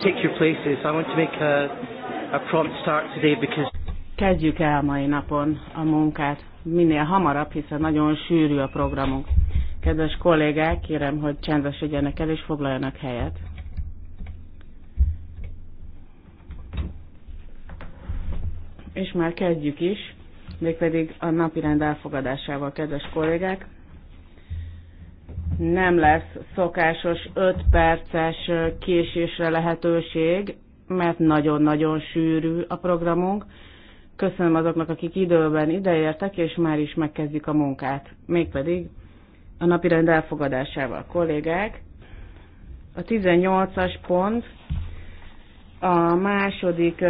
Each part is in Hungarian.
Take your places. I want to make a, a prompt start today because... Kezdjük el mai napon a munkát, minél hamarabb, hiszen nagyon sűrű a programunk. Kedves kollégák, kérem, hogy csendesedjenek el és foglaljanak helyet. És már kezdjük is, mégpedig a napirend elfogadásával, kedves kollégák nem lesz szokásos 5 perces késésre lehetőség, mert nagyon-nagyon sűrű a programunk. Köszönöm azoknak, akik időben ideértek, és már is megkezdik a munkát. Mégpedig a napirend elfogadásával, kollégák. A 18-as pont a második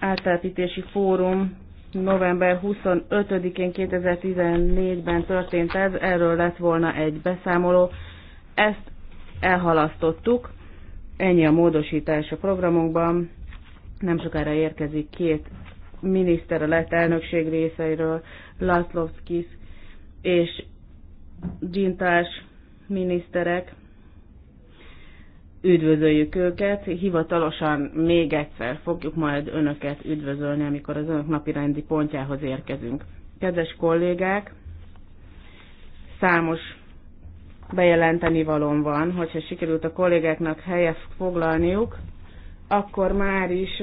áttelepítési fórum november 25-én 2014-ben történt ez, erről lett volna egy beszámoló. Ezt elhalasztottuk, ennyi a módosítás a programunkban. Nem sokára érkezik két miniszter a lett elnökség részeiről, Laszlovskis és Gintás miniszterek, üdvözöljük őket. Hivatalosan még egyszer fogjuk majd önöket üdvözölni, amikor az önök napi rendi pontjához érkezünk. Kedves kollégák, számos bejelenteni valon van, hogyha sikerült a kollégáknak helyet foglalniuk, akkor már is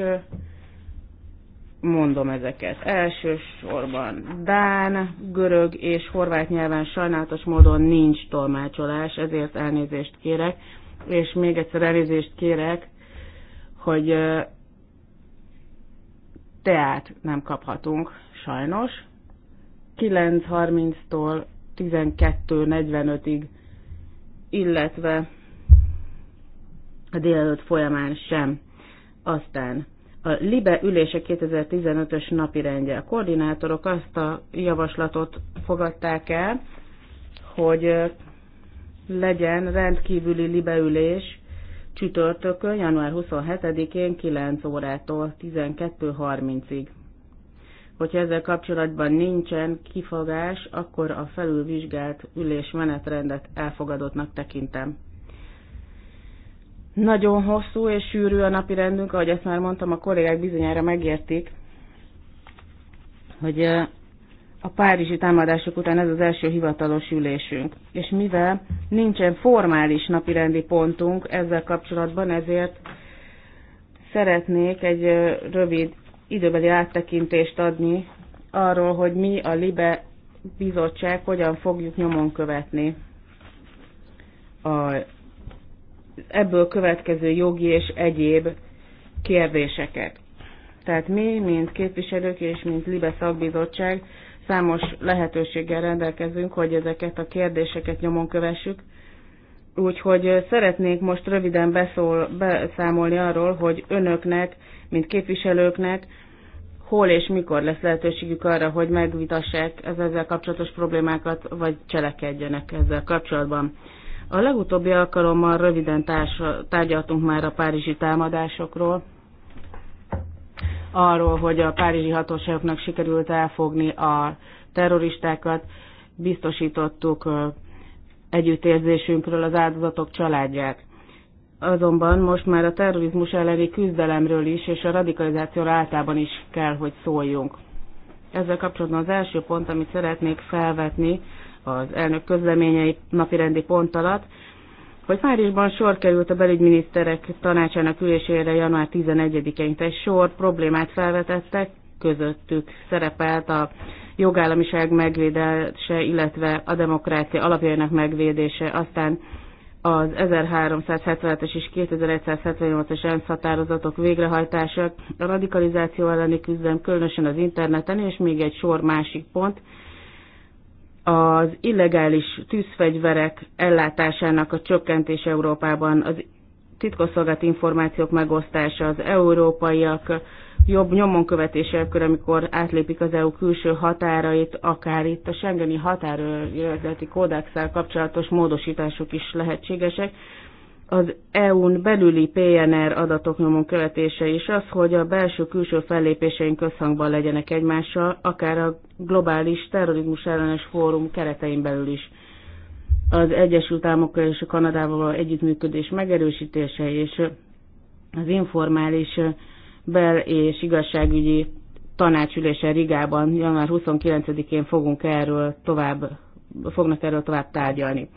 mondom ezeket. Elsősorban Dán, görög és horvát nyelven sajnálatos módon nincs tolmácsolás, ezért elnézést kérek és még egyszer elnézést kérek, hogy teát nem kaphatunk, sajnos. 9.30-tól 12.45-ig, illetve a délelőtt folyamán sem. Aztán a LIBE ülése 2015-ös napi rendje. A koordinátorok azt a javaslatot fogadták el, hogy legyen rendkívüli libeülés csütörtökön, január 27-én 9 órától 12.30-ig. Hogyha ezzel kapcsolatban nincsen kifogás, akkor a felülvizsgált ülés menetrendet elfogadottnak tekintem. Nagyon hosszú és sűrű a napi rendünk, ahogy ezt már mondtam, a kollégák bizonyára megértik, hogy a párizsi támadások után ez az első hivatalos ülésünk. És mivel nincsen formális napirendi pontunk ezzel kapcsolatban, ezért szeretnék egy rövid időbeli áttekintést adni arról, hogy mi a LIBE bizottság hogyan fogjuk nyomon követni a ebből következő jogi és egyéb kérdéseket. Tehát mi, mint képviselők és mint LIBE szakbizottság Számos lehetőséggel rendelkezünk, hogy ezeket a kérdéseket nyomon kövessük. Úgyhogy szeretnék most röviden beszól, beszámolni arról, hogy önöknek, mint képviselőknek, hol és mikor lesz lehetőségük arra, hogy megvitassák az ezzel kapcsolatos problémákat, vagy cselekedjenek ezzel kapcsolatban. A legutóbbi alkalommal röviden társ, tárgyaltunk már a párizsi támadásokról, arról, hogy a párizsi hatóságoknak sikerült elfogni a terroristákat, biztosítottuk együttérzésünkről az áldozatok családját. Azonban most már a terrorizmus elleni küzdelemről is és a radikalizáció általában is kell, hogy szóljunk. Ezzel kapcsolatban az első pont, amit szeretnék felvetni az elnök közleményei napirendi pont alatt, hogy Párizsban sor került a belügyminiszterek tanácsának ülésére január 11-én, egy sor problémát felvetettek, közöttük szerepelt a jogállamiság megvédése, illetve a demokrácia alapjainak megvédése, aztán az 1377-es és 2178 es ENSZ határozatok végrehajtása, a radikalizáció elleni küzdelem, különösen az interneten, és még egy sor másik pont, az illegális tűzfegyverek ellátásának a csökkentés Európában, az titkosszolgált információk megosztása, az európaiak jobb nyomon követése, akkor amikor átlépik az EU külső határait, akár itt a Schengeni határőrzeti kódexsel kapcsolatos módosítások is lehetségesek, az EU-n belüli PNR adatok nyomon követése is az, hogy a belső-külső fellépéseink közhangban legyenek egymással, akár a globális terrorizmus ellenes fórum keretein belül is. Az Egyesült Államokkal és a Kanadával együttműködés megerősítése és az informális bel- és igazságügyi tanácsülése Rigában január 29-én fogunk erről tovább, fognak erről tovább tárgyalni.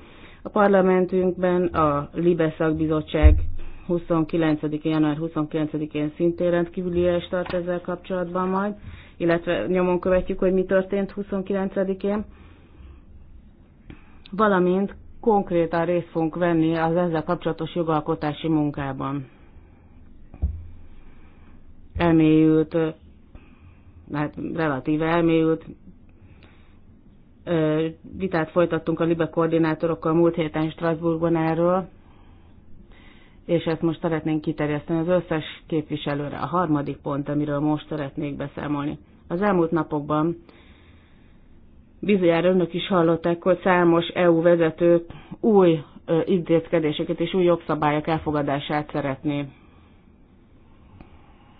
A parlamentünkben a Libe szakbizottság 29. január 29-én szintén rendkívüli ülés tart ezzel kapcsolatban majd, illetve nyomon követjük, hogy mi történt 29-én, valamint konkrétan részt fogunk venni az ezzel kapcsolatos jogalkotási munkában. Elmélyült, hát relatíve elmélyült vitát folytattunk a LIBE koordinátorokkal múlt héten Strasbourgban erről, és ezt most szeretnénk kiterjeszteni az összes képviselőre. A harmadik pont, amiről most szeretnék beszámolni. Az elmúlt napokban bizonyára önök is hallották, hogy számos EU vezető új intézkedéseket és új jogszabályok elfogadását szeretné.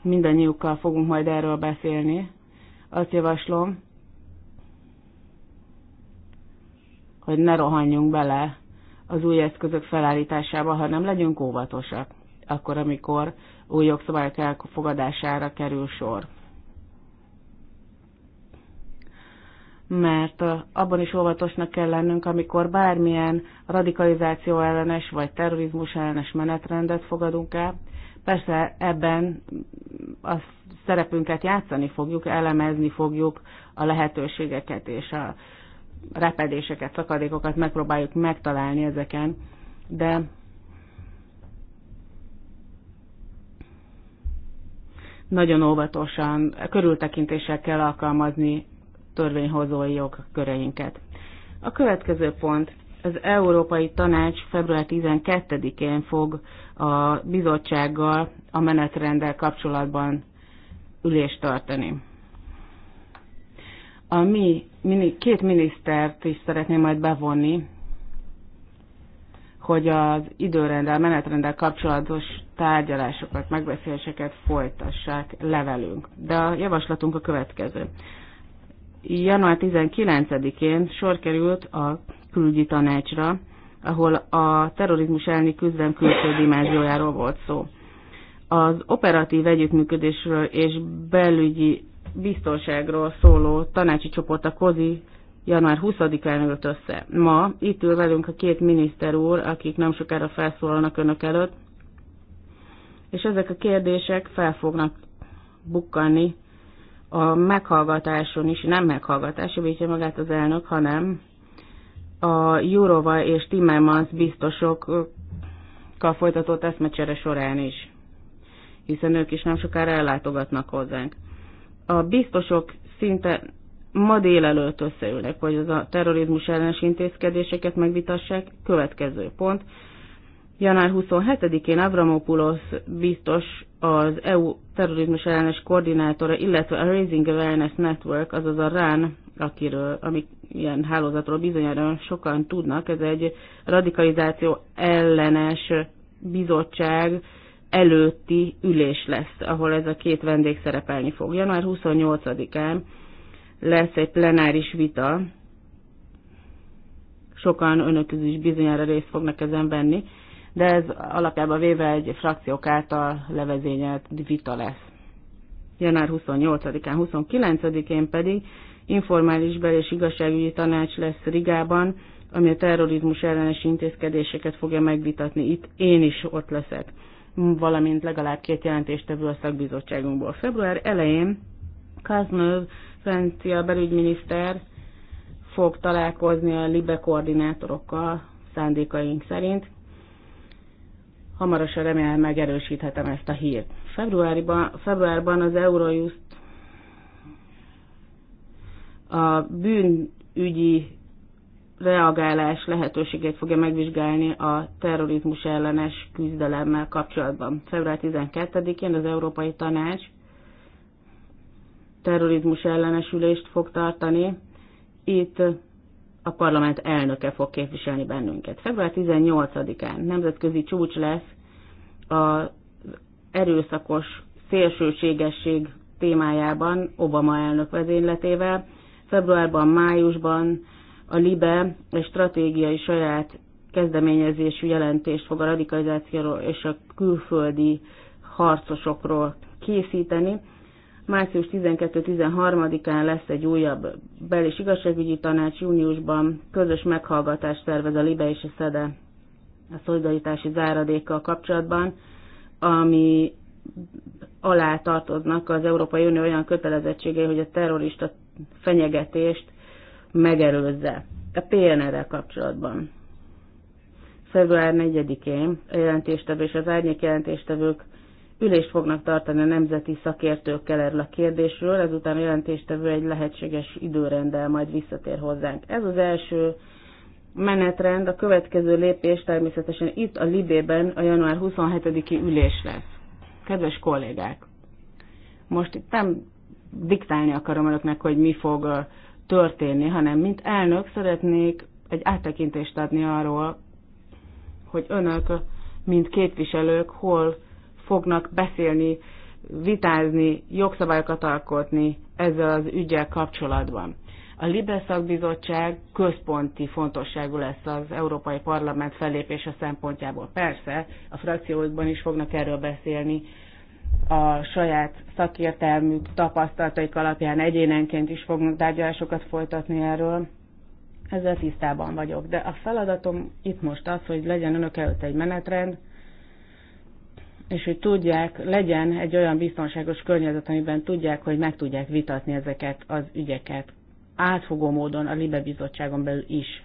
Mindennyiukkal fogunk majd erről beszélni. Azt javaslom, hogy ne rohanjunk bele az új eszközök felállításába, hanem legyünk óvatosak akkor, amikor új jogszabályok elfogadására kerül sor. Mert abban is óvatosnak kell lennünk, amikor bármilyen radikalizáció ellenes vagy terrorizmus ellenes menetrendet fogadunk el. Persze ebben mm, a szerepünket játszani fogjuk, elemezni fogjuk a lehetőségeket és a repedéseket, szakadékokat megpróbáljuk megtalálni ezeken, de nagyon óvatosan, körültekintéssel kell alkalmazni törvényhozói jogköreinket. A következő pont. Az Európai Tanács február 12-én fog a bizottsággal a menetrenddel kapcsolatban ülést tartani. A mi mini, két minisztert is szeretném majd bevonni, hogy az időrendel, menetrendel kapcsolatos tárgyalásokat, megbeszéléseket folytassák levelünk. De a javaslatunk a következő. Január 19-én sor került a külügyi tanácsra, ahol a terrorizmus elleni küzdelem külső dimenziójáról volt szó. Az operatív együttműködésről és belügyi biztonságról szóló tanácsi csoport a COZI január 20-án ült össze. Ma itt ül velünk a két miniszter úr, akik nem sokára felszólalnak önök előtt, és ezek a kérdések fel fognak bukkanni a meghallgatáson is, nem meghallgatás, javítja magát az elnök, hanem a Jurova és Timmermans biztosokkal folytatott eszmecsere során is, hiszen ők is nem sokára ellátogatnak hozzánk a biztosok szinte ma délelőtt összeülnek, hogy az a terrorizmus ellenes intézkedéseket megvitassák. Következő pont. Január 27-én Avramopoulos biztos az EU terrorizmus ellenes koordinátora, illetve a Raising Awareness Network, azaz a RAN, akiről, amik ilyen hálózatról bizonyára sokan tudnak, ez egy radikalizáció ellenes bizottság, előtti ülés lesz, ahol ez a két vendég szerepelni fog. Január 28-án lesz egy plenáris vita, sokan önök is bizonyára részt fognak ezen venni, de ez alapjában véve egy frakciók által levezényelt vita lesz. Január 28-án, 29-én pedig informális bel- és igazságügyi tanács lesz Rigában, ami a terrorizmus ellenes intézkedéseket fogja megvitatni. Itt én is ott leszek valamint legalább két jelentéstevő a szakbizottságunkból. Február elején Kaznöv, francia belügyminiszter fog találkozni a LIBE koordinátorokkal szándékaink szerint. Hamarosan remélem megerősíthetem ezt a hírt. Februárban, februárban az Eurojust a bűnügyi reagálás lehetőségét fogja megvizsgálni a terrorizmus ellenes küzdelemmel kapcsolatban. Február 12-én az Európai Tanács terrorizmus ellenes ülést fog tartani. Itt a parlament elnöke fog képviselni bennünket. Február 18-án nemzetközi csúcs lesz az erőszakos szélsőségesség témájában Obama elnök vezényletével. Februárban, májusban a LIBE egy stratégiai saját kezdeményezésű jelentést fog a radikalizációról és a külföldi harcosokról készíteni. Március 12-13-án lesz egy újabb bel- és igazságügyi tanács, júniusban közös meghallgatást tervez a LIBE és a SZEDE a szolidaritási záradékkal kapcsolatban, ami alá tartoznak az Európai Unió olyan kötelezettségei, hogy a terrorista fenyegetést megelőzze a PNR-rel kapcsolatban. Február 4-én a jelentéstevő és az árnyék jelentéstevők ülést fognak tartani a nemzeti szakértőkkel erről a kérdésről, ezután a jelentéstevő egy lehetséges időrendel majd visszatér hozzánk. Ez az első menetrend, a következő lépés természetesen itt a Libében a január 27-i ülés lesz. Kedves kollégák, most itt nem diktálni akarom önöknek, hogy mi fog történni, hanem mint elnök szeretnék egy áttekintést adni arról, hogy önök, mint képviselők, hol fognak beszélni, vitázni, jogszabályokat alkotni ezzel az ügyel kapcsolatban. A Libe szakbizottság központi fontosságú lesz az Európai Parlament fellépése szempontjából. Persze, a frakcióikban is fognak erről beszélni, a saját szakértelmük, tapasztalataik alapján egyénenként is fognak tárgyalásokat folytatni erről. Ezzel tisztában vagyok. De a feladatom itt most az, hogy legyen önök előtt egy menetrend, és hogy tudják, legyen egy olyan biztonságos környezet, amiben tudják, hogy meg tudják vitatni ezeket az ügyeket átfogó módon a Libe Bizottságon belül is.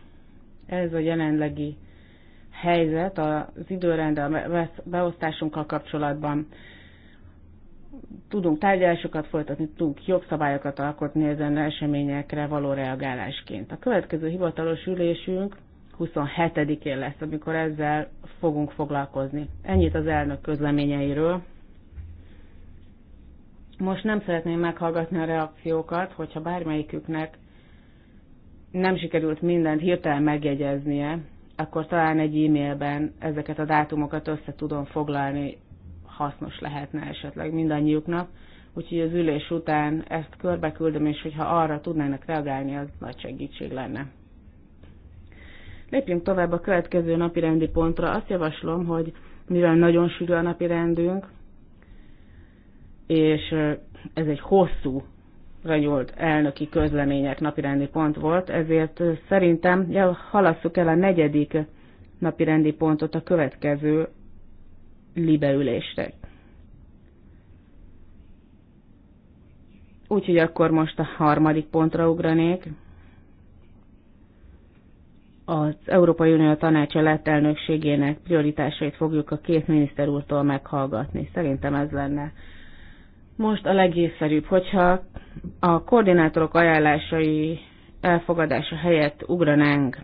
Ez a jelenlegi helyzet az időrend, a beosztásunkkal kapcsolatban tudunk tárgyalásokat folytatni, tudunk jogszabályokat alkotni ezen eseményekre való reagálásként. A következő hivatalos ülésünk 27-én lesz, amikor ezzel fogunk foglalkozni. Ennyit az elnök közleményeiről. Most nem szeretném meghallgatni a reakciókat, hogyha bármelyiküknek nem sikerült mindent hirtelen megjegyeznie, akkor talán egy e-mailben ezeket a dátumokat össze tudom foglalni hasznos lehetne esetleg mindannyiuknak. Úgyhogy az ülés után ezt körbeküldöm, és hogyha arra tudnának reagálni, az nagy segítség lenne. Lépjünk tovább a következő napi rendi pontra. Azt javaslom, hogy mivel nagyon sűrű a napi rendünk, és ez egy hosszú ragyolt elnöki közlemények napirendi pont volt, ezért szerintem ja, halasszuk el a negyedik napirendi pontot a következő liberülésre. Úgyhogy akkor most a harmadik pontra ugranék. Az Európai Unió tanácsa lett elnökségének prioritásait fogjuk a két miniszter úrtól meghallgatni. Szerintem ez lenne most a legészszerűbb, hogyha a koordinátorok ajánlásai elfogadása helyett ugranánk,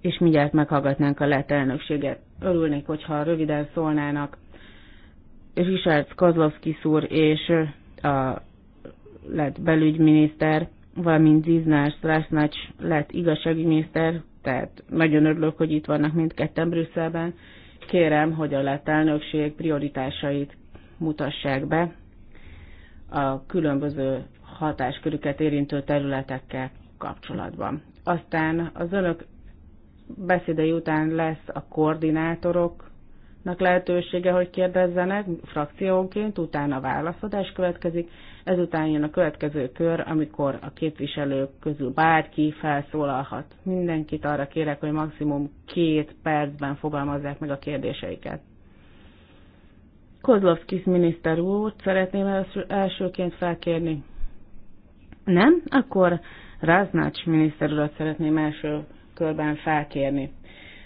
és mindjárt meghallgatnánk a lett elnökséget Örülnék, hogyha röviden szólnának Richard Kozlovski szúr és a lett belügyminiszter, valamint Ziznás Strasznács lett igazságügyminiszter, tehát nagyon örülök, hogy itt vannak mindketten Brüsszelben. Kérem, hogy a lett elnökség prioritásait mutassák be a különböző hatáskörüket érintő területekkel kapcsolatban. Aztán az önök beszédei után lesz a koordinátoroknak lehetősége, hogy kérdezzenek frakciónként, utána válaszadás következik, ezután jön a következő kör, amikor a képviselők közül bárki felszólalhat. Mindenkit arra kérek, hogy maximum két percben fogalmazzák meg a kérdéseiket. Kozlovskis miniszter úr, szeretném elsőként felkérni. Nem? Akkor Ráznács miniszter urat szeretném első körben felkérni.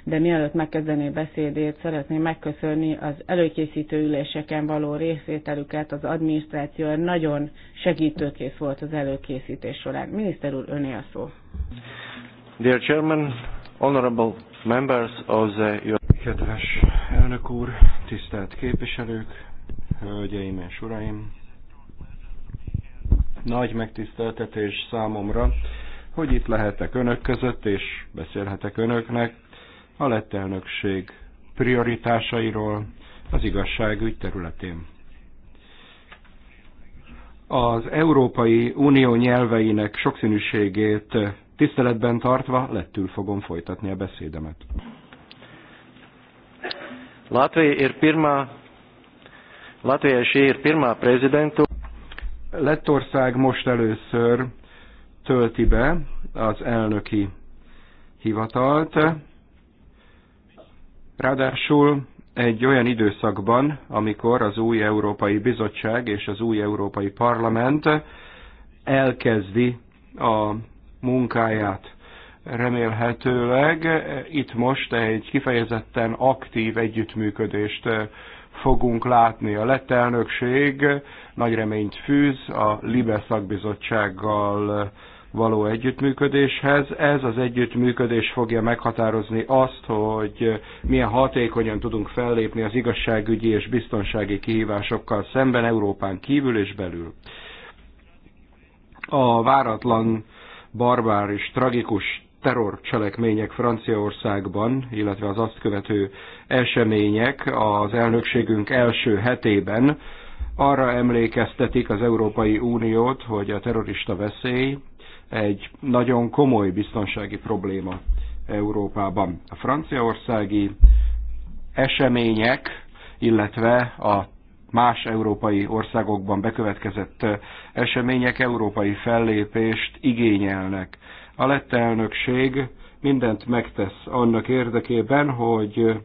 De mielőtt megkezdené beszédét, szeretném megköszönni az előkészítő üléseken való részvételüket, az adminisztráció nagyon segítőkész volt az előkészítés során. Miniszter úr, öné a szó. Dear Chairman, honorable members of the... Kedves elnök úr, tisztelt képviselők, hölgyeim és uraim! Nagy megtiszteltetés számomra, hogy itt lehetek önök között, és beszélhetek önöknek a lett elnökség prioritásairól az igazságügy területén. Az Európai Unió nyelveinek sokszínűségét tiszteletben tartva lettül fogom folytatni a beszédemet. Latvia ir pirmā, Latvija prezidentu. Lettország most először tölti be az elnöki hivatalt. Ráadásul egy olyan időszakban, amikor az új Európai Bizottság és az új Európai Parlament elkezdi a munkáját. Remélhetőleg itt most egy kifejezetten aktív együttműködést fogunk látni. A lett elnökség nagy reményt fűz a Libe szakbizottsággal való együttműködéshez. Ez az együttműködés fogja meghatározni azt, hogy milyen hatékonyan tudunk fellépni az igazságügyi és biztonsági kihívásokkal szemben Európán kívül és belül. A váratlan, barbár és tragikus terrorcselekmények Franciaországban, illetve az azt követő események az elnökségünk első hetében arra emlékeztetik az Európai Uniót, hogy a terrorista veszély egy nagyon komoly biztonsági probléma Európában. A franciaországi események, illetve a más európai országokban bekövetkezett események európai fellépést igényelnek. A lett elnökség mindent megtesz annak érdekében, hogy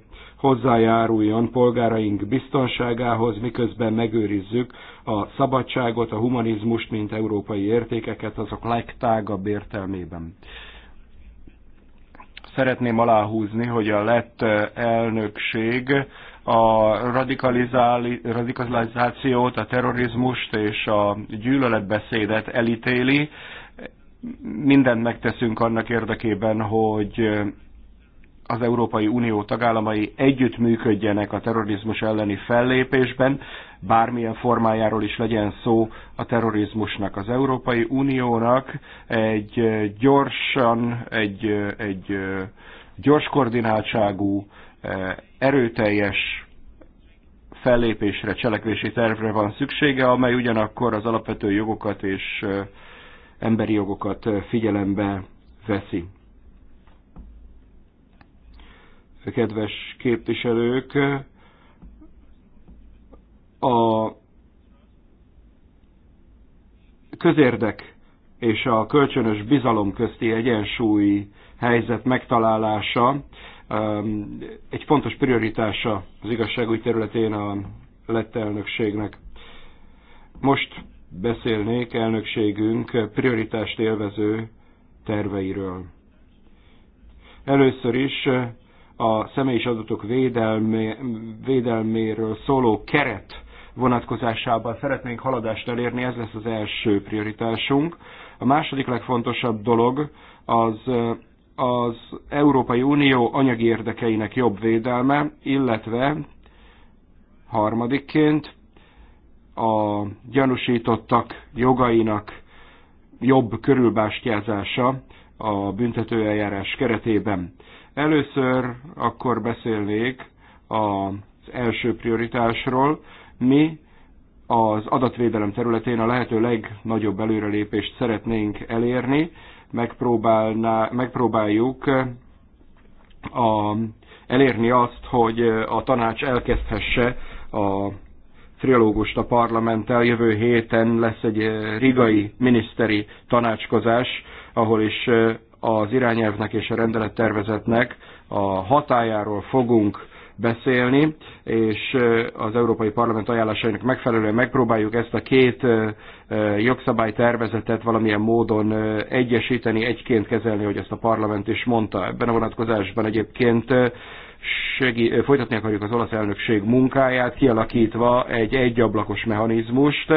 hozzájáruljon polgáraink biztonságához, miközben megőrizzük a szabadságot, a humanizmust, mint európai értékeket azok legtágabb értelmében. Szeretném aláhúzni, hogy a lett elnökség a radikalizációt, a terrorizmust és a gyűlöletbeszédet elítéli. Mindent megteszünk annak érdekében, hogy az Európai Unió tagállamai együttműködjenek a terrorizmus elleni fellépésben, bármilyen formájáról is legyen szó a terrorizmusnak. Az Európai Uniónak egy gyorsan, egy, egy gyors koordináltságú, erőteljes fellépésre, cselekvési tervre van szüksége, amely ugyanakkor az alapvető jogokat és emberi jogokat figyelembe veszi kedves képviselők, a közérdek és a kölcsönös bizalom közti egyensúly helyzet megtalálása um, egy fontos prioritása az igazságügy területén a lett elnökségnek. Most beszélnék elnökségünk prioritást élvező terveiről. Először is a személyis adatok védelmé, védelméről szóló keret vonatkozásában szeretnénk haladást elérni, ez lesz az első prioritásunk. A második legfontosabb dolog az az Európai Unió anyagi érdekeinek jobb védelme, illetve harmadikként a gyanúsítottak jogainak jobb körülbástyázása a büntetőeljárás keretében. Először akkor beszélnék az első prioritásról. Mi az adatvédelem területén a lehető legnagyobb előrelépést szeretnénk elérni. Megpróbálná, megpróbáljuk a, elérni azt, hogy a tanács elkezdhesse a trialógust a parlamenttel. Jövő héten lesz egy rigai miniszteri tanácskozás, ahol is az irányelvnek és a rendelettervezetnek a hatájáról fogunk beszélni, és az Európai Parlament ajánlásainak megfelelően megpróbáljuk ezt a két jogszabálytervezetet valamilyen módon egyesíteni, egyként kezelni, hogy ezt a parlament is mondta. Ebben a vonatkozásban egyébként segí- folytatni akarjuk az olasz elnökség munkáját, kialakítva egy egyablakos mechanizmust.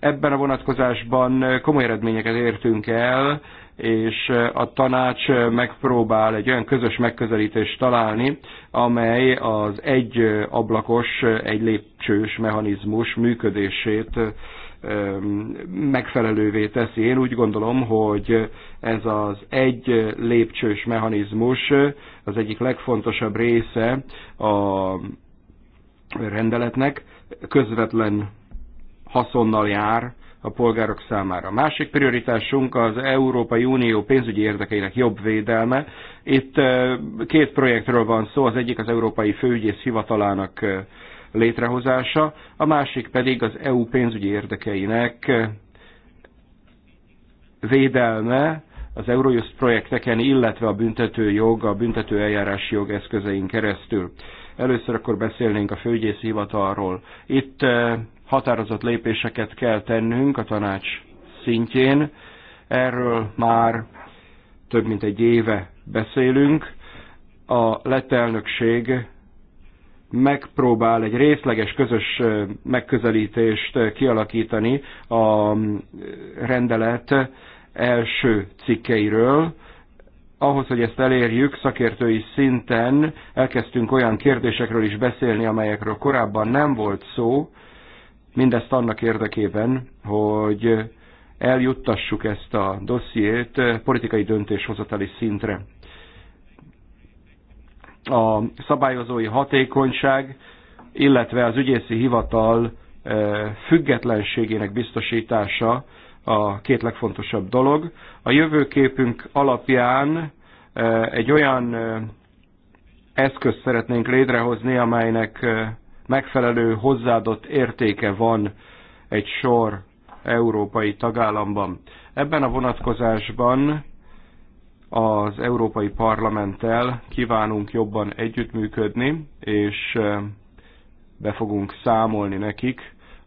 Ebben a vonatkozásban komoly eredményeket értünk el, és eh, a tanács eh, megpróbál egy olyan közös megközelítést találni, amely az egy eh, ablakos, egy lépcsős mechanizmus működését megfelelővé teszi. Én úgy gondolom, hogy ez az egy lépcsős mechanizmus az egyik legfontosabb része a rendeletnek, közvetlen haszonnal jár a polgárok számára. A másik prioritásunk az Európai Unió pénzügyi érdekeinek jobb védelme. Itt két projektről van szó, az egyik az Európai Főügyész Hivatalának létrehozása, a másik pedig az EU pénzügyi érdekeinek védelme az Eurojust projekteken, illetve a büntető jog, a büntető eljárási jog eszközein keresztül. Először akkor beszélnénk a főügyész hivatalról. Itt határozott lépéseket kell tennünk a tanács szintjén. Erről már több mint egy éve beszélünk. A lett elnökség megpróbál egy részleges közös megközelítést kialakítani a rendelet első cikkeiről. Ahhoz, hogy ezt elérjük, szakértői szinten elkezdtünk olyan kérdésekről is beszélni, amelyekről korábban nem volt szó, Mindezt annak érdekében, hogy eljuttassuk ezt a dossziét politikai döntéshozatali szintre. A szabályozói hatékonyság, illetve az ügyészi hivatal e, függetlenségének biztosítása a két legfontosabb dolog. A jövőképünk alapján e, egy olyan e, eszközt szeretnénk létrehozni, amelynek megfelelő hozzáadott értéke van egy sor európai tagállamban. Ebben a vonatkozásban az Európai Parlamenttel kívánunk jobban együttműködni, és be fogunk számolni nekik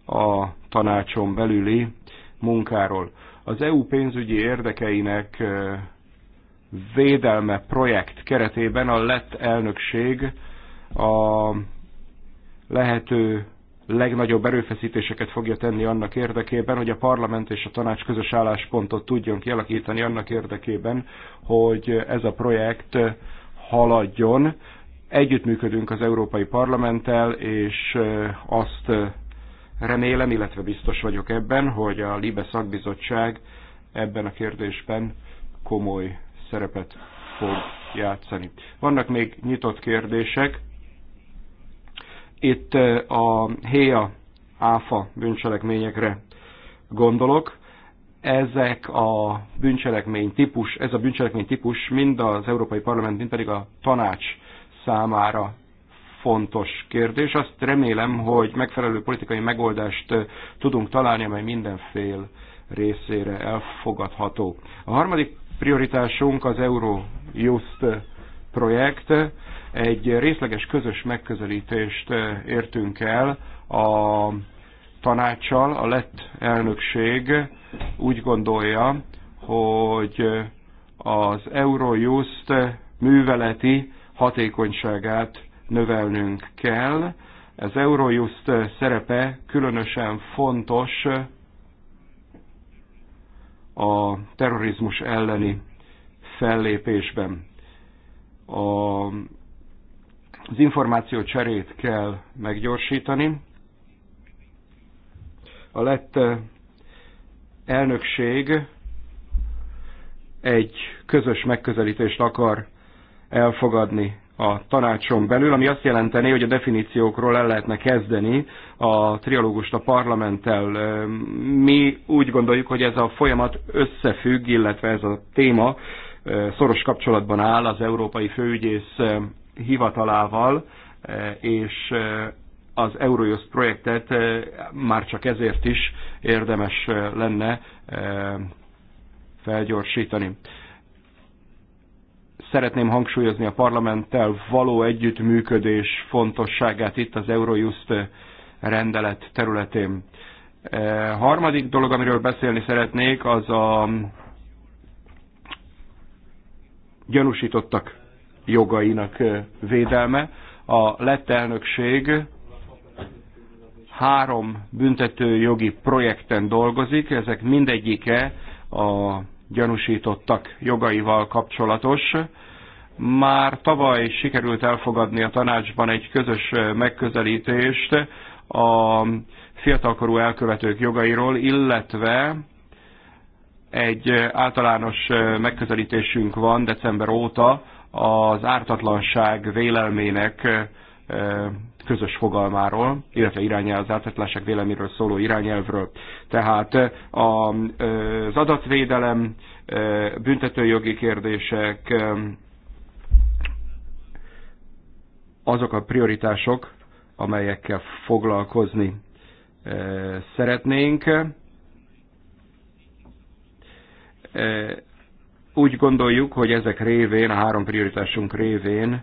a tanácson belüli munkáról. Az EU pénzügyi érdekeinek védelme projekt keretében a lett elnökség a lehető legnagyobb erőfeszítéseket fogja tenni annak érdekében, hogy a parlament és a tanács közös álláspontot tudjon kialakítani annak érdekében, hogy ez a projekt haladjon. Együttműködünk az Európai Parlamenttel, és azt remélem, illetve biztos vagyok ebben, hogy a LIBE szakbizottság ebben a kérdésben komoly szerepet fog játszani. Vannak még nyitott kérdések, itt a héja áfa bűncselekményekre gondolok. Ezek a bűncselekmény típus, ez a bűncselekmény típus mind az Európai Parlament, mind pedig a tanács számára fontos kérdés. Azt remélem, hogy megfelelő politikai megoldást tudunk találni, amely mindenfél részére elfogadható. A harmadik prioritásunk az Eurojust projekt egy részleges közös megközelítést eh, értünk el a tanácssal. A lett elnökség úgy gondolja, hogy az Eurojust műveleti hatékonyságát növelnünk kell. Az Eurojust szerepe különösen fontos a terrorizmus elleni fellépésben. A az információ cserét kell meggyorsítani. A lett eh, elnökség egy közös megközelítést akar elfogadni a tanácson belül, ami azt jelenteni, hogy a definíciókról el lehetne kezdeni a trialógust a parlamenttel. Eh, mi úgy gondoljuk, hogy ez a folyamat összefügg, illetve ez a téma eh, szoros kapcsolatban áll az európai főügyész hivatalával, eh, és eh, az Eurojust projektet eh, már csak ezért is érdemes lenne felgyorsítani. Szeretném hangsúlyozni a parlamenttel való együttműködés fontosságát itt az Eurojust rendelet területén. Harmadik dolog, amiről beszélni szeretnék, az a gyanúsítottak jogainak védelme. A lett elnökség három büntetőjogi projekten dolgozik, ezek mindegyike a gyanúsítottak jogaival kapcsolatos. Már tavaly sikerült elfogadni a tanácsban egy közös megközelítést a fiatalkorú elkövetők jogairól, illetve egy általános megközelítésünk van december óta az ártatlanság vélelmének közös fogalmáról, illetve irányelv, az ártatlanság véleméről szóló irányelvről. Tehát az adatvédelem, büntetőjogi kérdések, azok a prioritások, amelyekkel foglalkozni szeretnénk úgy gondoljuk, hogy ezek révén, a három prioritásunk révén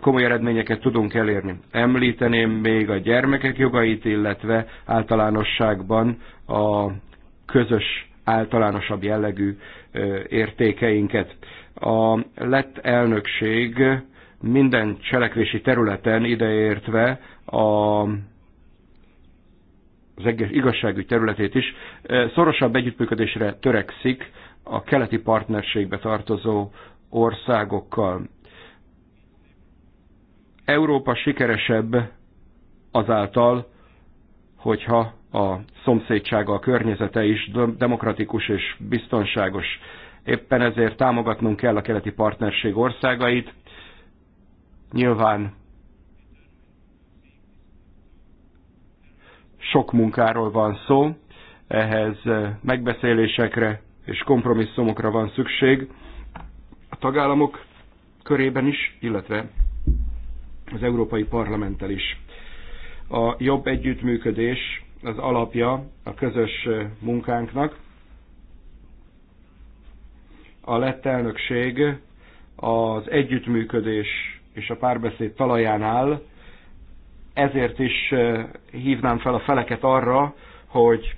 komoly eredményeket tudunk elérni. Említeném még a gyermekek jogait, illetve általánosságban a közös általánosabb jellegű értékeinket. A lett elnökség minden cselekvési területen ideértve a az egész igazságügy területét is, szorosabb együttműködésre törekszik a keleti partnerségbe tartozó országokkal. Európa sikeresebb azáltal, hogyha a szomszédsága, a környezete is demokratikus és biztonságos. Éppen ezért támogatnunk kell a keleti partnerség országait. Nyilván sok munkáról van szó, ehhez eh, megbeszélésekre és kompromisszumokra van szükség a tagállamok körében is, illetve az Európai Parlamenttel is. A jobb együttműködés az alapja a közös eh, munkánknak. A lett elnökség az együttműködés és a párbeszéd talaján áll, ezért is hívnám fel a feleket arra, hogy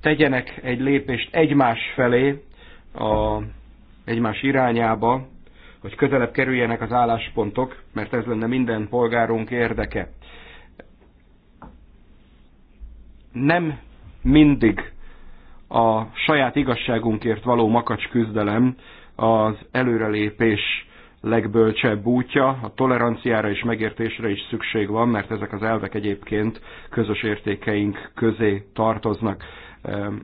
tegyenek egy lépést egymás felé, a, egymás irányába, hogy közelebb kerüljenek az álláspontok, mert ez lenne minden polgárunk érdeke. Nem mindig a saját igazságunkért való makacs küzdelem az előrelépés legbölcsebb útja. A toleranciára és megértésre is szükség van, mert ezek az elvek egyébként közös értékeink közé tartoznak. Ehm,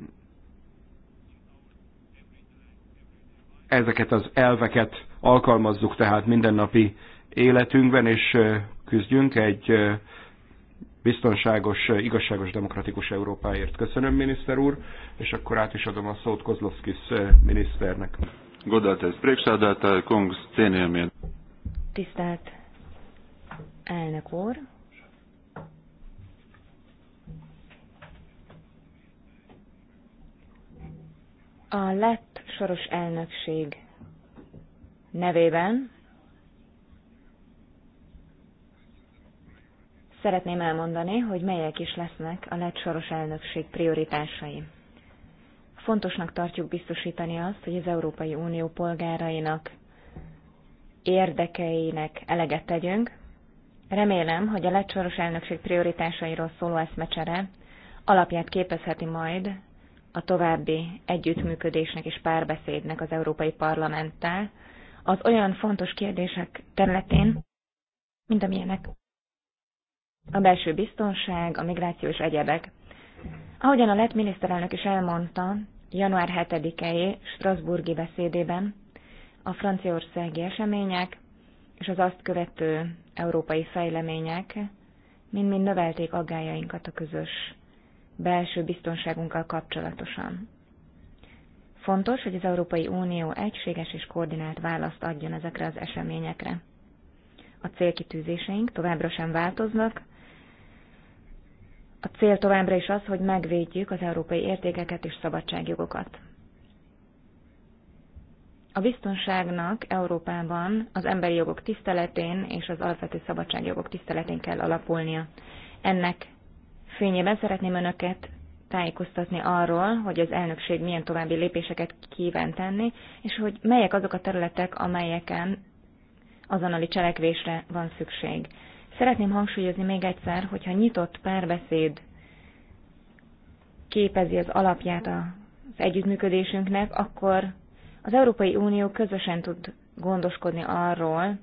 ezeket az elveket alkalmazzuk tehát mindennapi életünkben, és küzdjünk egy biztonságos, igazságos, demokratikus Európáért. Köszönöm, miniszter úr, és akkor át is adom a szót Kozlovskis miniszternek godātais priekšsādātāja kungs, cienījamie. Tisztelt elnök úr, a lett soros elnökség nevében szeretném elmondani, hogy melyek is lesznek a lett soros elnökség prioritásai fontosnak tartjuk biztosítani azt, hogy az Európai Unió polgárainak érdekeinek eleget tegyünk. Remélem, hogy a lecsoros elnökség prioritásairól szóló eszmecsere alapját képezheti majd a további együttműködésnek és párbeszédnek az Európai Parlamenttel az olyan fontos kérdések területén, mint amilyenek a belső biztonság, a migráció és egyebek. Ahogyan a lett miniszterelnök is elmondta, január 7-i Strasburgi beszédében a franciaországi események és az azt követő európai fejlemények mind-mind növelték aggájainkat a közös belső biztonságunkkal kapcsolatosan. Fontos, hogy az Európai Unió egységes és koordinált választ adjon ezekre az eseményekre. A célkitűzéseink továbbra sem változnak, a cél továbbra is az, hogy megvédjük az európai értékeket és szabadságjogokat. A biztonságnak Európában az emberi jogok tiszteletén és az alapvető szabadságjogok tiszteletén kell alapulnia. Ennek fényében szeretném Önöket tájékoztatni arról, hogy az elnökség milyen további lépéseket kíván tenni, és hogy melyek azok a területek, amelyeken azonnali cselekvésre van szükség. Szeretném hangsúlyozni még egyszer, hogyha nyitott párbeszéd képezi az alapját az együttműködésünknek, akkor az Európai Unió közösen tud gondoskodni arról,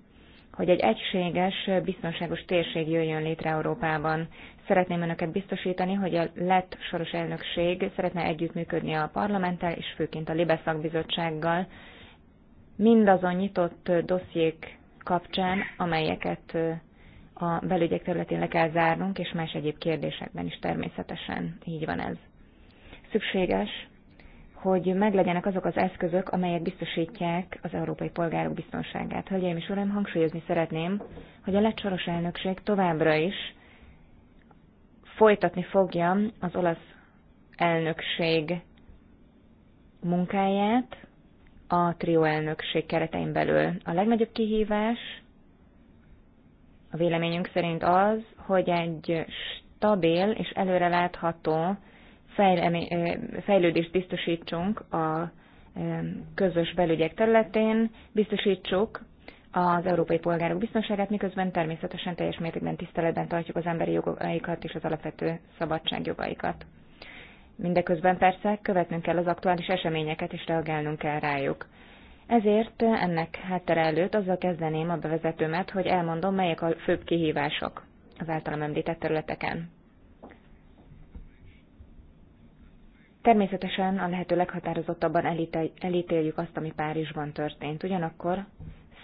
hogy egy egységes, biztonságos térség jöjjön létre Európában. Szeretném önöket biztosítani, hogy a lett soros elnökség szeretne együttműködni a parlamenttel és főként a Libeszak bizottsággal mindazon nyitott dossziék kapcsán, amelyeket a belügyek területén le kell zárnunk, és más egyéb kérdésekben is természetesen így van ez. Szükséges, hogy meglegyenek azok az eszközök, amelyek biztosítják az európai polgárok biztonságát. Hölgyeim és uraim, hangsúlyozni szeretném, hogy a lecsoros elnökség továbbra is folytatni fogja az olasz elnökség munkáját a trió elnökség keretein belül. A legnagyobb kihívás a véleményünk szerint az, hogy egy stabil és előrelátható fejlődést biztosítsunk a közös belügyek területén, biztosítsuk az európai polgárok biztonságát, miközben természetesen teljes mértékben tiszteletben tartjuk az emberi jogaikat és az alapvető szabadságjogaikat. Mindeközben persze követnünk kell az aktuális eseményeket és reagálnunk kell rájuk. Ezért ennek háttere előtt azzal kezdeném a bevezetőmet, hogy elmondom, melyek a főbb kihívások az általam említett területeken. Természetesen a lehető leghatározottabban elítéljük azt, ami Párizsban történt. Ugyanakkor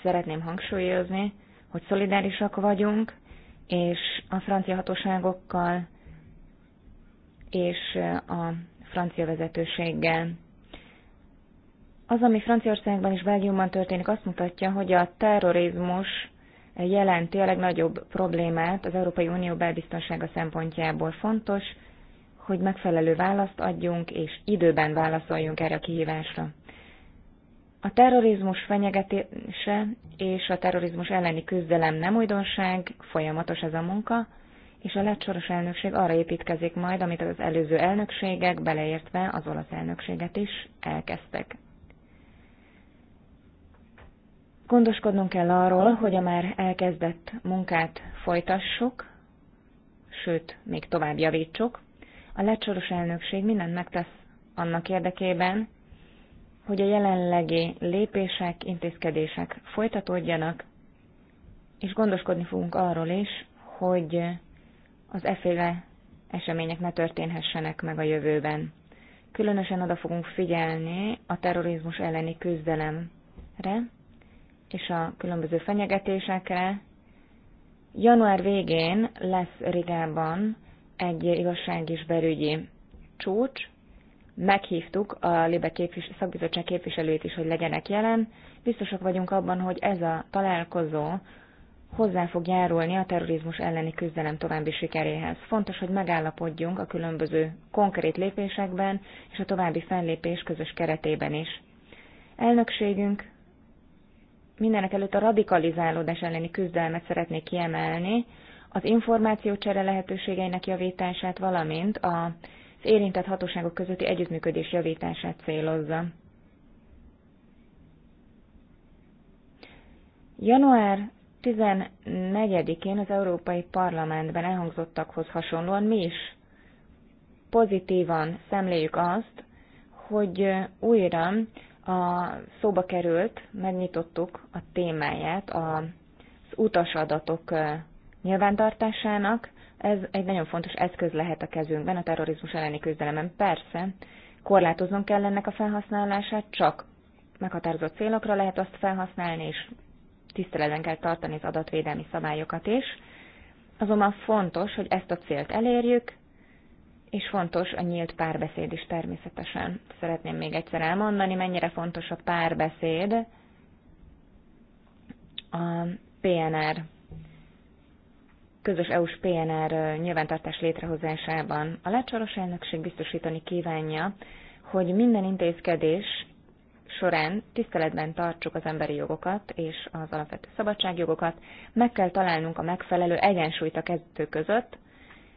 szeretném hangsúlyozni, hogy szolidárisak vagyunk, és a francia hatóságokkal és a francia vezetőséggel az, ami Franciaországban és Belgiumban történik, azt mutatja, hogy a terrorizmus jelenti a legnagyobb problémát az Európai Unió belbiztonsága szempontjából fontos, hogy megfelelő választ adjunk és időben válaszoljunk erre a kihívásra. A terrorizmus fenyegetése és a terrorizmus elleni küzdelem nem újdonság, folyamatos ez a munka, és a lecsoros elnökség arra építkezik majd, amit az előző elnökségek, beleértve az olasz elnökséget is elkezdtek. Gondoskodnunk kell arról, hogy a már elkezdett munkát folytassuk, sőt, még tovább javítsuk. A lecsoros elnökség mindent megtesz annak érdekében, hogy a jelenlegi lépések, intézkedések folytatódjanak, és gondoskodni fogunk arról is, hogy az eféle események ne történhessenek meg a jövőben. Különösen oda fogunk figyelni a terrorizmus elleni küzdelemre, és a különböző fenyegetésekre. Január végén lesz Rigában egy igazság és belügyi csúcs. Meghívtuk a Libe képvis- szakbizottság képviselőit is, hogy legyenek jelen. Biztosak vagyunk abban, hogy ez a találkozó hozzá fog járulni a terrorizmus elleni küzdelem további sikeréhez. Fontos, hogy megállapodjunk a különböző konkrét lépésekben és a további fellépés közös keretében is. Elnökségünk Mindenek előtt a radikalizálódás elleni küzdelmet szeretnék kiemelni, az információcsere lehetőségeinek javítását, valamint az érintett hatóságok közötti együttműködés javítását célozza. Január 14-én az Európai Parlamentben elhangzottakhoz hasonlóan mi is pozitívan szemléljük azt, hogy újra a szóba került, megnyitottuk a témáját az utasadatok nyilvántartásának. Ez egy nagyon fontos eszköz lehet a kezünkben a terrorizmus elleni küzdelemen. Persze, korlátoznunk kell ennek a felhasználását, csak meghatározott célokra lehet azt felhasználni, és tiszteletben kell tartani az adatvédelmi szabályokat is. Azonban fontos, hogy ezt a célt elérjük, és fontos a nyílt párbeszéd is természetesen. Szeretném még egyszer elmondani, mennyire fontos a párbeszéd a PNR, közös EU-s PNR nyilvántartás létrehozásában. A lecsoros elnökség biztosítani kívánja, hogy minden intézkedés során tiszteletben tartsuk az emberi jogokat és az alapvető szabadságjogokat, meg kell találnunk a megfelelő egyensúlyt a kezdő között,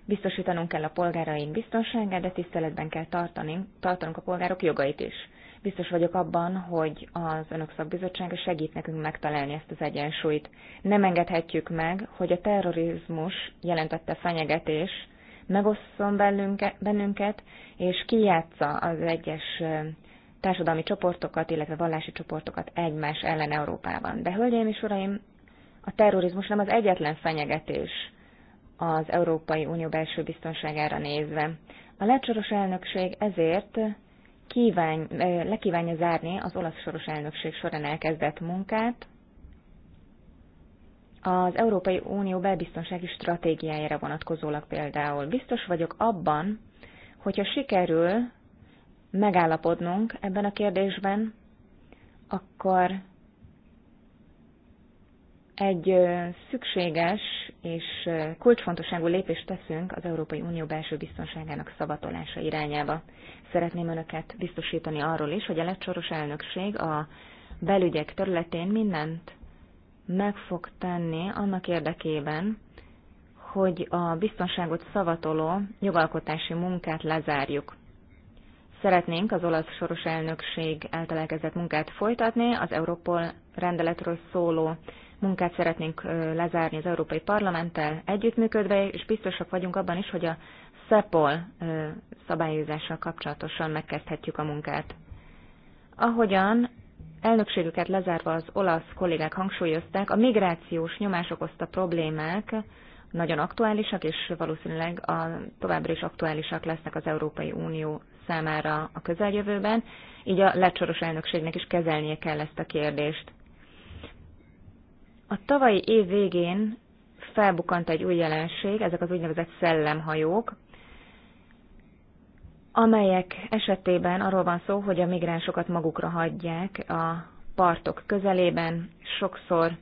Biztosítanunk kell a polgáraink biztonságát, de tiszteletben kell tartani, tartanunk a polgárok jogait is. Biztos vagyok abban, hogy az Önök szakbizottsága segít nekünk megtalálni ezt az egyensúlyt. Nem engedhetjük meg, hogy a terrorizmus jelentette fenyegetés megosszon bennünket, és kijátsza az egyes társadalmi csoportokat, illetve vallási csoportokat egymás ellen Európában. De hölgyeim és uraim, a terrorizmus nem az egyetlen fenyegetés, az Európai Unió belső biztonságára nézve. A lecsoros elnökség ezért kíván, lekívánja zárni az olasz soros elnökség során elkezdett munkát, az Európai Unió belbiztonsági stratégiájára vonatkozólag például. Biztos vagyok abban, hogyha sikerül megállapodnunk ebben a kérdésben, akkor egy szükséges és kulcsfontosságú lépést teszünk az Európai Unió belső biztonságának szavatolása irányába. Szeretném Önöket biztosítani arról is, hogy a lecsoros elnökség a belügyek területén mindent meg fog tenni annak érdekében, hogy a biztonságot szavatoló jogalkotási munkát lezárjuk. Szeretnénk az olasz soros elnökség eltelekezett munkát folytatni, az Európol rendeletről szóló munkát szeretnénk lezárni az Európai Parlamenttel együttműködve, és biztosak vagyunk abban is, hogy a szepol szabályozással kapcsolatosan megkezdhetjük a munkát. Ahogyan elnökségüket lezárva az olasz kollégák hangsúlyozták, a migrációs nyomás okozta problémák nagyon aktuálisak, és valószínűleg a, továbbra is aktuálisak lesznek az Európai Unió számára a közeljövőben, így a lecsoros elnökségnek is kezelnie kell ezt a kérdést. A tavalyi év végén felbukkant egy új jelenség, ezek az úgynevezett szellemhajók, amelyek esetében arról van szó, hogy a migránsokat magukra hagyják a partok közelében, sokszor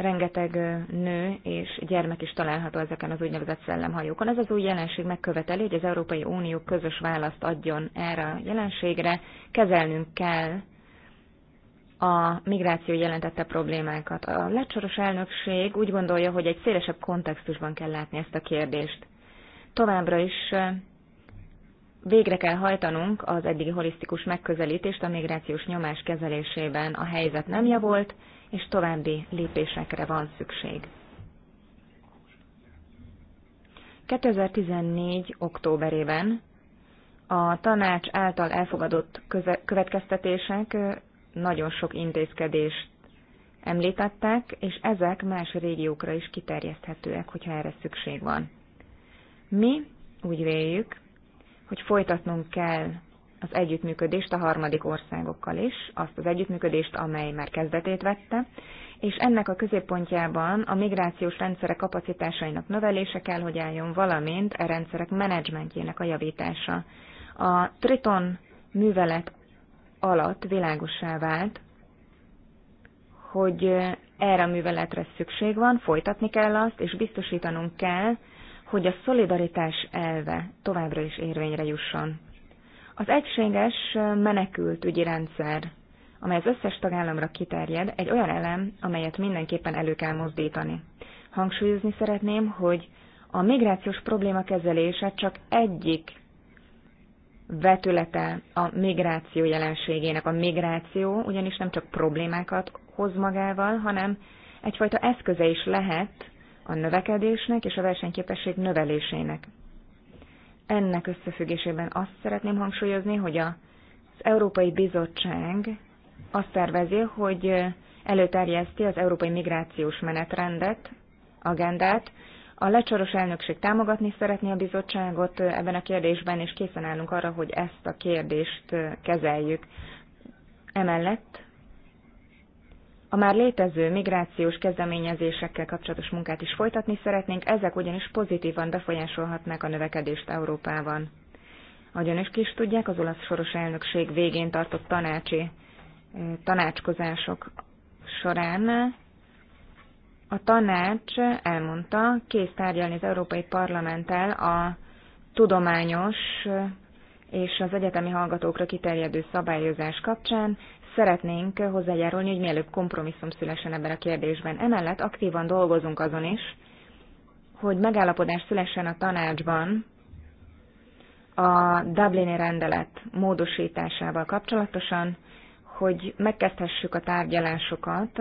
rengeteg nő és gyermek is található ezeken az úgynevezett szellemhajókon. Ez az új jelenség megköveteli, hogy az Európai Unió közös választ adjon erre a jelenségre. Kezelnünk kell a migráció jelentette problémákat. A lecsoros elnökség úgy gondolja, hogy egy szélesebb kontextusban kell látni ezt a kérdést. Továbbra is végre kell hajtanunk az eddigi holisztikus megközelítést a migrációs nyomás kezelésében. A helyzet nem javult, és további lépésekre van szükség. 2014. októberében a tanács által elfogadott következtetések nagyon sok intézkedést említettek, és ezek más régiókra is kiterjeszthetőek, hogyha erre szükség van. Mi úgy véljük, hogy folytatnunk kell az együttműködést a harmadik országokkal is, azt az együttműködést, amely már kezdetét vette, és ennek a középpontjában a migrációs rendszerek kapacitásainak növelése kell, hogy álljon, valamint a e rendszerek menedzsmentjének a javítása. A Triton művelet alatt világossá vált, hogy erre a műveletre szükség van, folytatni kell azt, és biztosítanunk kell, hogy a szolidaritás elve továbbra is érvényre jusson. Az egységes menekültügyi rendszer, amely az összes tagállamra kiterjed, egy olyan elem, amelyet mindenképpen elő kell mozdítani. Hangsúlyozni szeretném, hogy a migrációs probléma kezelése csak egyik vetülete a migráció jelenségének. A migráció ugyanis nem csak problémákat hoz magával, hanem egyfajta eszköze is lehet a növekedésnek és a versenyképesség növelésének. Ennek összefüggésében azt szeretném hangsúlyozni, hogy az Európai Bizottság azt tervezi, hogy előterjeszti az Európai Migrációs Menetrendet, agendát. A lecsoros elnökség támogatni szeretné a bizottságot ebben a kérdésben, és készen állunk arra, hogy ezt a kérdést kezeljük. Emellett a már létező migrációs kezdeményezésekkel kapcsolatos munkát is folytatni szeretnénk, ezek ugyanis pozitívan befolyásolhatnák a növekedést Európában. Ahogy is kis tudják, az olasz soros elnökség végén tartott tanácsi eh, tanácskozások során a tanács elmondta, kész tárgyalni az Európai Parlamenttel a tudományos és az egyetemi hallgatókra kiterjedő szabályozás kapcsán, szeretnénk hozzájárulni, hogy mielőbb kompromisszum szülessen ebben a kérdésben. Emellett aktívan dolgozunk azon is, hogy megállapodás szülessen a tanácsban a Dublini rendelet módosításával kapcsolatosan, hogy megkezdhessük a tárgyalásokat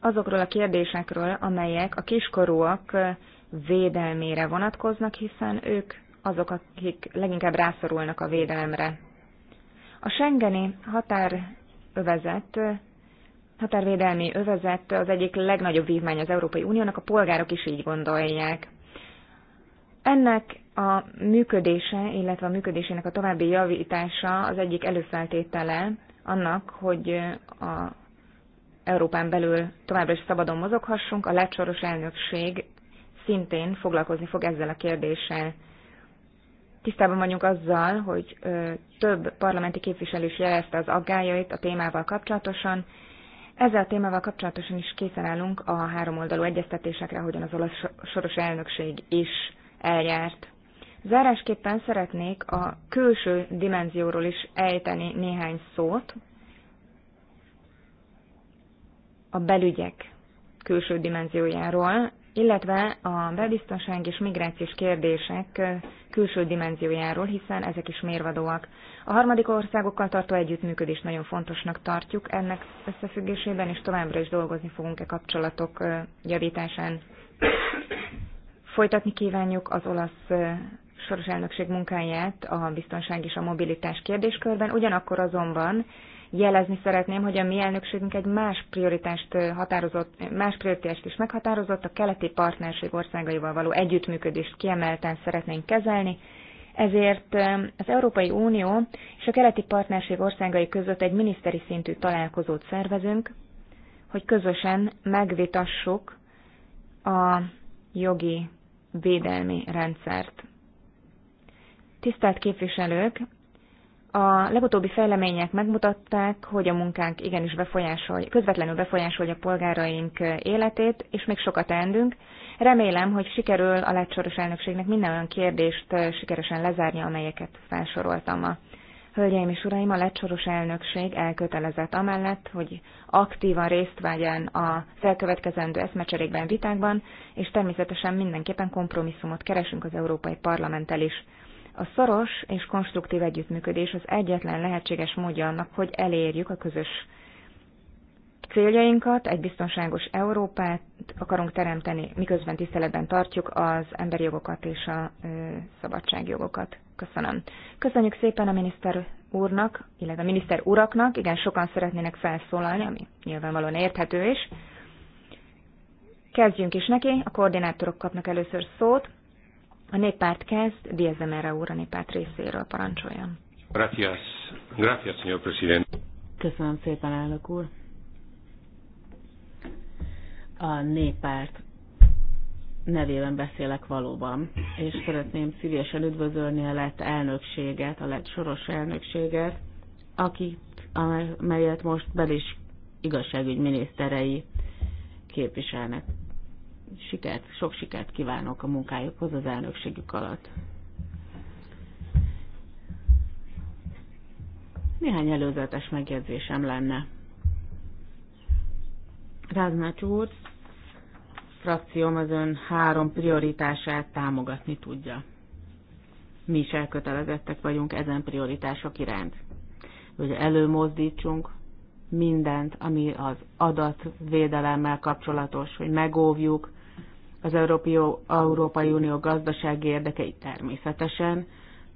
azokról a kérdésekről, amelyek a kiskorúak védelmére vonatkoznak, hiszen ők azok, akik leginkább rászorulnak a védelemre. A Schengeni határ övezet, határvédelmi övezet az egyik legnagyobb vívmány az Európai Uniónak, a polgárok is így gondolják. Ennek a működése, illetve a működésének a további javítása az egyik előfeltétele annak, hogy a Európán belül továbbra is szabadon mozoghassunk, a lecsoros elnökség szintén foglalkozni fog ezzel a kérdéssel. Tisztában vagyunk azzal, hogy több parlamenti képviselő is jelezte az aggájait a témával kapcsolatosan. Ezzel a témával kapcsolatosan is készen állunk a háromoldalú egyeztetésekre, ahogyan az olasz soros elnökség is eljárt. Zárásképpen szeretnék a külső dimenzióról is ejteni néhány szót. A belügyek külső dimenziójáról illetve a belbiztonság és migrációs kérdések külső dimenziójáról, hiszen ezek is mérvadóak. A harmadik országokkal tartó együttműködést nagyon fontosnak tartjuk ennek összefüggésében, és továbbra is dolgozni fogunk e kapcsolatok javításán. Folytatni kívánjuk az olasz soros elnökség munkáját a biztonság és a mobilitás kérdéskörben, ugyanakkor azonban jelezni szeretném, hogy a mi elnökségünk egy más prioritást határozott, más prioritást is meghatározott, a keleti partnerség országaival való együttműködést kiemelten szeretnénk kezelni, ezért az Európai Unió és a keleti partnerség országai között egy miniszteri szintű találkozót szervezünk, hogy közösen megvitassuk a jogi védelmi rendszert. Tisztelt képviselők, a legutóbbi fejlemények megmutatták, hogy a munkánk igenis befolyásolja, közvetlenül befolyásolja a polgáraink életét, és még sokat teendünk. Remélem, hogy sikerül a lecsoros elnökségnek minden olyan kérdést sikeresen lezárni, amelyeket felsoroltam ma. Hölgyeim és uraim, a lecsoros elnökség elkötelezett amellett, hogy aktívan részt vegyen a felkövetkezendő eszmecserékben, vitákban, és természetesen mindenképpen kompromisszumot keresünk az Európai Parlamenttel is. A szoros és konstruktív együttműködés az egyetlen lehetséges módja annak, hogy elérjük a közös céljainkat, egy biztonságos Európát akarunk teremteni, miközben tiszteletben tartjuk az emberi jogokat és a ö, szabadságjogokat. Köszönöm. Köszönjük szépen a miniszter úrnak, illetve a miniszter uraknak, igen, sokan szeretnének felszólalni, ami nyilvánvalóan érthető is. Kezdjünk is neki, a koordinátorok kapnak először szót. A néppárt kezd, Diezemera úr a néppárt részéről parancsoljon. Gracias. Gracias, señor presidente. Köszönöm szépen, elnök úr. A néppárt nevében beszélek valóban, és szeretném szívesen üdvözölni a lett elnökséget, a lett soros elnökséget, akit, amelyet most bel is igazságügyminiszterei képviselnek sikert, sok sikert kívánok a munkájukhoz az elnökségük alatt. Néhány előzetes megjegyzésem lenne. Ráznács úr, frakcióm az ön három prioritását támogatni tudja. Mi is elkötelezettek vagyunk ezen prioritások iránt. Hogy előmozdítsunk mindent, ami az adatvédelemmel kapcsolatos, hogy megóvjuk az Európai, Európai Unió gazdasági érdekeit természetesen,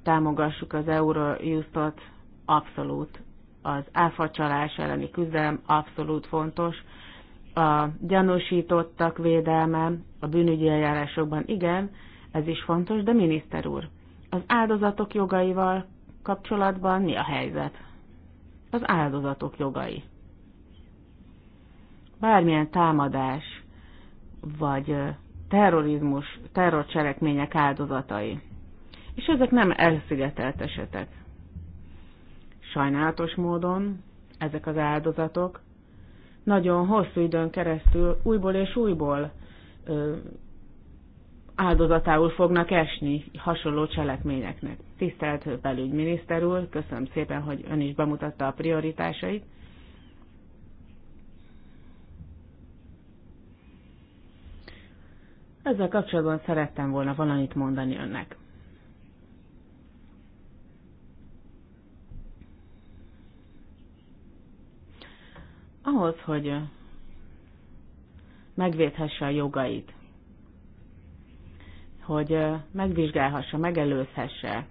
támogassuk az Eurojustot, abszolút az csalás elleni küzdelem abszolút fontos, a gyanúsítottak védelme a bűnügyi eljárásokban igen, ez is fontos, de miniszter úr, az áldozatok jogaival kapcsolatban mi a helyzet? Az áldozatok jogai. Bármilyen támadás vagy terrorizmus, terrorcselekmények áldozatai. És ezek nem elszigetelt esetek. Sajnálatos módon ezek az áldozatok nagyon hosszú időn keresztül újból és újból ö, áldozatául fognak esni hasonló cselekményeknek. Tisztelt belügyminiszter úr, köszönöm szépen, hogy ön is bemutatta a prioritásait. Ezzel kapcsolatban szerettem volna valamit mondani önnek. Ahhoz, hogy megvédhesse a jogait, hogy megvizsgálhassa, megelőzhesse,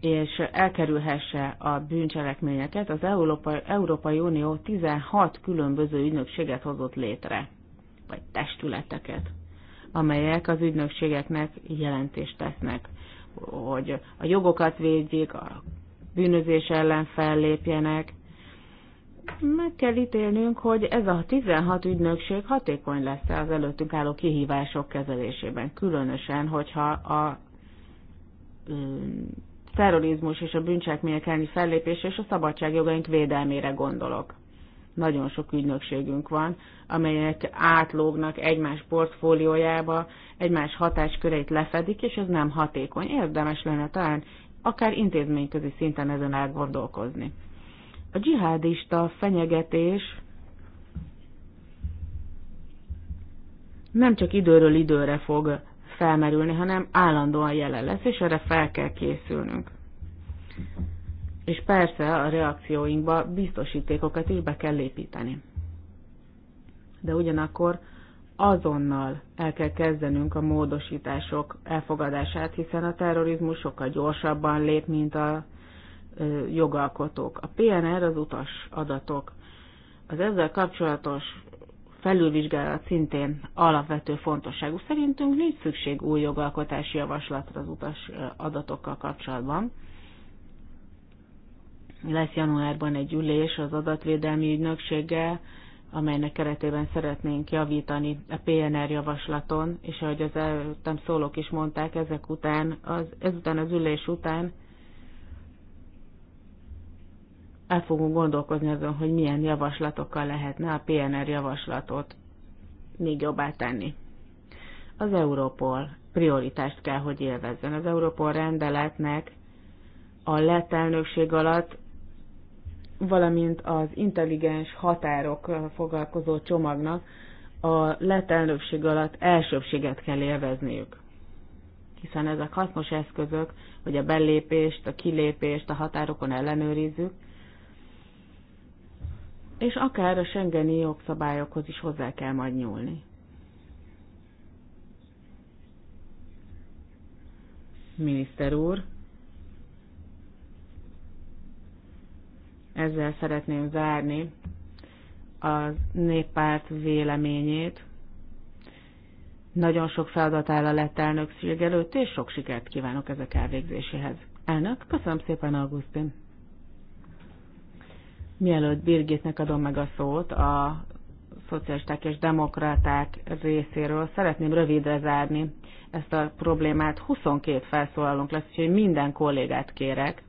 és elkerülhesse a bűncselekményeket, az Európai, Európai Unió 16 különböző ügynökséget hozott létre, vagy testületeket amelyek az ügynökségeknek jelentést tesznek, hogy a jogokat védjék, a bűnözés ellen fellépjenek. Meg kell ítélnünk, hogy ez a 16 ügynökség hatékony lesz-e az előttünk álló kihívások kezelésében, különösen, hogyha a terrorizmus és a bűncselekmények elleni fellépés és a szabadságjogaink védelmére gondolok. Nagyon sok ügynökségünk van, amelyek átlógnak egymás portfóliójába, egymás hatásköreit lefedik, és ez nem hatékony. Érdemes lenne talán akár intézményközi szinten ezen elgondolkozni. A dzsihádista fenyegetés nem csak időről időre fog felmerülni, hanem állandóan jelen lesz, és erre fel kell készülnünk és persze a reakcióinkba biztosítékokat is be kell építeni. De ugyanakkor azonnal el kell kezdenünk a módosítások elfogadását, hiszen a terrorizmus sokkal gyorsabban lép, mint a jogalkotók. A PNR az utas adatok. Az ezzel kapcsolatos felülvizsgálat szintén alapvető fontosságú. Szerintünk nincs szükség új jogalkotási javaslatra az utas adatokkal kapcsolatban lesz januárban egy ülés az adatvédelmi ügynökséggel, amelynek keretében szeretnénk javítani a PNR javaslaton, és ahogy az előttem szólók is mondták, ezek után, az, ezután az ülés után el fogunk gondolkozni azon, hogy milyen javaslatokkal lehetne a PNR javaslatot még jobbá tenni. Az Európol prioritást kell, hogy élvezzen. Az Európol rendeletnek a lett elnökség alatt valamint az intelligens határok foglalkozó csomagnak a lett elnökség alatt elsőbséget kell élvezniük. Hiszen ezek hasznos eszközök, hogy a belépést, a kilépést a határokon ellenőrizzük, és akár a Schengeni jogszabályokhoz is hozzá kell majd nyúlni. Miniszter úr, Ezzel szeretném zárni a néppárt véleményét. Nagyon sok feladat áll a lett elnökség előtt, és sok sikert kívánok ezek elvégzéséhez. Elnök, köszönöm szépen, Augustin. Mielőtt Birgitnek adom meg a szót, a szocialisták és demokraták részéről szeretném rövidre zárni ezt a problémát. 22 felszólalunk lesz, úgyhogy minden kollégát kérek,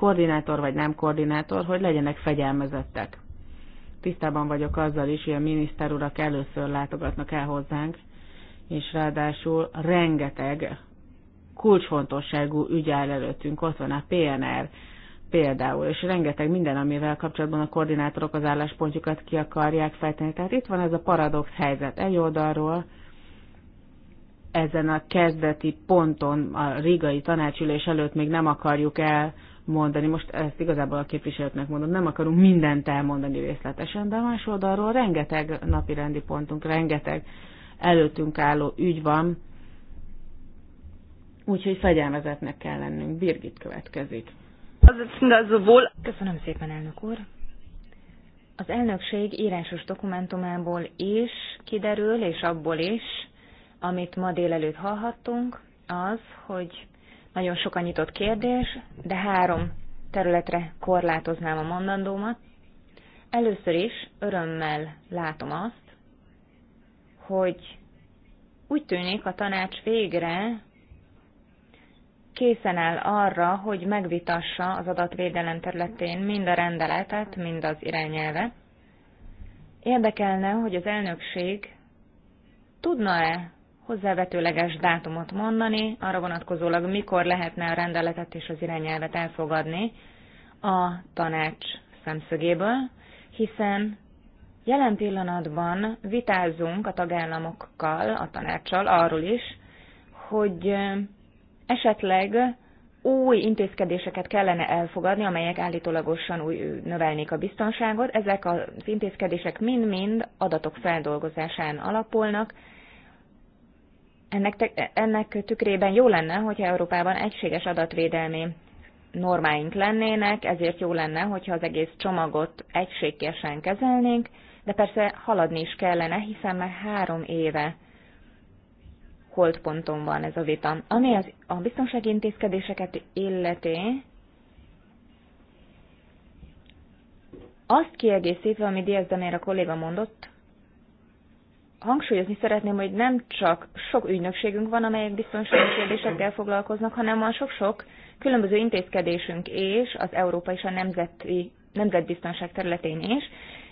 koordinátor vagy nem koordinátor, hogy legyenek fegyelmezettek. Tisztában vagyok azzal is, hogy a miniszter urak először látogatnak el hozzánk, és ráadásul rengeteg kulcsfontosságú ügy áll előttünk. Ott van a PNR például, és rengeteg minden, amivel kapcsolatban a koordinátorok az álláspontjukat ki akarják fejteni. Tehát itt van ez a paradox helyzet. Egy oldalról ezen a kezdeti ponton, a rigai tanácsülés előtt még nem akarjuk el mondani. Most ezt igazából a képviselőknek mondom, nem akarunk mindent elmondani részletesen, de más oldalról rengeteg napi rendi pontunk, rengeteg előttünk álló ügy van, úgyhogy fegyelmezetnek kell lennünk. Birgit következik. Köszönöm szépen, elnök úr. Az elnökség írásos dokumentumából is kiderül, és abból is, amit ma délelőtt hallhattunk, az, hogy nagyon sok a nyitott kérdés, de három területre korlátoznám a mondandómat. Először is örömmel látom azt, hogy úgy tűnik a tanács végre készen áll arra, hogy megvitassa az adatvédelem területén mind a rendeletet, mind az irányelvet. Érdekelne, hogy az elnökség tudna-e hozzávetőleges dátumot mondani, arra vonatkozólag mikor lehetne a rendeletet és az irányelvet elfogadni a tanács szemszögéből, hiszen jelen pillanatban vitázunk a tagállamokkal, a tanácssal arról is, hogy esetleg új intézkedéseket kellene elfogadni, amelyek állítólagosan új, növelnék a biztonságot. Ezek az intézkedések mind-mind adatok feldolgozásán alapulnak, ennek, ennek tükrében jó lenne, hogyha Európában egységes adatvédelmi normáink lennének, ezért jó lenne, hogyha az egész csomagot egységesen kezelnénk, de persze haladni is kellene, hiszen már három éve holdponton van ez a vita. Ami az, a biztonsági intézkedéseket illeti, azt kiegészítve, ami Diaz Demér a kolléga mondott, hangsúlyozni szeretném, hogy nem csak sok ügynökségünk van, amelyek biztonsági kérdésekkel foglalkoznak, hanem van sok-sok különböző intézkedésünk és az Európa és a nemzeti, nemzetbiztonság területén is,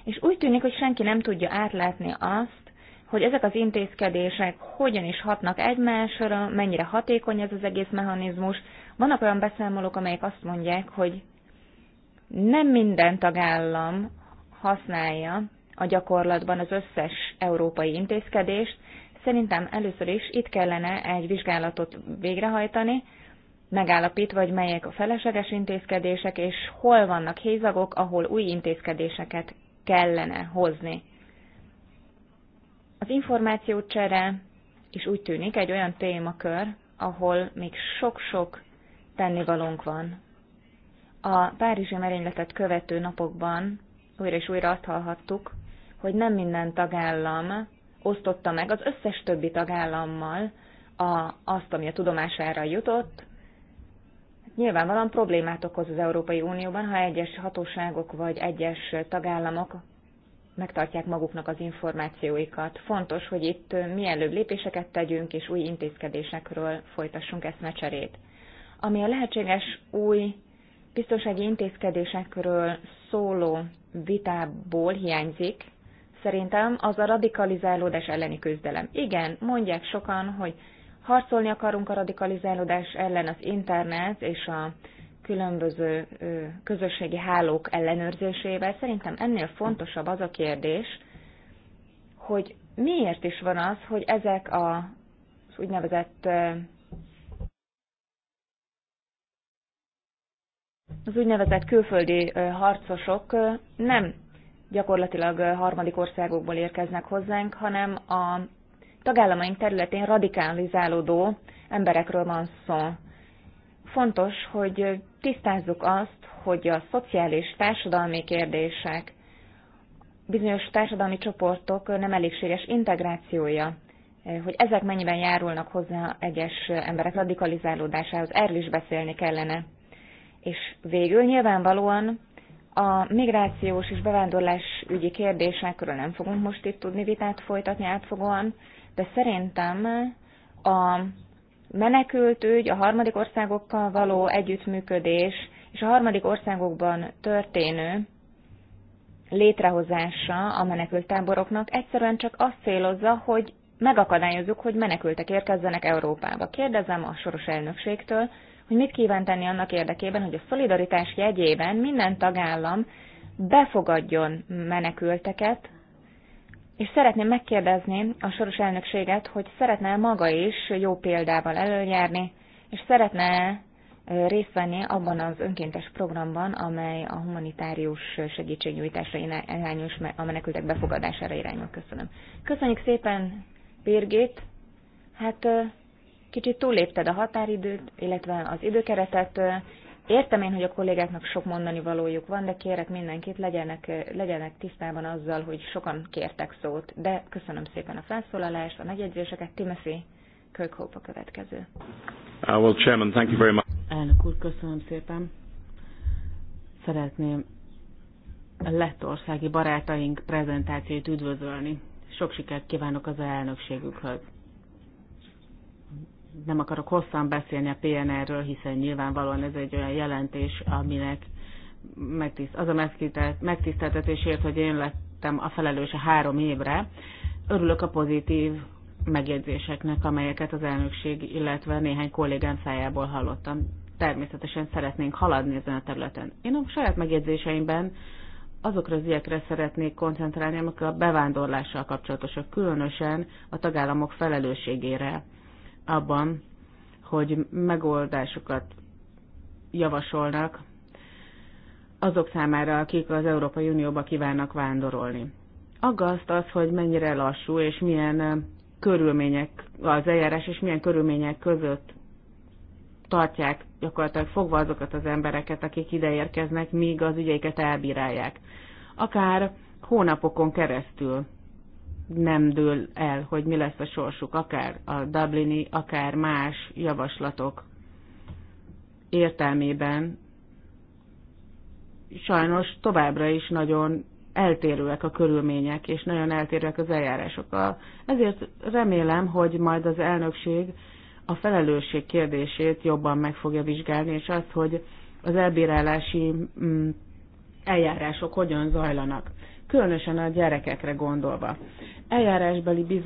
és úgy tűnik, hogy senki nem tudja átlátni azt, hogy ezek az intézkedések hogyan is hatnak egymásra, mennyire hatékony ez az egész mechanizmus. Vannak olyan beszámolók, amelyek azt mondják, hogy nem minden tagállam használja a gyakorlatban az összes európai intézkedést. Szerintem először is itt kellene egy vizsgálatot végrehajtani, megállapítva, hogy melyek a felesleges intézkedések, és hol vannak hézagok, ahol új intézkedéseket kellene hozni. Az információcsere is úgy tűnik egy olyan témakör, ahol még sok-sok tennivalónk van. A Párizsi merényletet követő napokban újra és újra azt hallhattuk, hogy nem minden tagállam osztotta meg az összes többi tagállammal a, azt, ami a tudomására jutott. Nyilvánvalóan problémát okoz az Európai Unióban, ha egyes hatóságok vagy egyes tagállamok megtartják maguknak az információikat. Fontos, hogy itt mielőbb lépéseket tegyünk, és új intézkedésekről folytassunk ezt eszmecserét. Ami a lehetséges új biztonsági intézkedésekről szóló vitából hiányzik, szerintem az a radikalizálódás elleni küzdelem. Igen, mondják sokan, hogy harcolni akarunk a radikalizálódás ellen az internet és a különböző közösségi hálók ellenőrzésével. Szerintem ennél fontosabb az a kérdés, hogy miért is van az, hogy ezek a, az úgynevezett az úgynevezett külföldi harcosok nem gyakorlatilag harmadik országokból érkeznek hozzánk, hanem a tagállamaink területén radikalizálódó emberekről van szó. Fontos, hogy tisztázzuk azt, hogy a szociális, társadalmi kérdések, bizonyos társadalmi csoportok nem elégséges integrációja, hogy ezek mennyiben járulnak hozzá egyes emberek radikalizálódásához, erről is beszélni kellene. És végül nyilvánvalóan a migrációs és bevándorlás ügyi kérdésekről nem fogunk most itt tudni vitát folytatni átfogóan, de szerintem a menekültügy, a harmadik országokkal való együttműködés és a harmadik országokban történő létrehozása a menekültáboroknak egyszerűen csak azt célozza, hogy megakadályozzuk, hogy menekültek érkezzenek Európába. Kérdezem a soros elnökségtől, hogy mit kíván tenni annak érdekében, hogy a szolidaritás jegyében minden tagállam befogadjon menekülteket, és szeretném megkérdezni a soros elnökséget, hogy szeretne maga is jó példával előjárni, és szeretne részt venni abban az önkéntes programban, amely a humanitárius segítségnyújtásra irányul, a menekültek befogadására irányul. Köszönöm. Köszönjük szépen, Birgit. Hát kicsit túllépted a határidőt, illetve az időkeretet. Értem én, hogy a kollégáknak sok mondani valójuk van, de kérek mindenkit, legyenek, legyenek tisztában azzal, hogy sokan kértek szót. De köszönöm szépen a felszólalást, a megjegyzéseket. Timothy Kirkhope a következő. Uh, well, Chairman, thank you very much. Elnök úr, köszönöm szépen. Szeretném a lettországi barátaink prezentációt üdvözölni. Sok sikert kívánok az elnökségükhöz nem akarok hosszan beszélni a PNR-ről, hiszen nyilvánvalóan ez egy olyan jelentés, aminek megtiszt, az a megtiszteltetésért, hogy én lettem a felelős a három évre. Örülök a pozitív megjegyzéseknek, amelyeket az elnökség, illetve néhány kollégám szájából hallottam. Természetesen szeretnénk haladni ezen a területen. Én a saját megjegyzéseimben azokra az ügyekre szeretnék koncentrálni, amik a bevándorlással kapcsolatosak, különösen a tagállamok felelősségére abban, hogy megoldásokat javasolnak azok számára, akik az Európai Unióba kívánnak vándorolni. Aggaszt az, hogy mennyire lassú, és milyen körülmények az eljárás, és milyen körülmények között tartják gyakorlatilag fogva azokat az embereket, akik ide érkeznek, míg az ügyeiket elbírálják. Akár hónapokon keresztül nem dől el, hogy mi lesz a sorsuk, akár a Dublini, akár más javaslatok értelmében. Sajnos továbbra is nagyon eltérőek a körülmények, és nagyon eltérőek az eljárások. Ezért remélem, hogy majd az elnökség a felelősség kérdését jobban meg fogja vizsgálni, és azt, hogy az elbírálási mm, eljárások hogyan zajlanak különösen a gyerekekre gondolva. Eljárásbeli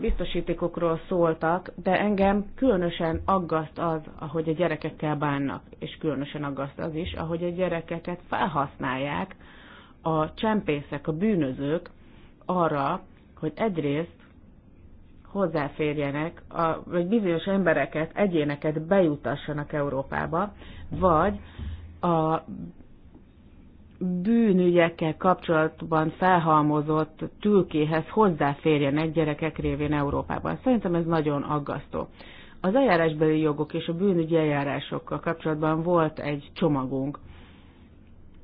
biztosítékokról szóltak, de engem különösen aggaszt az, ahogy a gyerekekkel bánnak, és különösen aggaszt az is, ahogy a gyerekeket felhasználják a csempészek, a bűnözők arra, hogy egyrészt hozzáférjenek, a, vagy bizonyos embereket, egyéneket bejutassanak Európába, vagy a bűnügyekkel kapcsolatban felhalmozott tülkéhez hozzáférjenek gyerekek révén Európában. Szerintem ez nagyon aggasztó. Az eljárásbeli jogok és a bűnügyi eljárásokkal kapcsolatban volt egy csomagunk.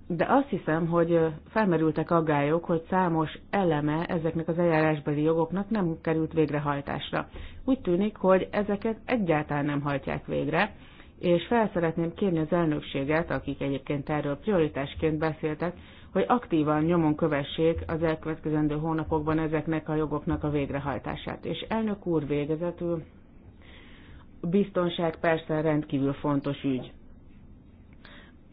De azt hiszem, hogy felmerültek aggályok, hogy számos eleme ezeknek az eljárásbeli jogoknak nem került végrehajtásra. Úgy tűnik, hogy ezeket egyáltalán nem hajtják végre, és fel szeretném kérni az elnökséget, akik egyébként erről prioritásként beszéltek, hogy aktívan nyomon kövessék az elkövetkezendő hónapokban ezeknek a jogoknak a végrehajtását. És elnök úr végezetül, biztonság persze rendkívül fontos ügy.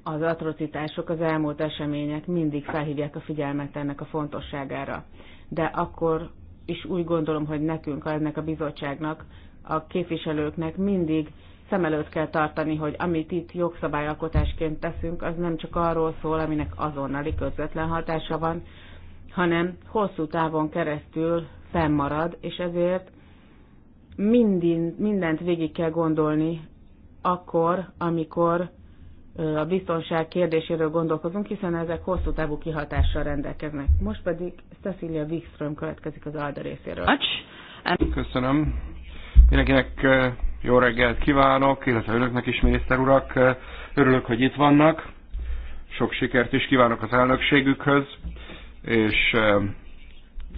Az atrocitások, az elmúlt események mindig felhívják a figyelmet ennek a fontosságára. De akkor is úgy gondolom, hogy nekünk, ennek a bizottságnak, a képviselőknek mindig szem előtt kell tartani, hogy amit itt jogszabályalkotásként teszünk, az nem csak arról szól, aminek azonnali közvetlen hatása van, hanem hosszú távon keresztül fennmarad, és ezért minden, mindent végig kell gondolni akkor, amikor a biztonság kérdéséről gondolkozunk, hiszen ezek hosszú távú kihatással rendelkeznek. Most pedig Cecilia Wikström következik az Alda részéről. Köszönöm. Mindenkinek jó reggelt kívánok, illetve önöknek is, miniszter urak. Örülök, hogy itt vannak. Sok sikert is kívánok az elnökségükhöz, és eh,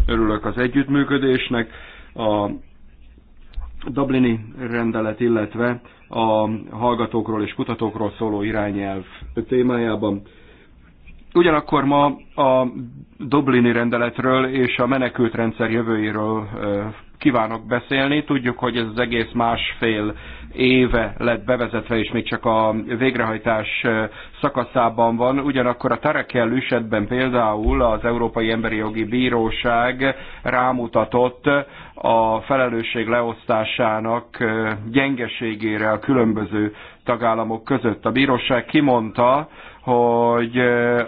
örülök az együttműködésnek. A Dublini rendelet, illetve a hallgatókról és kutatókról szóló irányelv témájában. Ugyanakkor ma a Dublini rendeletről és a menekültrendszer jövőjéről eh, kívánok beszélni. Tudjuk, hogy ez az egész másfél éve lett bevezetve, és még csak a végrehajtás szakaszában van. Ugyanakkor a Tarekel esetben például az Európai Emberi Jogi Bíróság rámutatott a felelősség leosztásának gyengeségére a különböző tagállamok között. A bíróság kimondta, hogy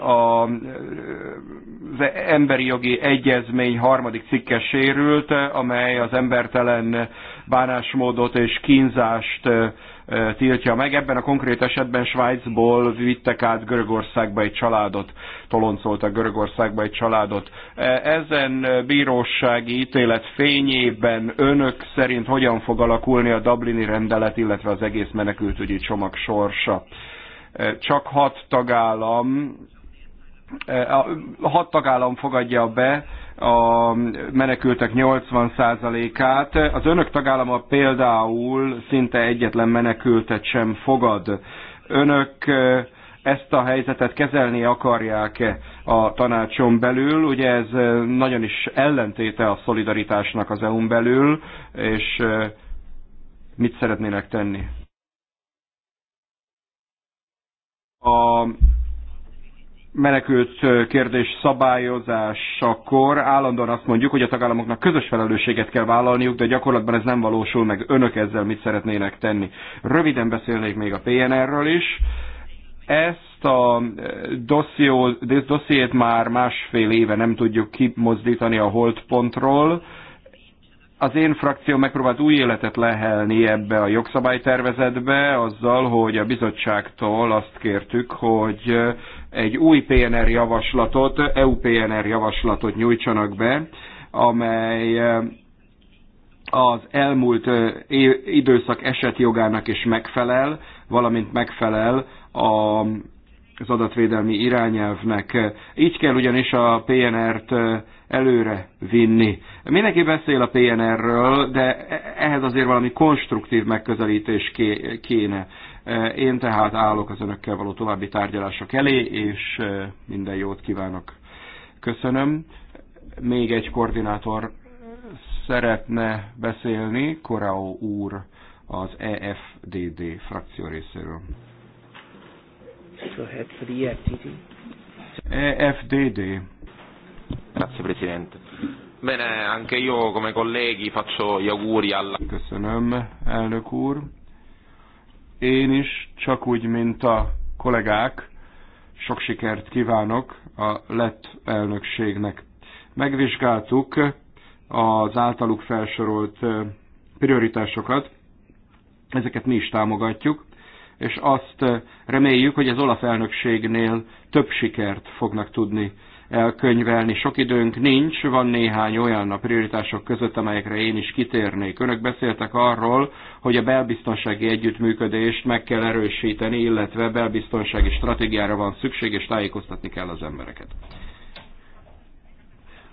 a, az emberi jogi egyezmény harmadik cikke sérült, amely az embertelen bánásmódot és kínzást tiltja meg. Ebben a konkrét esetben Svájcból vittek át Görögországba egy családot, toloncoltak Görögországba egy családot. E, ezen bírósági ítélet fényében önök szerint hogyan fog alakulni a Dublini rendelet, illetve az egész menekültügyi csomag sorsa? csak hat tagállam eh, hat tagállam fogadja be a menekültek 80%-át. Az önök tagállama például szinte egyetlen menekültet sem fogad. Önök eh, ezt a helyzetet kezelni akarják a tanácson belül. Ugye ez eh, nagyon is ellentéte a szolidaritásnak az EU-n belül, és mit szeretnének tenni? a menekült kérdés szabályozásakor állandóan azt mondjuk, hogy a tagállamoknak közös felelősséget kell vállalniuk, de gyakorlatban ez nem valósul meg. Önök ezzel mit szeretnének tenni? Röviden beszélnék még a PNR-ről is. Ezt a eh, dosszió, dossziét már másfél éve nem tudjuk kimozdítani a holdpontról az én frakció megpróbált új életet lehelni ebbe a jogszabálytervezetbe, azzal, hogy a bizottságtól azt kértük, hogy egy új PNR javaslatot, EU PNR javaslatot nyújtsanak be, amely eh, az elmúlt eh, időszak esetjogának is megfelel, valamint megfelel a, az adatvédelmi irányelvnek. Így kell ugyanis a PNR-t eh, előre vinni. Mindenki beszél a PNR-ről, de e- ehhez azért valami konstruktív megközelítés kéne. E, én tehát állok az önökkel való további tárgyalások elé, és e, minden jót kívánok. Köszönöm. Még egy koordinátor szeretne beszélni, Korao úr az EFDD frakció részéről. EFDD. Grazie Presidente. Bene, anche io come colleghi faccio gli auguri alla... Köszönöm, elnök úr. Én is, csak úgy, mint a kollégák, sok sikert kívánok a lett elnökségnek. Megvizsgáltuk az általuk felsorolt prioritásokat, ezeket mi is támogatjuk, és azt reméljük, hogy az olaf elnökségnél több sikert fognak tudni elkönyvelni. Sok időnk nincs, van néhány olyan a prioritások között, amelyekre én is kitérnék. Önök beszéltek arról, hogy a belbiztonsági együttműködést meg kell erősíteni, illetve belbiztonsági stratégiára van szükség, és tájékoztatni kell az embereket.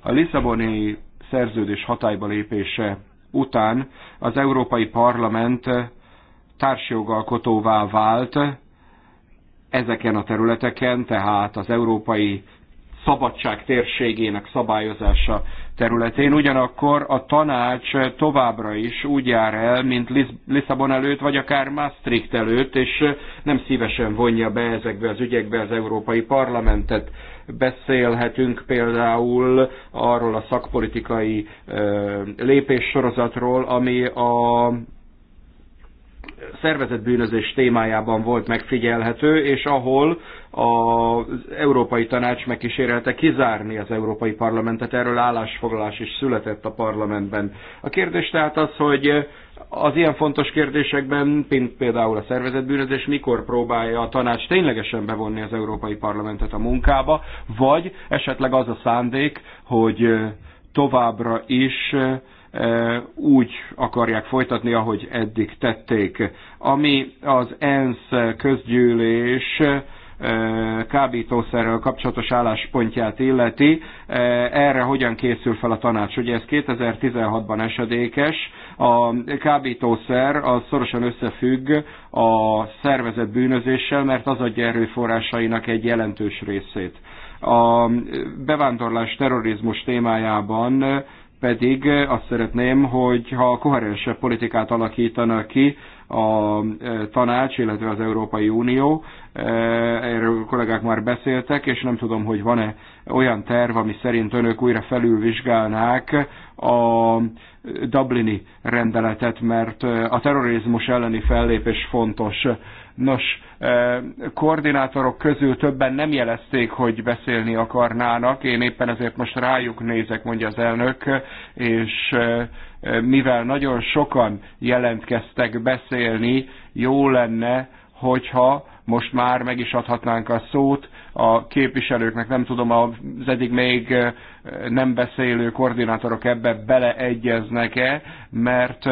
A Lisszaboni szerződés hatályba lépése után az Európai Parlament társjogalkotóvá vált ezeken a területeken, tehát az európai szabadság térségének szabályozása területén. Ugyanakkor a tanács továbbra is úgy jár el, mint Lisszabon előtt, vagy akár Maastricht előtt, és nem szívesen vonja be ezekbe az ügyekbe az Európai Parlamentet. Beszélhetünk például arról a szakpolitikai lépéssorozatról, ami a szervezetbűnözés témájában volt megfigyelhető, és ahol az Európai Tanács megkísérelte kizárni az Európai Parlamentet, erről állásfoglalás is született a parlamentben. A kérdés tehát az, hogy az ilyen fontos kérdésekben, mint például a szervezetbűnözés, mikor próbálja a tanács ténylegesen bevonni az Európai Parlamentet a munkába, vagy esetleg az a szándék, hogy továbbra is Eh, úgy akarják folytatni, ahogy eddig tették. Ami az ENSZ közgyűlés eh, kábítószerrel kapcsolatos álláspontját illeti, eh, erre hogyan készül fel a tanács? Ugye ez 2016-ban esedékes, a kábítószer az szorosan összefügg a szervezett bűnözéssel, mert az adja erőforrásainak egy jelentős részét. A bevándorlás terrorizmus témájában pedig eh, azt szeretném, hogy ha koherensebb politikát alakítanak ki, a e, tanács, illetve az Európai Unió. E, erről kollégák már beszéltek, és nem tudom, hogy van-e olyan terv, ami szerint önök újra felülvizsgálnák a Dublini rendeletet, mert e, a terrorizmus elleni fellépés fontos. Nos, koordinátorok közül többen nem jelezték, hogy beszélni akarnának. Én éppen ezért most rájuk nézek, mondja az elnök, és mivel nagyon sokan jelentkeztek beszélni, jó lenne, hogyha most már meg is adhatnánk a szót a képviselőknek, nem tudom, az eddig még nem beszélő koordinátorok ebbe beleegyeznek-e, mert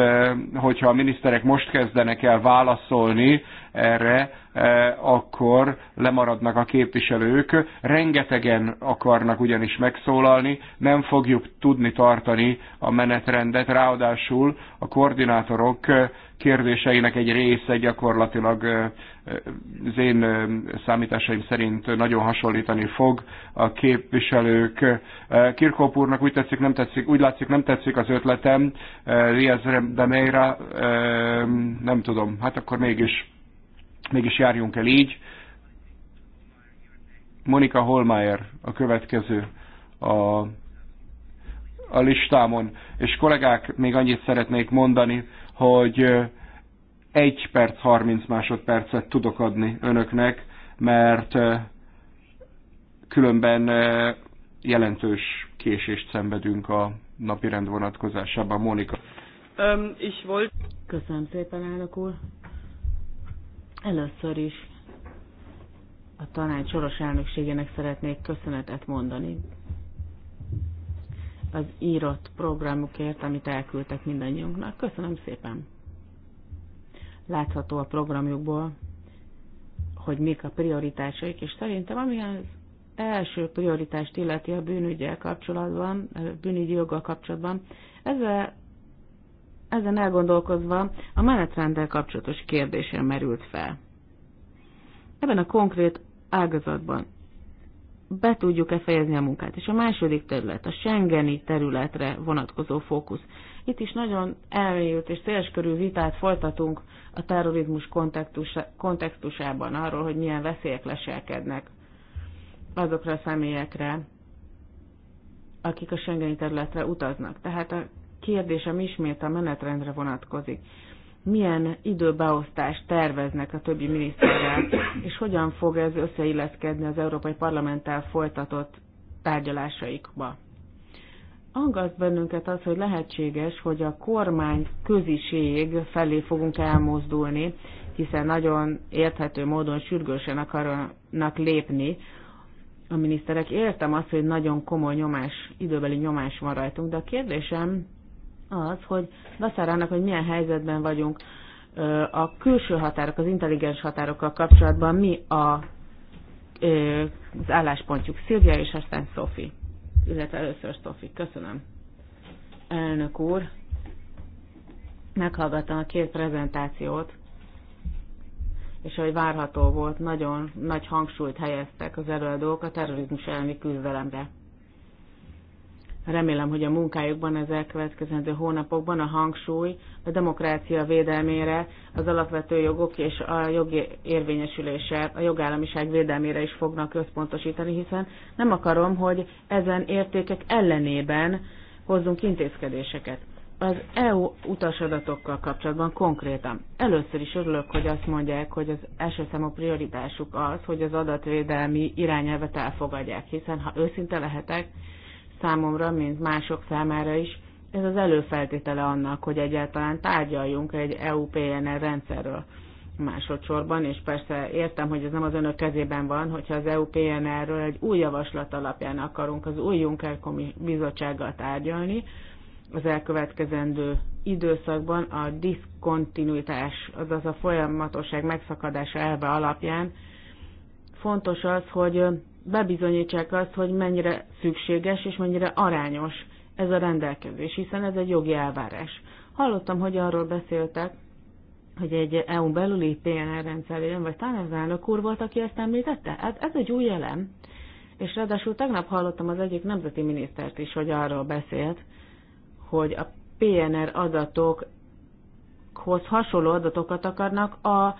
hogyha a miniszterek most kezdenek el válaszolni erre, Eh, akkor lemaradnak a képviselők. Rengetegen akarnak ugyanis megszólalni, nem fogjuk tudni tartani a menetrendet, ráadásul a koordinátorok eh, kérdéseinek egy része gyakorlatilag eh, az én számításaim szerint nagyon hasonlítani fog a képviselők. Kirkóp úrnak úgy, tetszik, nem tetszik, úgy látszik, nem tetszik az ötletem, Riaz de Meira, nem tudom, hát akkor mégis mégis járjunk el így. Monika Holmeier a következő a, a listámon. És kollégák, még annyit szeretnék mondani, hogy 1 perc 30 másodpercet tudok adni önöknek, mert különben jelentős késést szenvedünk a napi rend vonatkozásában. Monika. Um, ich wollt... Köszönöm szépen, elnök úr. Először is a tanács soros elnökségének szeretnék köszönetet mondani az írott programukért, amit elküldtek mindannyiunknak. Köszönöm szépen! Látható a programjukból, hogy mik a prioritásaik, és szerintem ami az első prioritást illeti a bűnügyel kapcsolatban, a bűnügyi joggal kapcsolatban, ezzel ezen elgondolkozva a menetrenddel kapcsolatos kérdésem merült fel. Ebben a konkrét ágazatban be tudjuk-e fejezni a munkát? És a második terület, a Schengeni területre vonatkozó fókusz. Itt is nagyon elmélyült és széleskörű vitát folytatunk a terrorizmus kontextusában arról, hogy milyen veszélyek leselkednek azokra a személyekre, akik a Schengeni területre utaznak. Tehát a kérdésem ismét a menetrendre vonatkozik. Milyen időbeosztást terveznek a többi miniszterrel, és hogyan fog ez összeilleszkedni az Európai Parlamenttel folytatott tárgyalásaikba? Angaz bennünket az, hogy lehetséges, hogy a kormány köziség felé fogunk elmozdulni, hiszen nagyon érthető módon sürgősen akarnak lépni. A miniszterek értem azt, hogy nagyon komoly nyomás, időbeli nyomás van rajtunk, de a kérdésem az, hogy beszárának, hogy milyen helyzetben vagyunk a külső határok, az intelligens határokkal kapcsolatban mi a, az álláspontjuk. Szilvia és aztán Szofi, illetve először Szofi. Köszönöm. Elnök úr, meghallgattam a két prezentációt, és ahogy várható volt, nagyon nagy hangsúlyt helyeztek az előadók a terrorizmus elleni küzdelemre. Remélem, hogy a munkájukban az elkövetkezendő hónapokban a hangsúly a demokrácia védelmére, az alapvető jogok és a jogi érvényesülése, a jogállamiság védelmére is fognak központosítani, hiszen nem akarom, hogy ezen értékek ellenében hozzunk intézkedéseket. Az EU utasadatokkal kapcsolatban konkrétan. Először is örülök, hogy azt mondják, hogy az első számú prioritásuk az, hogy az adatvédelmi irányelvet elfogadják, hiszen ha őszinte lehetek, számomra, mint mások számára is, ez az előfeltétele annak, hogy egyáltalán tárgyaljunk egy EU-PNR rendszerről másodszorban, és persze értem, hogy ez nem az önök kezében van, hogyha az EU-PNR-ről egy új javaslat alapján akarunk az új Juncker bizottsággal tárgyalni, az elkövetkezendő időszakban a diszkontinuitás, azaz a folyamatosság megszakadása elve alapján fontos az, hogy bebizonyítsák azt, hogy mennyire szükséges és mennyire arányos ez a rendelkezés, hiszen ez egy jogi elvárás. Hallottam, hogy arról beszéltek, hogy egy EU belüli PNR rendszer jön, vagy talán az elnök úr volt, aki ezt említette? Hát ez egy új elem, és ráadásul tegnap hallottam az egyik nemzeti minisztert is, hogy arról beszélt, hogy a PNR adatokhoz hasonló adatokat akarnak a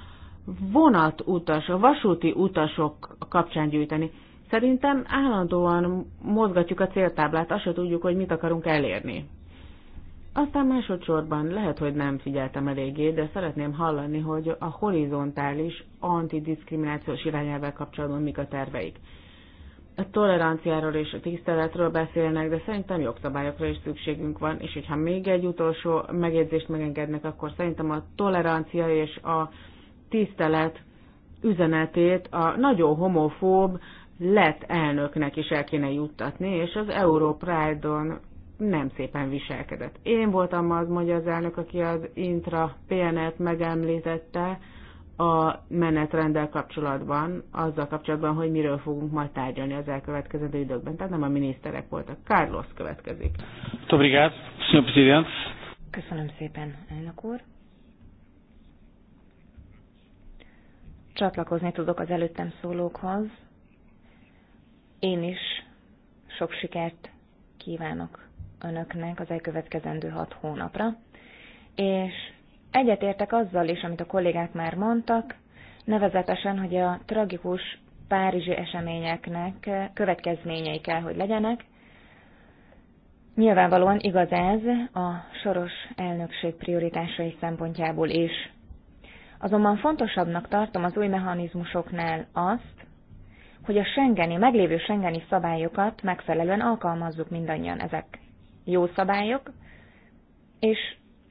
vonatutas, a vasúti utasok kapcsán gyűjteni. Szerintem állandóan mozgatjuk a céltáblát, azt se tudjuk, hogy mit akarunk elérni. Aztán másodszorban lehet, hogy nem figyeltem eléggé, de szeretném hallani, hogy a horizontális antidiszkriminációs irányelvvel kapcsolatban mik a terveik. A toleranciáról és a tiszteletről beszélnek, de szerintem jogszabályokra is szükségünk van, és hogyha még egy utolsó megjegyzést megengednek, akkor szerintem a tolerancia és a tisztelet üzenetét a nagyon homofób, lett elnöknek is el kéne juttatni, és az Europride-on nem szépen viselkedett. Én voltam az magyar elnök, aki az Intra PNL-t megemlítette a menetrenddel kapcsolatban, azzal kapcsolatban, hogy miről fogunk majd tárgyalni az elkövetkező időkben. Tehát nem a miniszterek voltak. Carlos következik. Köszönöm szépen, elnök úr. Csatlakozni tudok az előttem szólókhoz én is sok sikert kívánok önöknek az elkövetkezendő hat hónapra, és egyetértek azzal is, amit a kollégák már mondtak, nevezetesen, hogy a tragikus párizsi eseményeknek következményei kell, hogy legyenek. Nyilvánvalóan igaz ez a soros elnökség prioritásai szempontjából is. Azonban fontosabbnak tartom az új mechanizmusoknál azt, hogy a Schengeni, meglévő Schengeni szabályokat megfelelően alkalmazzuk mindannyian. Ezek jó szabályok, és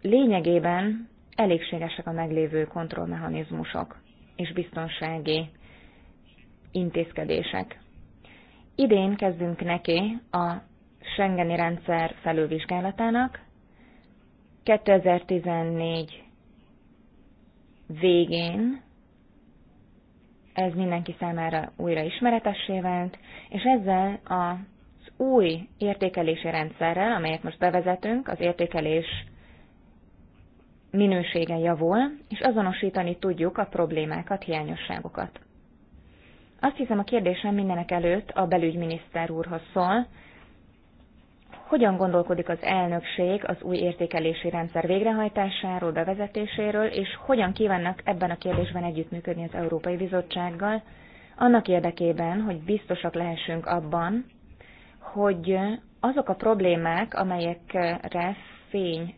lényegében elégségesek a meglévő kontrollmechanizmusok és biztonsági intézkedések. Idén kezdünk neki a Schengeni rendszer felülvizsgálatának. 2014 végén ez mindenki számára újra ismeretessé vált, és ezzel az új értékelési rendszerrel, amelyet most bevezetünk, az értékelés minősége javul, és azonosítani tudjuk a problémákat, hiányosságokat. Azt hiszem a kérdésem mindenek előtt a belügyminiszter úrhoz szól, hogyan gondolkodik az elnökség az új értékelési rendszer végrehajtásáról, bevezetéséről, és hogyan kívánnak ebben a kérdésben együttműködni az Európai Bizottsággal, annak érdekében, hogy biztosak lehessünk abban, hogy azok a problémák, amelyekre fény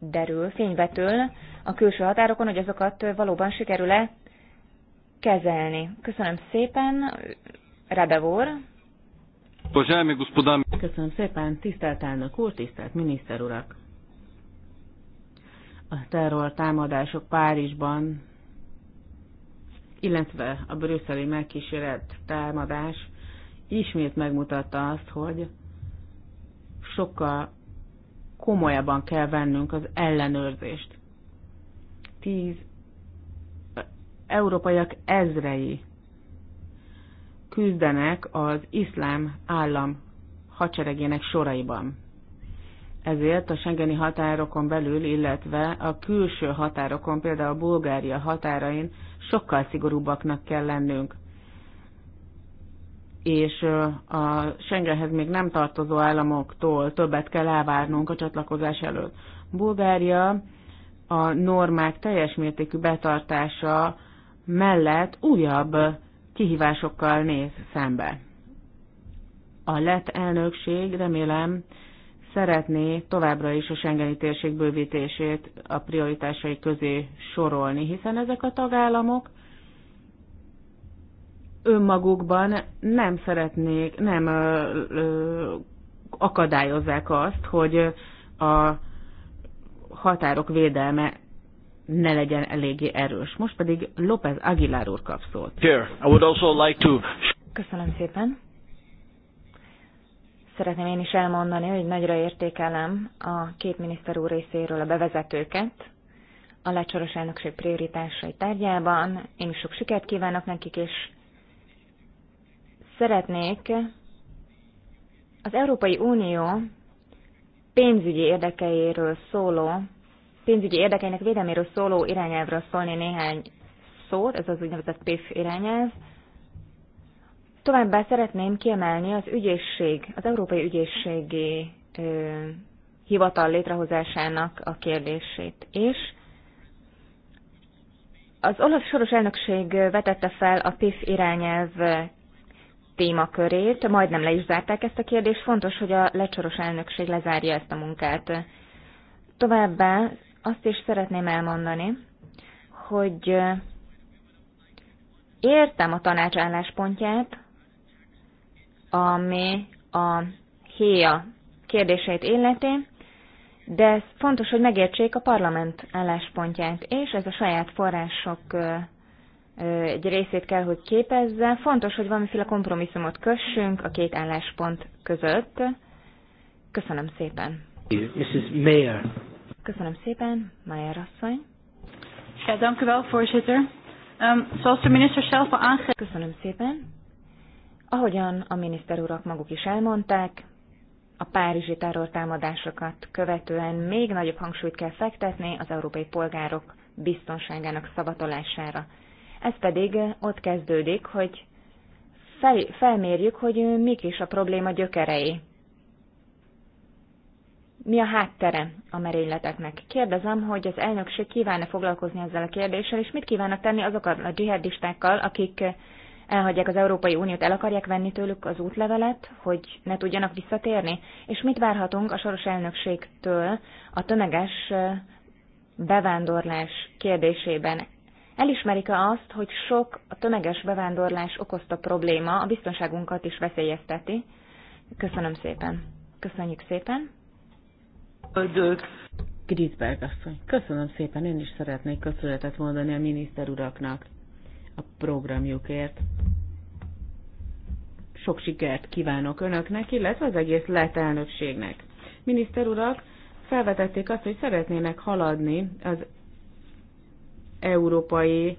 derül, fényvetül a külső határokon, hogy azokat valóban sikerül-e kezelni. Köszönöm szépen, Rebevor, Köszönöm szépen, tisztelt elnök úr, tisztelt miniszter urak! A terror támadások Párizsban, illetve a brüsszeli megkísérelt támadás ismét megmutatta azt, hogy sokkal komolyabban kell vennünk az ellenőrzést. Tíz európaiak ezrei küzdenek az iszlám állam hadseregének soraiban. Ezért a Schengeni határokon belül, illetve a külső határokon, például a Bulgária határain sokkal szigorúbbaknak kell lennünk. És a Schengenhez még nem tartozó államoktól többet kell elvárnunk a csatlakozás előtt. Bulgária a normák teljes mértékű betartása mellett újabb kihívásokkal néz szembe. A lett elnökség remélem szeretné továbbra is a Schengeni térség bővítését a prioritásai közé sorolni, hiszen ezek a tagállamok önmagukban nem szeretnék, nem ö, ö, akadályozzák azt, hogy a határok védelme ne legyen eléggé erős. Most pedig López Aguilar úr kap szót. Köszönöm szépen. Szeretném én is elmondani, hogy nagyra értékelem a két miniszter úr részéről a bevezetőket a lecsoros elnökség prioritásai tárgyában. Én is sok sikert kívánok nekik, és szeretnék az Európai Unió pénzügyi érdekeiről szóló pénzügyi érdekeinek védelméről szóló irányelvről szólni néhány szót, ez az úgynevezett PIF irányelv. Továbbá szeretném kiemelni az ügyészség, az Európai Ügyészségi ö, Hivatal létrehozásának a kérdését és Az olasz soros elnökség vetette fel a PIF irányelv témakörét, majdnem le is zárták ezt a kérdést, fontos, hogy a lecsoros elnökség lezárja ezt a munkát. Továbbá azt is szeretném elmondani, hogy értem a tanács álláspontját, ami a héja kérdéseit illeti, de ez fontos, hogy megértsék a parlament álláspontját, és ez a saját források egy részét kell, hogy képezze. Fontos, hogy valamiféle kompromisszumot kössünk a két álláspont között. Köszönöm szépen. Mrs. Mayor, Köszönöm szépen, Mayer asszony. Ja, ehm, Köszönöm szépen. Ahogyan a miniszter urak maguk is elmondták, a párizsi terrortámadásokat követően még nagyobb hangsúlyt kell fektetni az európai polgárok biztonságának szavatolására. Ez pedig ott kezdődik, hogy fel, felmérjük, hogy mik is a probléma gyökerei mi a háttere a merényleteknek. Kérdezem, hogy az elnökség kívánna foglalkozni ezzel a kérdéssel, és mit kívánnak tenni azokkal a dzsihadistákkal, akik elhagyják az Európai Uniót, el akarják venni tőlük az útlevelet, hogy ne tudjanak visszatérni? És mit várhatunk a soros elnökségtől a tömeges bevándorlás kérdésében? Elismerik-e azt, hogy sok a tömeges bevándorlás okozta probléma a biztonságunkat is veszélyezteti? Köszönöm szépen. Köszönjük szépen. Grisberg asszony, köszönöm szépen, én is szeretnék köszönetet mondani a miniszter uraknak a programjukért. Sok sikert kívánok önöknek, illetve az egész lett elnökségnek. Miniszter urak, felvetették azt, hogy szeretnének haladni az európai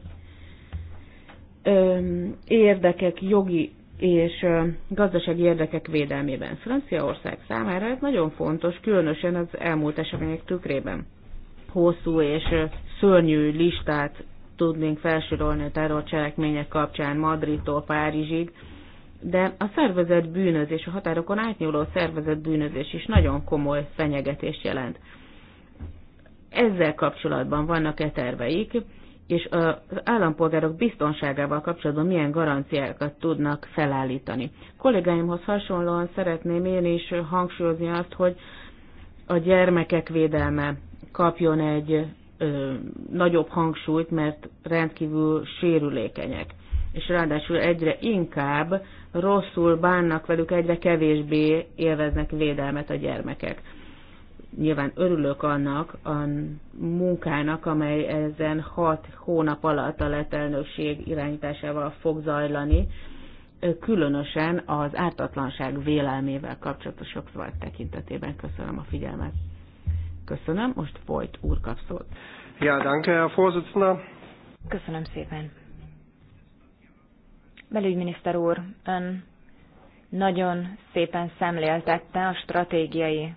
öm, érdekek jogi és gazdasági érdekek védelmében. Franciaország számára ez nagyon fontos, különösen az elmúlt események tükrében. Hosszú és szörnyű listát tudnénk felsorolni a terrorcselekmények kapcsán Madridtól Párizsig, de a szervezett bűnözés, a határokon átnyúló szervezett bűnözés is nagyon komoly fenyegetést jelent. Ezzel kapcsolatban vannak-e terveik? és az állampolgárok biztonságával kapcsolatban milyen garanciákat tudnak felállítani. Kollégáimhoz hasonlóan szeretném én is hangsúlyozni azt, hogy a gyermekek védelme kapjon egy ö, nagyobb hangsúlyt, mert rendkívül sérülékenyek. És ráadásul egyre inkább rosszul bánnak velük, egyre kevésbé élveznek védelmet a gyermekek nyilván örülök annak a munkának, amely ezen hat hónap alatt a letelnökség irányításával fog zajlani, különösen az ártatlanság vélelmével kapcsolatos jogszabály tekintetében. Köszönöm a figyelmet. Köszönöm, most folyt úr kap szót. Ja, danke, Herr Vorsitzender. Köszönöm szépen. Belügyminiszter úr, ön nagyon szépen szemléltette a stratégiai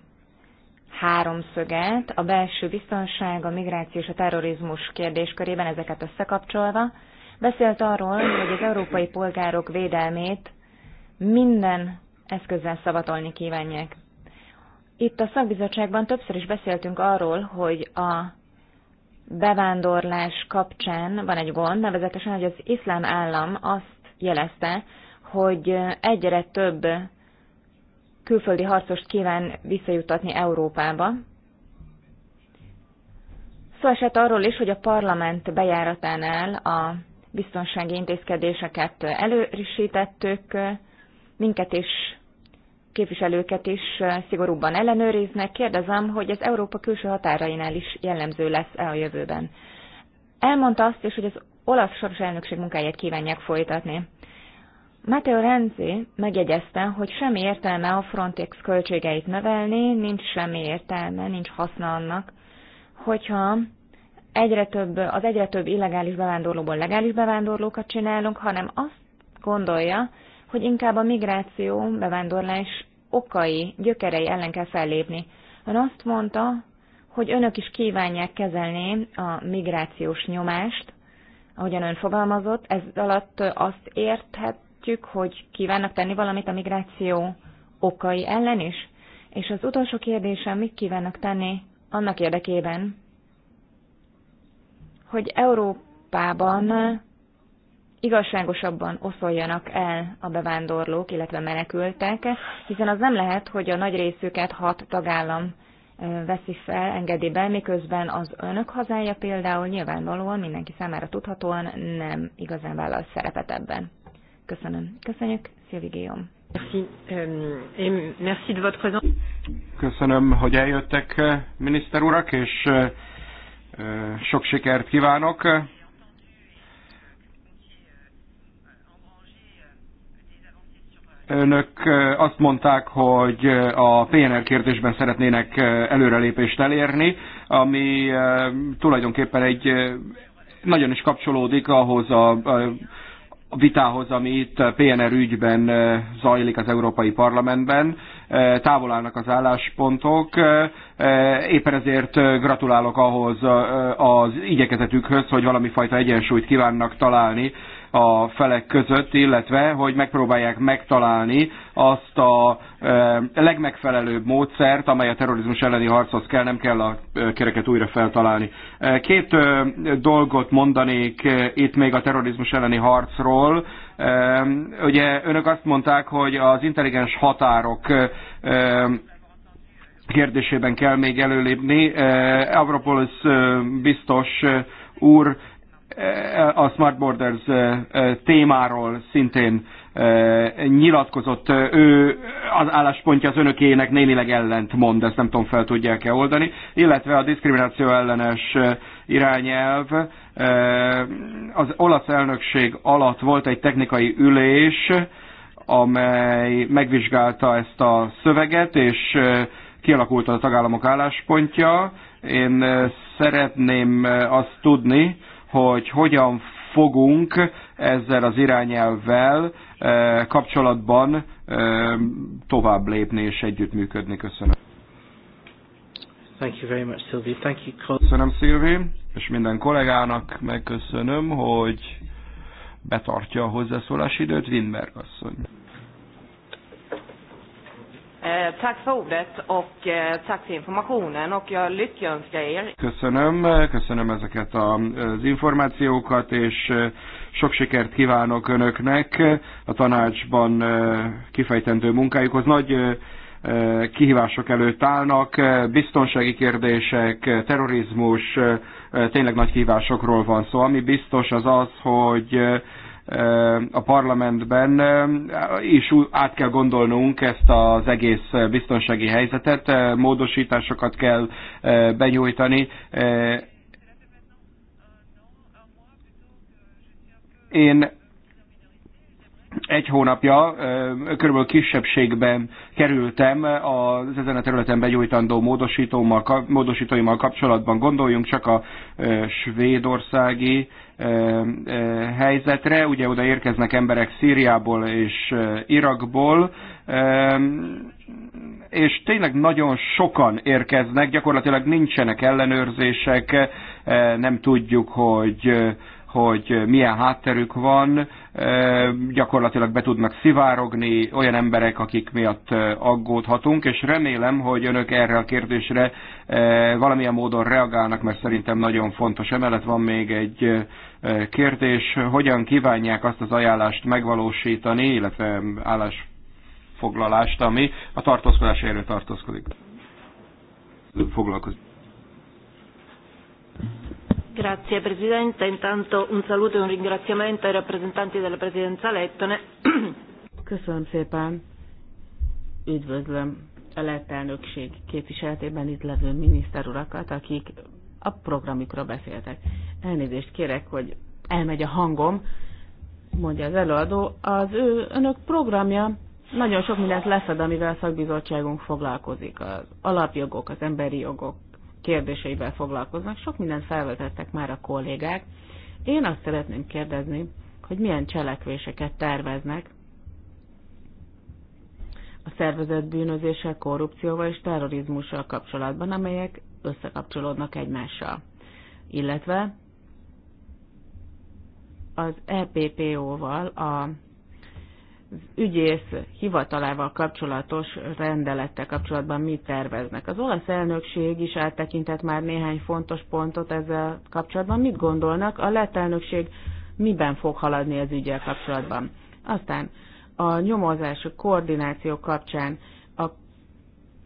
háromszöget, a belső biztonság, a migráció és a terrorizmus kérdéskörében ezeket összekapcsolva, beszélt arról, hogy az európai polgárok védelmét minden eszközzel szavatolni kívánják. Itt a szakbizottságban többször is beszéltünk arról, hogy a bevándorlás kapcsán van egy gond, nevezetesen, hogy az iszlám állam azt jelezte, hogy egyre több külföldi harcost kíván visszajutatni Európába. Szó szóval esett arról is, hogy a parlament bejáratánál a biztonsági intézkedéseket előrisítettük, minket is, képviselőket is szigorúbban ellenőriznek. Kérdezem, hogy ez Európa külső határainál is jellemző lesz-e a jövőben. Elmondta azt is, hogy az olasz soros elnökség munkáját kívánják folytatni. Matteo Renzi megjegyezte, hogy semmi értelme a Frontex költségeit növelni, nincs semmi értelme, nincs haszna annak, hogyha egyre több, az egyre több illegális bevándorlóból legális bevándorlókat csinálunk, hanem azt gondolja, hogy inkább a migráció, bevándorlás okai, gyökerei ellen kell fellépni. Ön azt mondta, hogy önök is kívánják kezelni a migrációs nyomást, ahogyan ön fogalmazott, ez alatt azt érthet, értjük, hogy kívánnak tenni valamit a migráció okai ellen is? És az utolsó kérdésem, mit kívánnak tenni annak érdekében, hogy Európában igazságosabban oszoljanak el a bevándorlók, illetve menekültek, hiszen az nem lehet, hogy a nagy részüket hat tagállam veszi fel, engedi be, miközben az önök hazája például nyilvánvalóan mindenki számára tudhatóan nem igazán vállal szerepet ebben. Köszönöm. Köszönjük, Szilvi Guillaume. Euh, Köszönöm, hogy eljöttek, eh, miniszter urak, és eh, eh, sok sikert kívánok. Önök azt mondták, hogy a PNR kérdésben szeretnének előrelépést elérni, ami tulajdonképpen egy nagyon is kapcsolódik ahhoz a, a vitához, ami itt PNR ügyben zajlik az Európai Parlamentben. Távol állnak az álláspontok. Éppen ezért gratulálok ahhoz az igyekezetükhöz, hogy valami fajta egyensúlyt kívánnak találni a felek között, illetve hogy megpróbálják megtalálni azt a e, legmegfelelőbb módszert, amely a terrorizmus elleni harchoz kell, nem kell a e, kereket újra feltalálni. E, két dolgot mondanék itt még a terrorizmus elleni harcról. Ugye önök azt mondták, hogy az intelligens határok kérdésében kell még előlépni. Avropolis biztos úr a Smart Borders témáról szintén nyilatkozott. Ő az álláspontja az önökének némileg ellent mond, ezt nem tudom, fel tudják-e oldani. Illetve a diszkrimináció ellenes irányelv. Az olasz elnökség alatt volt egy technikai ülés, amely megvizsgálta ezt a szöveget, és kialakult a tagállamok álláspontja. Én szeretném azt tudni, hogy hogyan fogunk ezzel az irányelvvel eh, kapcsolatban eh, tovább lépni és együttműködni. Köszönöm. Thank you very much, Sylvie. Thank you, Köszönöm, Sylvie, és minden kollégának megköszönöm, hogy betartja a hozzászólási időt, Windberg asszony. Eh, tack för ordet och eh, tack för informationen och jag lyckönskar er. Köszönöm, eh, köszönöm ezeket az információkat és sok sikert kívánok önöknek a tanácsban kifejtendő munkájukhoz. Nagy kihívások előtt állnak, biztonsági kérdések, terrorizmus, tényleg nagy kihívásokról van szó. Ami biztos az az, hogy a parlamentben, és eh, át kell gondolnunk ezt az egész biztonsági helyzetet, eh, módosításokat kell eh, benyújtani. Én egy hónapja körülbelül kisebbségben kerültem az ezen a területen begyújtandó módosítóimmal kapcsolatban. Gondoljunk csak a svédországi helyzetre. Ugye oda érkeznek emberek Szíriából és Irakból, és tényleg nagyon sokan érkeznek, gyakorlatilag nincsenek ellenőrzések, nem tudjuk, hogy hogy milyen hátterük van, gyakorlatilag be tudnak szivárogni olyan emberek, akik miatt aggódhatunk, és remélem, hogy önök erre a kérdésre valamilyen módon reagálnak, mert szerintem nagyon fontos. Emellett van még egy Kérdés, hogyan kívánják azt az ajánlást megvalósítani, illetve állásfoglalást, ami a tartózkodás erő tartózkodik. Foglalkozik. Grazie Presidente, intanto un saluto e un ringraziamento ai rappresentanti della Presidenza Lettone. Köszönöm szépen, üdvözlöm a lett elnökség képviseletében itt levő miniszter urakat, akik a programjukról beszéltek. Elnézést kérek, hogy elmegy a hangom, mondja az előadó. Az ő önök programja nagyon sok mindent leszed, amivel a szakbizottságunk foglalkozik. Az alapjogok, az emberi jogok kérdéseivel foglalkoznak. Sok mindent felvetettek már a kollégák. Én azt szeretném kérdezni, hogy milyen cselekvéseket terveznek a szervezett bűnözéssel, korrupcióval és terrorizmussal kapcsolatban, amelyek összekapcsolódnak egymással. Illetve az EPPO-val, a az ügyész hivatalával kapcsolatos rendelettel kapcsolatban mit terveznek. Az olasz elnökség is áttekintett már néhány fontos pontot ezzel kapcsolatban. Mit gondolnak? A lett elnökség miben fog haladni az ügyel kapcsolatban? Aztán a nyomozás a koordináció kapcsán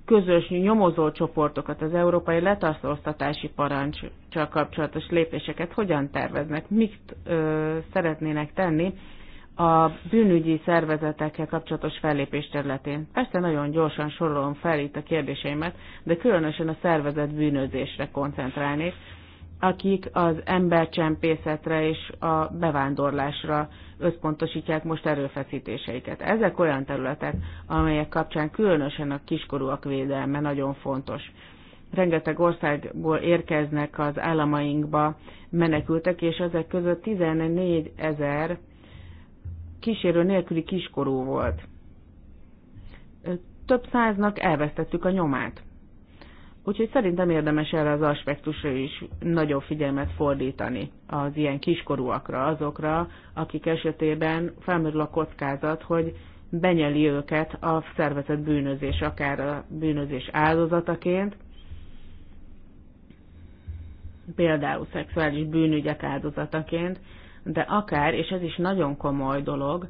közös nyomozó csoportokat, az európai letartóztatási parancsal kapcsolatos lépéseket hogyan terveznek, mit ö, szeretnének tenni a bűnügyi szervezetekkel kapcsolatos fellépés területén. Persze nagyon gyorsan sorolom fel itt a kérdéseimet, de különösen a szervezet bűnözésre koncentrálnék, akik az embercsempészetre és a bevándorlásra összpontosítják most erőfeszítéseiket. Ezek olyan területek, amelyek kapcsán különösen a kiskorúak védelme nagyon fontos. Rengeteg országból érkeznek az államainkba menekültek, és ezek között 14 ezer kísérő nélküli kiskorú volt. Több száznak elvesztettük a nyomát. Úgyhogy szerintem érdemes erre az aspektusra is nagyobb figyelmet fordítani az ilyen kiskorúakra, azokra, akik esetében felmerül a kockázat, hogy benyeli őket a szervezet bűnözés, akár a bűnözés áldozataként, például szexuális bűnügyek áldozataként, de akár, és ez is nagyon komoly dolog,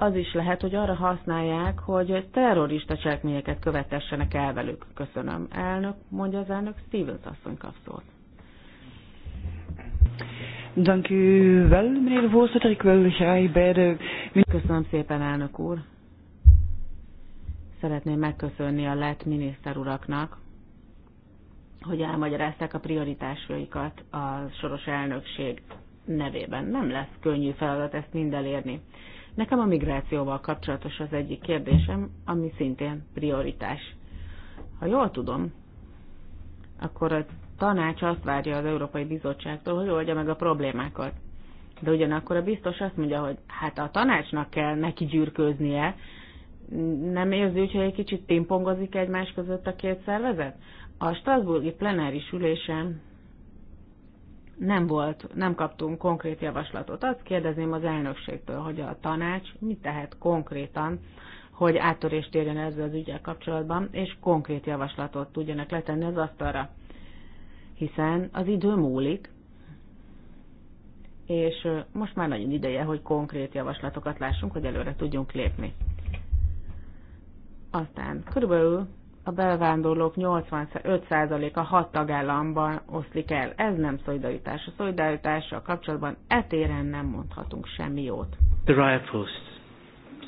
az is lehet, hogy arra használják, hogy terrorista cselekményeket követessenek el velük. Köszönöm, elnök, mondja az elnök, Stevens asszony kap szót. Köszönöm szépen, elnök úr. Szeretném megköszönni a lett miniszter uraknak, hogy elmagyarázták a prioritásaikat a soros elnökség nevében. Nem lesz könnyű feladat ezt mind elérni. Nekem a migrációval kapcsolatos az egyik kérdésem, ami szintén prioritás. Ha jól tudom, akkor a tanács azt várja az Európai Bizottságtól, hogy oldja meg a problémákat. De ugyanakkor a biztos azt mondja, hogy hát a tanácsnak kell neki gyűrköznie. nem érzi úgy, hogy egy kicsit pingpongozik egymás között a két szervezet? A Strasburgi plenáris ülésen nem volt, nem kaptunk konkrét javaslatot. Azt kérdezném az elnökségtől, hogy a tanács mit tehet konkrétan, hogy áttörést érjen ezzel az ügyel kapcsolatban, és konkrét javaslatot tudjanak letenni az asztalra. Hiszen az idő múlik, és most már nagyon ideje, hogy konkrét javaslatokat lássunk, hogy előre tudjunk lépni. Aztán körülbelül a bevándorlók 85%-a hat tagállamban oszlik el. Ez nem szolidaritás. A szolidaritással kapcsolatban etéren nem mondhatunk semmi jót. riot Post.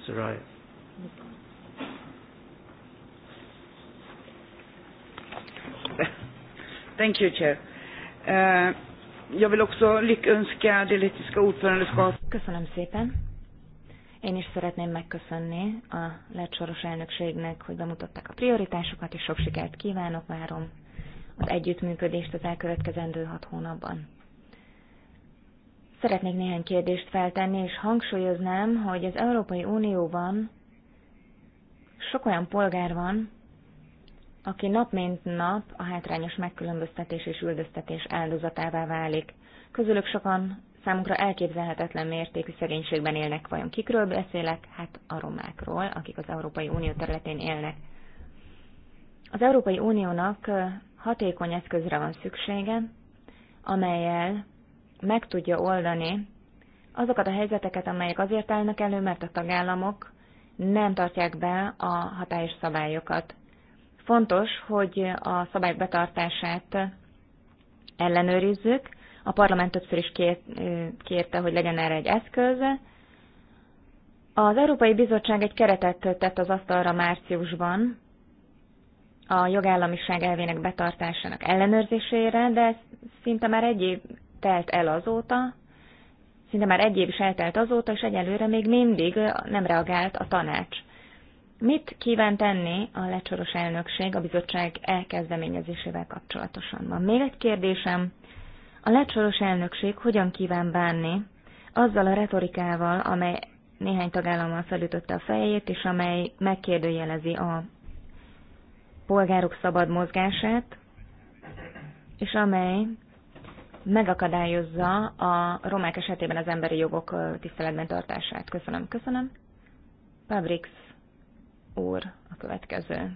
the riot. Thank you, Chair. Uh, jag vill också lyckönska det lettiska ordförandeskapet. Köszönöm szépen. Én is szeretném megköszönni a lecsoros elnökségnek, hogy bemutatták a prioritásokat, és sok sikert kívánok, várom az együttműködést az elkövetkezendő hat hónapban. Szeretnék néhány kérdést feltenni, és hangsúlyoznám, hogy az Európai Unióban sok olyan polgár van, aki nap mint nap a hátrányos megkülönböztetés és üldöztetés áldozatává válik. Közülük sokan számunkra elképzelhetetlen mértékű szegénységben élnek. Vajon kikről beszélek? Hát a romákról, akik az Európai Unió területén élnek. Az Európai Uniónak hatékony eszközre van szüksége, amelyel meg tudja oldani azokat a helyzeteket, amelyek azért állnak elő, mert a tagállamok nem tartják be a hatályos szabályokat. Fontos, hogy a szabályok betartását ellenőrizzük, a parlament többször is kérte, hogy legyen erre egy eszköze. Az Európai Bizottság egy keretet tett az asztalra márciusban a jogállamiság elvének betartásának ellenőrzésére, de szinte már egy év telt el azóta, szinte már egy év is eltelt azóta, és egyelőre még mindig nem reagált a tanács. Mit kíván tenni a lecsoros elnökség a bizottság elkezdeményezésével kapcsolatosan? Van még egy kérdésem a lecsoros elnökség hogyan kíván bánni azzal a retorikával, amely néhány tagállammal felütötte a fejét, és amely megkérdőjelezi a polgárok szabad mozgását, és amely megakadályozza a romák esetében az emberi jogok tiszteletben tartását. Köszönöm, köszönöm. Pabrix úr a következő.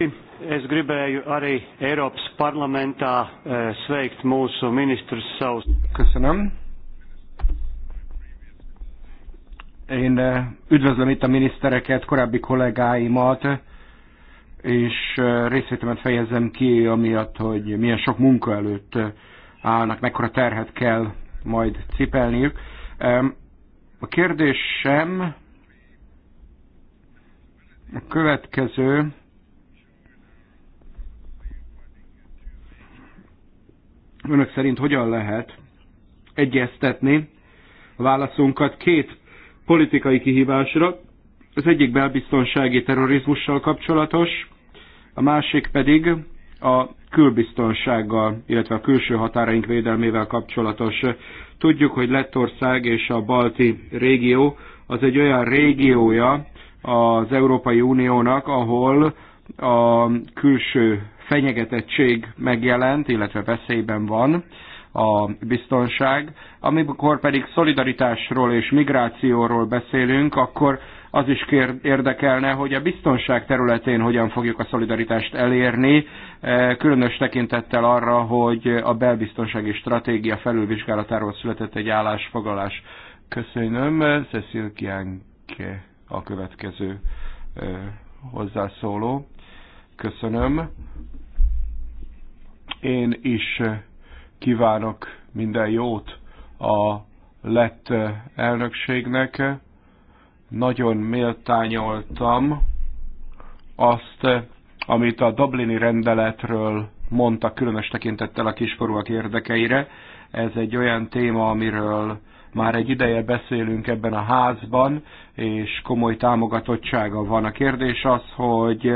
Es gribēju arī Eiropas parlamentā eh, sveikt mūsu ministrus savus. Köszönöm. Én eh, üdvözlöm itt a minisztereket, korábbi kollégáimat, és eh, részvétemet fejezem ki, amiatt, hogy milyen sok munka előtt állnak, mekkora terhet kell majd cipelniük. A kérdésem a következő önök szerint hogyan lehet egyeztetni a válaszunkat két politikai kihívásra. Az egyik belbiztonsági terrorizmussal kapcsolatos, a másik pedig a külbiztonsággal, illetve a külső határaink védelmével kapcsolatos. Tudjuk, hogy Lettország és a balti régió az egy olyan régiója az Európai Uniónak, ahol a külső fenyegetettség megjelent, illetve veszélyben van a biztonság. Amikor pedig szolidaritásról és migrációról beszélünk, akkor az is kér, érdekelne, hogy a biztonság területén hogyan fogjuk a szolidaritást elérni, eh, különös tekintettel arra, hogy a belbiztonsági stratégia felülvizsgálatáról született egy állásfoglalás. Köszönöm. Cecil Kianke a következő eh, hozzászóló. Köszönöm. Én is eh, kívánok minden jót a lett eh, elnökségnek. Nagyon méltányoltam azt, eh, amit a Dublini rendeletről mondta, különös tekintettel a kiskorúak érdekeire. Ez egy olyan téma, amiről már egy ideje beszélünk ebben a házban, és komoly támogatottsága van. A kérdés az, hogy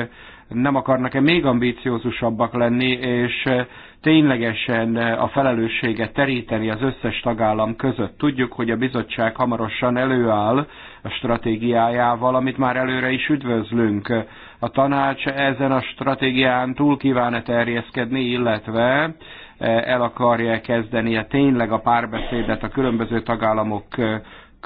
nem akarnak-e még ambíciózusabbak lenni, és eh, ténylegesen eh, a felelősséget teríteni az összes tagállam között. Tudjuk, hogy a bizottság hamarosan előáll a stratégiájával, amit már előre is üdvözlünk. A tanács ezen a stratégián túl kíván-e terjeszkedni, illetve eh, el akarja kezdeni a tényleg a párbeszédet a különböző tagállamok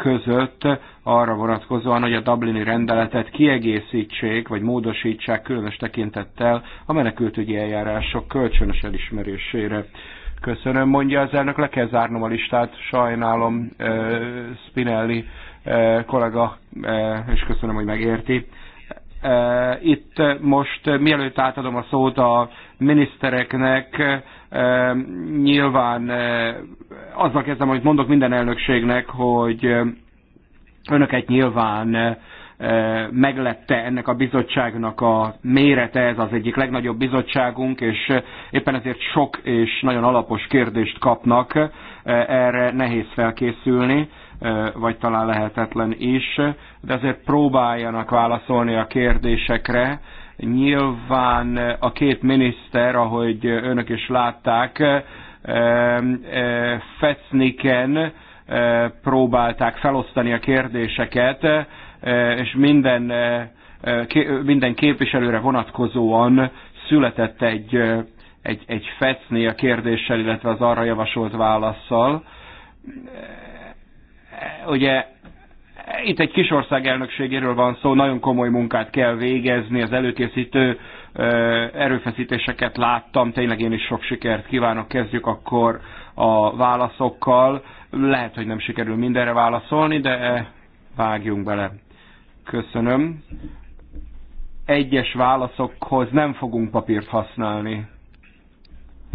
között arra vonatkozóan, hogy a Dublini rendeletet kiegészítsék, vagy módosítsák különös tekintettel a menekültügyi eljárások kölcsönös elismerésére. Köszönöm, mondja az elnök, le kell zárnom a listát, sajnálom Spinelli kollega, és köszönöm, hogy megérti. Itt most mielőtt átadom a szót a minisztereknek, Ehm, nyilván eh, azzal kezdem, hogy mondok minden elnökségnek, hogy eh, önöket nyilván eh, meglepte ennek a bizottságnak a mérete, ez az egyik legnagyobb bizottságunk, és éppen ezért sok és nagyon alapos kérdést kapnak, erre nehéz felkészülni, vagy talán lehetetlen is, de azért próbáljanak válaszolni a kérdésekre, Nyilván eh, a két miniszter, ahogy eh, önök is látták, eh, Fecniken próbálták felosztani a kérdéseket, és minden, minden képviselőre vonatkozóan született egy, egy, egy fecni a kérdéssel, illetve az arra javasolt válaszsal. Ugye itt egy kis ország elnökségéről van szó, nagyon komoly munkát kell végezni, az előkészítő erőfeszítéseket láttam, tényleg én is sok sikert kívánok, kezdjük akkor a válaszokkal. Lehet, hogy nem sikerül mindenre válaszolni, de vágjunk bele. Köszönöm. Egyes válaszokhoz nem fogunk papírt használni.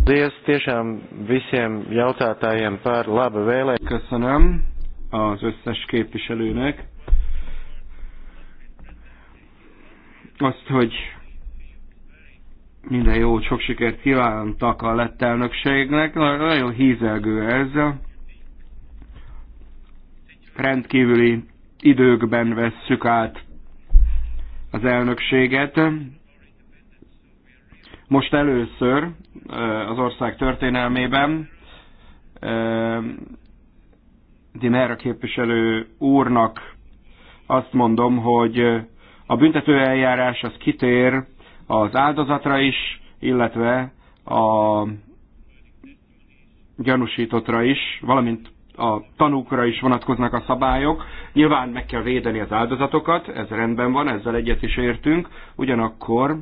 ezt tiešām visiem jautājotājiem par labu vēlēšanu. Köszönöm az összes képviselőnek azt, hogy minden jó, sok sikert kívántak a lett elnökségnek. Nagyon hízelgő ez. Rendkívüli időkben vesszük át az elnökséget. Most először az ország történelmében Dimera képviselő úrnak azt mondom, hogy a büntető eljárás az kitér az áldozatra is, illetve a gyanúsítottra is, valamint a tanúkra is vonatkoznak a szabályok. Nyilván meg kell védeni az áldozatokat, ez rendben van, ezzel egyet is értünk. Ugyanakkor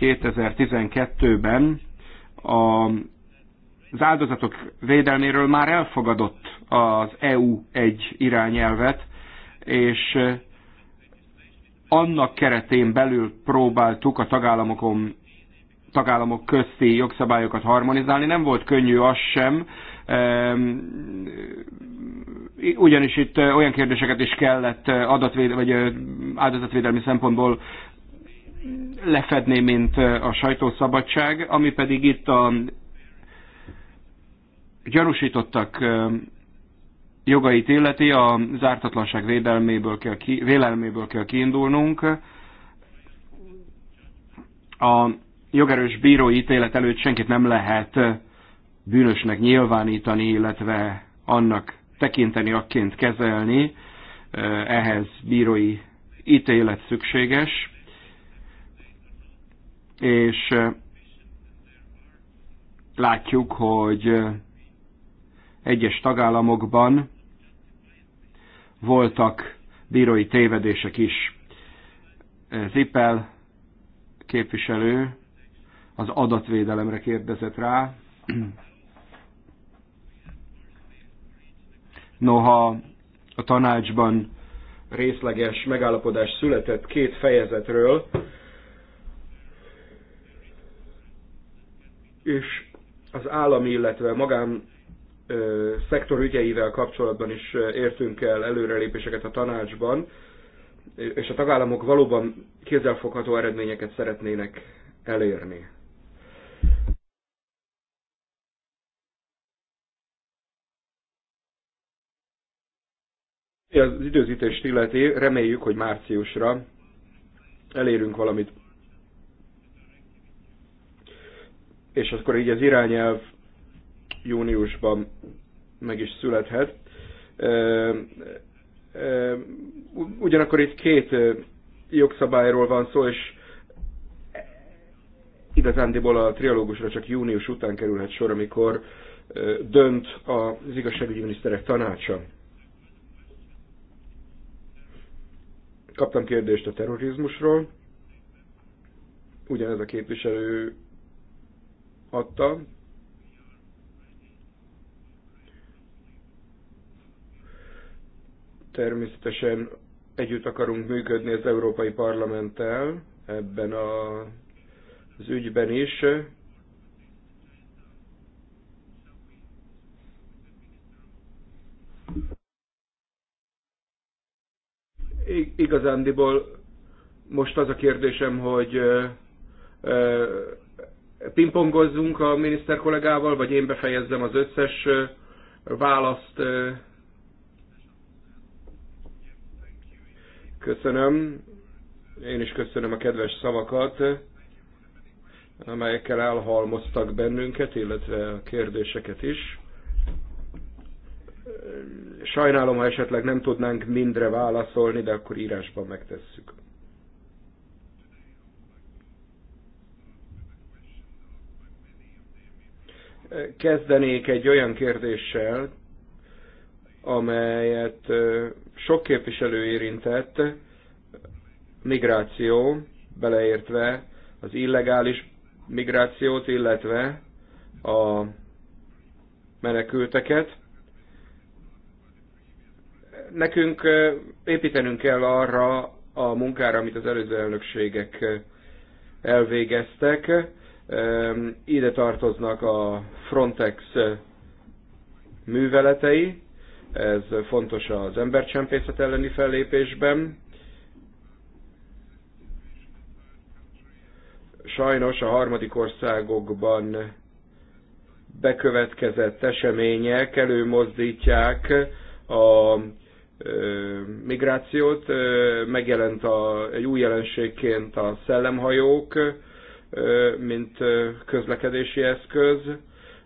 2012-ben a az áldozatok védelméről már elfogadott az EU egy irányelvet, és annak keretén belül próbáltuk a tagállamokon, tagállamok közti jogszabályokat harmonizálni. Nem volt könnyű az sem, ugyanis itt olyan kérdéseket is kellett adatvéde vagy áldozatvédelmi szempontból lefedni, mint a sajtószabadság, ami pedig itt a gyanúsítottak jogait illeti, a zártatlanság védelméből kell ki, vélelméből kell kiindulnunk. A jogerős bírói ítélet előtt senkit nem lehet bűnösnek nyilvánítani, illetve annak tekinteni, akként kezelni. Ehhez bírói ítélet szükséges. És látjuk, hogy egyes tagállamokban voltak bírói tévedések is. Zippel képviselő az adatvédelemre kérdezett rá. Noha a tanácsban részleges megállapodás született két fejezetről, és az állami, illetve magán szektor ügyeivel kapcsolatban is értünk el előrelépéseket a tanácsban, és a tagállamok valóban kézzelfogható eredményeket szeretnének elérni. Az időzítést illeti, reméljük, hogy márciusra elérünk valamit. És akkor így az irányelv júniusban meg is születhet. Ugyanakkor itt két jogszabályról van szó, és igazándiból a trialógusra csak június után kerülhet sor, amikor dönt az igazságügyi miniszterek tanácsa. Kaptam kérdést a terrorizmusról. Ugyanez a képviselő adta, Természetesen együtt akarunk működni az Európai Parlamenttel ebben a, az ügyben is. Igazándiból most az a kérdésem, hogy pingpongozzunk a miniszter kollégával, vagy én befejezzem az összes választ Köszönöm. Én is köszönöm a kedves szavakat, amelyekkel elhalmoztak bennünket, illetve a kérdéseket is. Sajnálom, ha esetleg nem tudnánk mindre válaszolni, de akkor írásban megtesszük. Kezdenék egy olyan kérdéssel, amelyet sok képviselő érintett, migráció, beleértve az illegális migrációt, illetve a menekülteket. Nekünk építenünk kell arra a munkára, amit az előző elnökségek elvégeztek. Ide tartoznak a Frontex műveletei, ez fontos az embercsempészet elleni fellépésben. Sajnos a harmadik országokban bekövetkezett események előmozdítják a migrációt. Megjelent a, egy új jelenségként a szellemhajók, mint közlekedési eszköz.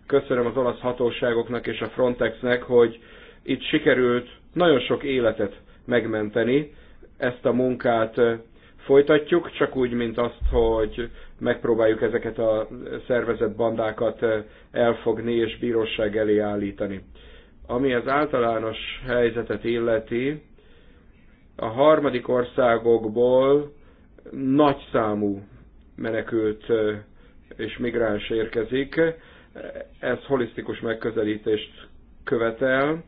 Köszönöm az olasz hatóságoknak és a Frontexnek, hogy itt sikerült nagyon sok életet megmenteni, ezt a munkát folytatjuk, csak úgy, mint azt, hogy megpróbáljuk ezeket a szervezett bandákat elfogni és bíróság elé állítani. Ami az általános helyzetet illeti, a harmadik országokból nagy számú menekült és migráns érkezik. Ez holisztikus megközelítést követel.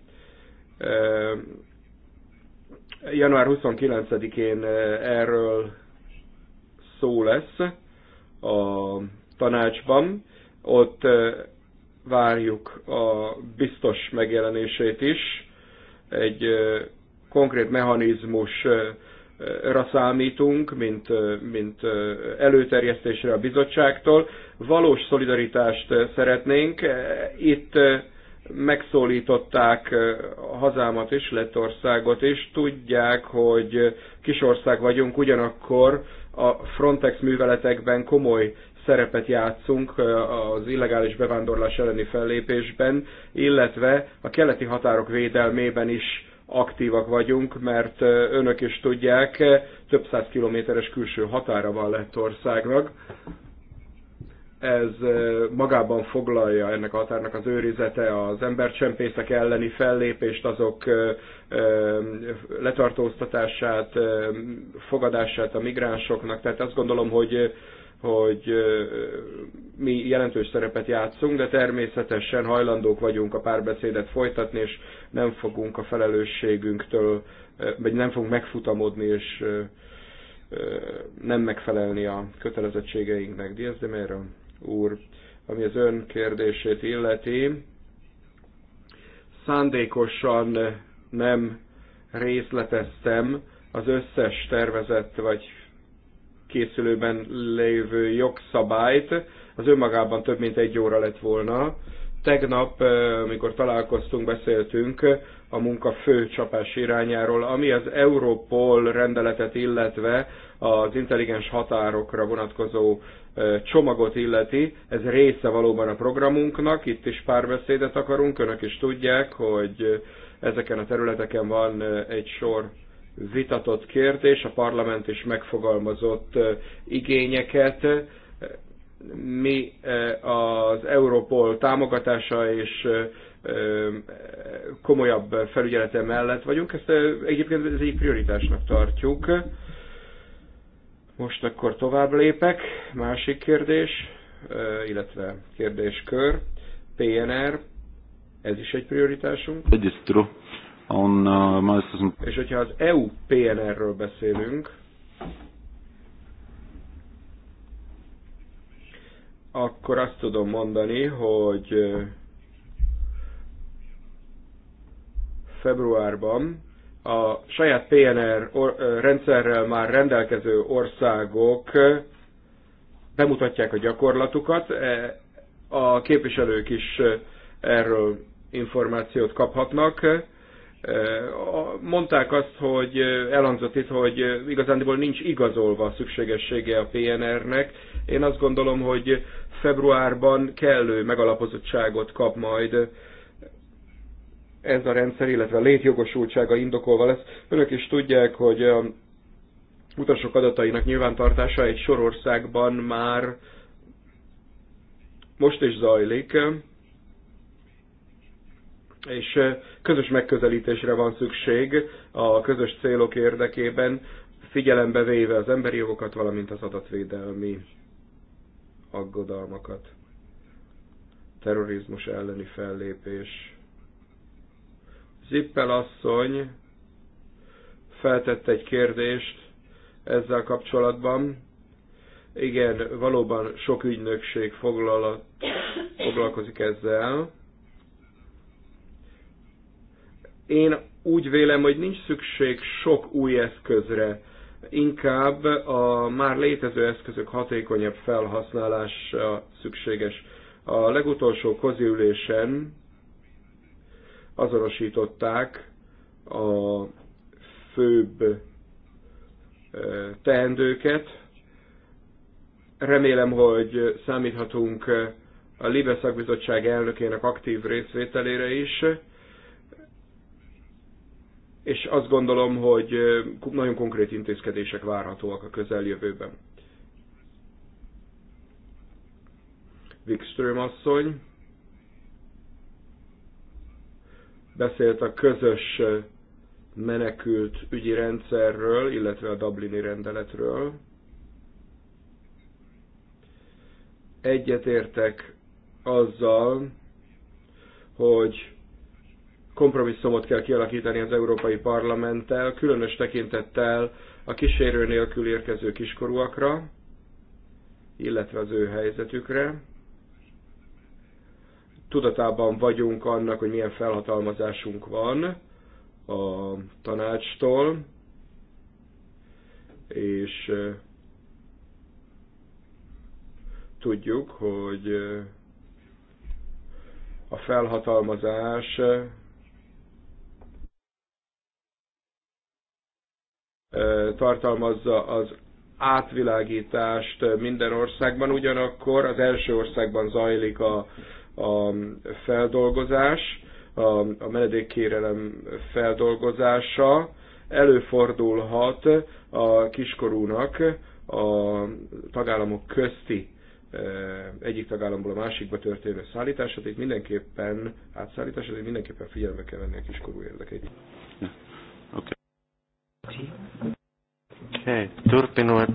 Január 29-én erről szó lesz a tanácsban. Ott várjuk a biztos megjelenését is. Egy konkrét mechanizmusra számítunk, mint, mint előterjesztésre a bizottságtól. Valós szolidaritást szeretnénk. Itt megszólították a hazámat és Lettországot és tudják, hogy kisország vagyunk, ugyanakkor a Frontex műveletekben komoly szerepet játszunk az illegális bevándorlás elleni fellépésben, illetve a keleti határok védelmében is aktívak vagyunk, mert önök is tudják, több száz kilométeres külső határa van Lettországnak ez magában foglalja ennek a határnak az őrizete az embercsempészek elleni fellépést, azok letartóztatását, fogadását a migránsoknak. Tehát azt gondolom, hogy hogy mi jelentős szerepet játszunk, de természetesen hajlandók vagyunk a párbeszédet folytatni, és nem fogunk a felelősségünktől, vagy nem fogunk megfutamodni, és nem megfelelni a kötelezettségeinknek. Diaz de Mera? úr, ami az ön kérdését illeti. Szándékosan nem részleteztem az összes tervezett vagy készülőben lévő jogszabályt. Az önmagában több mint egy óra lett volna. Tegnap, eh, amikor találkoztunk, beszéltünk a munka fő csapás irányáról, ami az Europol rendeletet illetve az intelligens határokra vonatkozó csomagot illeti, ez része valóban a programunknak, itt is párbeszédet akarunk, önök is tudják, hogy ezeken a területeken van egy sor vitatott kérdés, a parlament is megfogalmazott igényeket. Mi az Europol támogatása és komolyabb felügyelete mellett vagyunk. Ezt egyébként ez egy prioritásnak tartjuk. Most akkor tovább lépek. Másik kérdés, illetve kérdéskör. PNR, ez is egy prioritásunk. It On, uh, És hogyha az EU PNR-ről beszélünk, akkor azt tudom mondani, hogy februárban a saját PNR rendszerrel már rendelkező országok bemutatják a gyakorlatukat, e, a képviselők is erről információt kaphatnak. E, mondták azt, hogy elhangzott itt, hogy igazándiból nincs igazolva a szükségessége a PNR-nek. Én azt gondolom, hogy februárban kellő megalapozottságot kap majd ez a rendszer, illetve a létjogosultsága indokolva lesz. Önök is tudják, hogy a utasok adatainak nyilvántartása egy sor országban már most is zajlik, és közös megközelítésre van szükség a közös célok érdekében, figyelembe véve az emberi jogokat, valamint az adatvédelmi aggodalmakat. Terrorizmus elleni fellépés. Zippel asszony feltette egy kérdést ezzel kapcsolatban. Igen, valóban sok ügynökség foglalat, foglalkozik ezzel. Én úgy vélem, hogy nincs szükség sok új eszközre, inkább a már létező eszközök hatékonyabb felhasználása szükséges. A legutolsó koziülésen azonosították a főbb teendőket. Remélem, hogy számíthatunk a Libe szakbizottság elnökének aktív részvételére is, és azt gondolom, hogy nagyon konkrét intézkedések várhatóak a közeljövőben. Wikström asszony. beszélt a közös menekült ügyi rendszerről, illetve a Dublini rendeletről. Egyetértek azzal, hogy kompromisszumot kell kialakítani az Európai Parlamenttel, különös tekintettel a kísérő nélkül érkező kiskorúakra, illetve az ő helyzetükre tudatában vagyunk annak, hogy milyen felhatalmazásunk van a tanácstól, és tudjuk, hogy a felhatalmazás tartalmazza az átvilágítást minden országban, ugyanakkor az első országban zajlik a a feldolgozás, a, a menedékkérelem feldolgozása előfordulhat a kiskorúnak a tagállamok közti e, egyik tagállamból a másikba történő szállítása, tehát mindenképpen átszállítása, tehát mindenképpen figyelembe kell venni a kiskorú érdekeit. Oké. Okay. Okay. Turpinot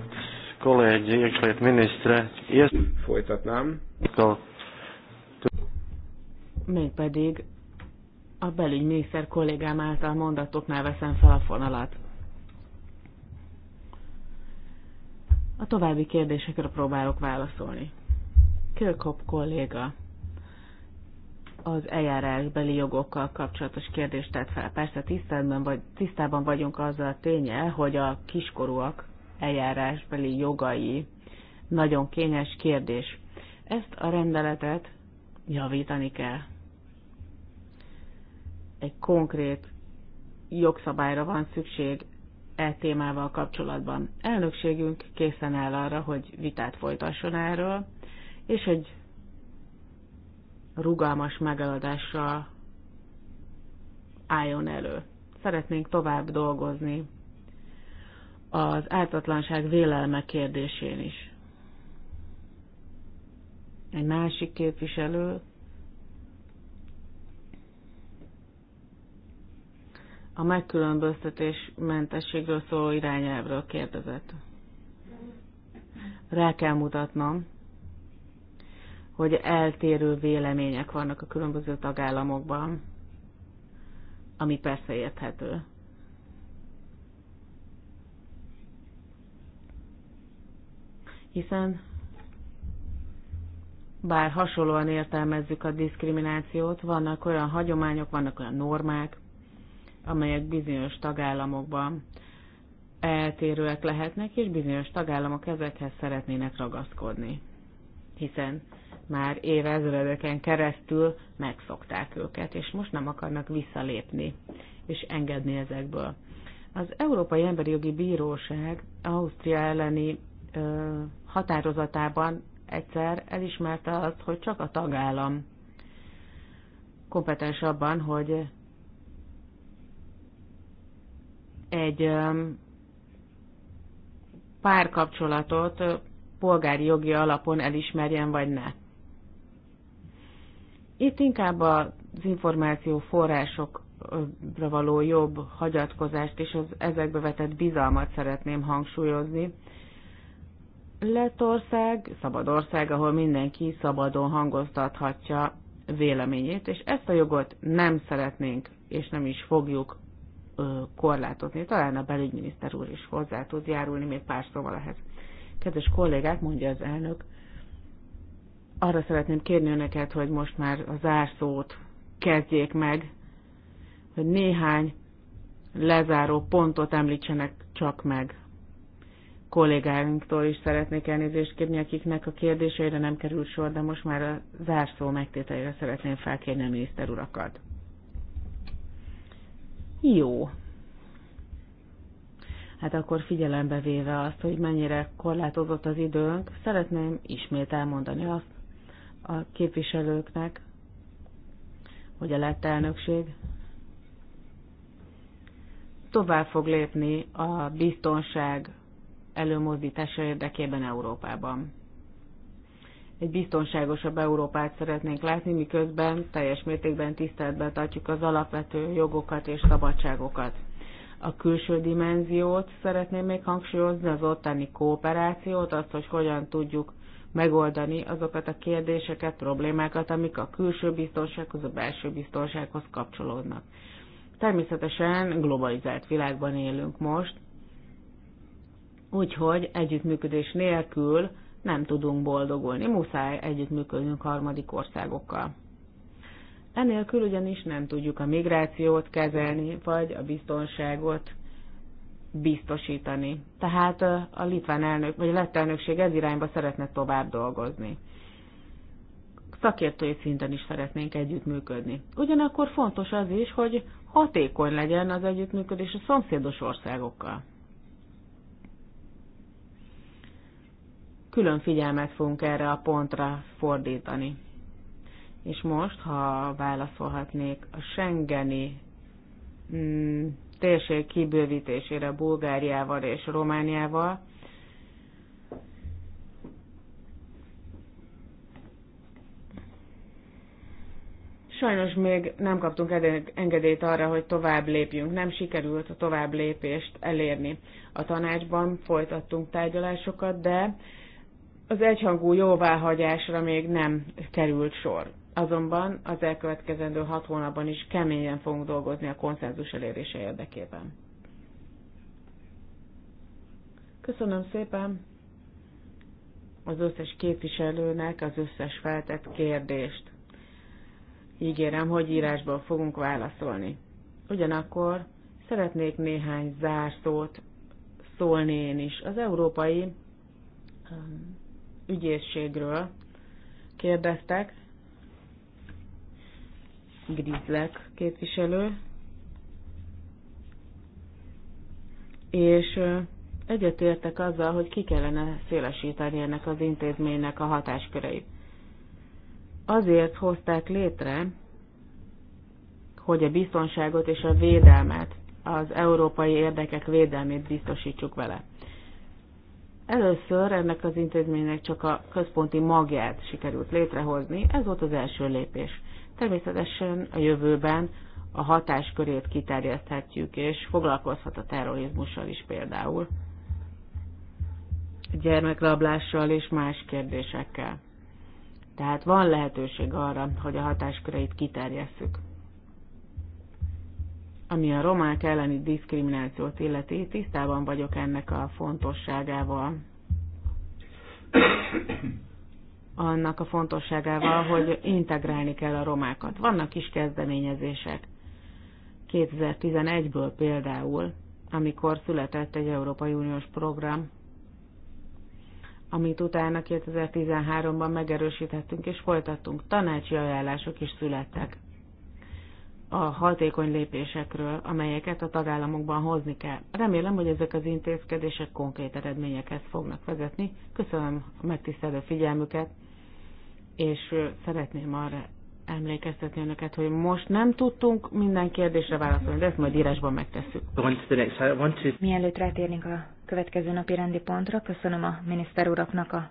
kollégi, iekšliet Folytatnám mégpedig a belügyminiszter kollégám által mondatoknál veszem fel a fonalat. A további kérdésekre próbálok válaszolni. Kirkhope kolléga az eljárásbeli jogokkal kapcsolatos kérdést tett fel. Persze tisztában, vagy, tisztában vagyunk azzal a ténye, hogy a kiskorúak eljárásbeli jogai nagyon kényes kérdés. Ezt a rendeletet javítani kell egy konkrét jogszabályra van szükség e témával kapcsolatban. Elnökségünk készen áll arra, hogy vitát folytasson erről, és egy rugalmas megaladásra álljon elő. Szeretnénk tovább dolgozni az ártatlanság vélelme kérdésén is. Egy másik képviselő a megkülönböztetés mentességről szóló irányelvről kérdezett. Rá kell mutatnom, hogy eltérő vélemények vannak a különböző tagállamokban, ami persze érthető. Hiszen bár hasonlóan értelmezzük a diszkriminációt, vannak olyan hagyományok, vannak olyan normák, amelyek bizonyos tagállamokban eltérőek lehetnek, és bizonyos tagállamok ezekhez szeretnének ragaszkodni, hiszen már évezredeken keresztül megszokták őket, és most nem akarnak visszalépni és engedni ezekből. Az Európai Emberi Jogi Bíróság Ausztria elleni ö, határozatában egyszer elismerte azt, hogy csak a tagállam kompetens abban, hogy egy párkapcsolatot polgári jogi alapon elismerjen vagy ne. Itt inkább az információ forrásokra való jobb hagyatkozást és az ezekbe vetett bizalmat szeretném hangsúlyozni. Lettország szabad ország, ahol mindenki szabadon hangoztathatja véleményét, és ezt a jogot nem szeretnénk és nem is fogjuk korlátozni. Talán a belügyminiszter úr is hozzá tud járulni még pár szóval ehhez. Kedves kollégák, mondja az elnök, arra szeretném kérni önöket, hogy most már a zárszót kezdjék meg, hogy néhány lezáró pontot említsenek csak meg. Kollégáinktól is szeretnék elnézést kérni, akiknek a kérdéseire nem került sor, de most már a zárszó megtételére szeretném felkérni a miniszter urakat. Jó. Hát akkor figyelembe véve azt, hogy mennyire korlátozott az időnk, szeretném ismét elmondani azt a képviselőknek, hogy a lett elnökség tovább fog lépni a biztonság előmozdítása érdekében Európában egy biztonságosabb Európát szeretnénk látni, miközben teljes mértékben tiszteletben tartjuk az alapvető jogokat és szabadságokat. A külső dimenziót szeretném még hangsúlyozni, az ottani kooperációt, azt, hogy hogyan tudjuk megoldani azokat a kérdéseket, problémákat, amik a külső biztonsághoz, a belső biztonsághoz kapcsolódnak. Természetesen globalizált világban élünk most, úgyhogy együttműködés nélkül nem tudunk boldogulni, muszáj együttműködnünk harmadik országokkal. Enélkül ugyanis nem tudjuk a migrációt kezelni, vagy a biztonságot biztosítani. Tehát a litván elnök, vagy a lett elnökség ez irányba szeretne tovább dolgozni. Szakértői szinten is szeretnénk együttműködni. Ugyanakkor fontos az is, hogy hatékony legyen az együttműködés a szomszédos országokkal. külön figyelmet fogunk erre a pontra fordítani. És most, ha válaszolhatnék a Schengeni mm, térség kibővítésére Bulgáriával és Romániával, Sajnos még nem kaptunk engedélyt arra, hogy tovább lépjünk. Nem sikerült a tovább lépést elérni. A tanácsban folytattunk tárgyalásokat, de az egyhangú jóváhagyásra még nem került sor. Azonban az elkövetkezendő hat hónapban is keményen fogunk dolgozni a konszenzus elérése érdekében. Köszönöm szépen az összes képviselőnek az összes feltett kérdést. Ígérem, hogy írásban fogunk válaszolni. Ugyanakkor szeretnék néhány zárszót szólni én is. Az európai um, ügyészségről kérdeztek. Grizzlek képviselő. És egyetértek azzal, hogy ki kellene szélesíteni ennek az intézménynek a hatásköreit. Azért hozták létre, hogy a biztonságot és a védelmet, az európai érdekek védelmét biztosítsuk vele. Először ennek az intézménynek csak a központi magját sikerült létrehozni, ez volt az első lépés. Természetesen a jövőben a hatáskörét kiterjeszthetjük, és foglalkozhat a terrorizmussal is például, gyermekrablással és más kérdésekkel. Tehát van lehetőség arra, hogy a hatásköreit kiterjesszük ami a romák elleni diszkriminációt illeti, tisztában vagyok ennek a fontosságával. Annak a fontosságával, hogy integrálni kell a romákat. Vannak is kezdeményezések. 2011-ből például, amikor született egy Európai Uniós program, amit utána 2013-ban megerősítettünk és folytattunk. Tanácsi ajánlások is születtek a hatékony lépésekről, amelyeket a tagállamokban hozni kell. Remélem, hogy ezek az intézkedések konkrét eredményekhez fognak vezetni. Köszönöm a megtisztelő figyelmüket, és szeretném arra emlékeztetni önöket, hogy most nem tudtunk minden kérdésre válaszolni, de ezt majd írásban megtesszük. Mielőtt rátérnénk a következő napi rendi pontra, köszönöm a miniszter uraknak a,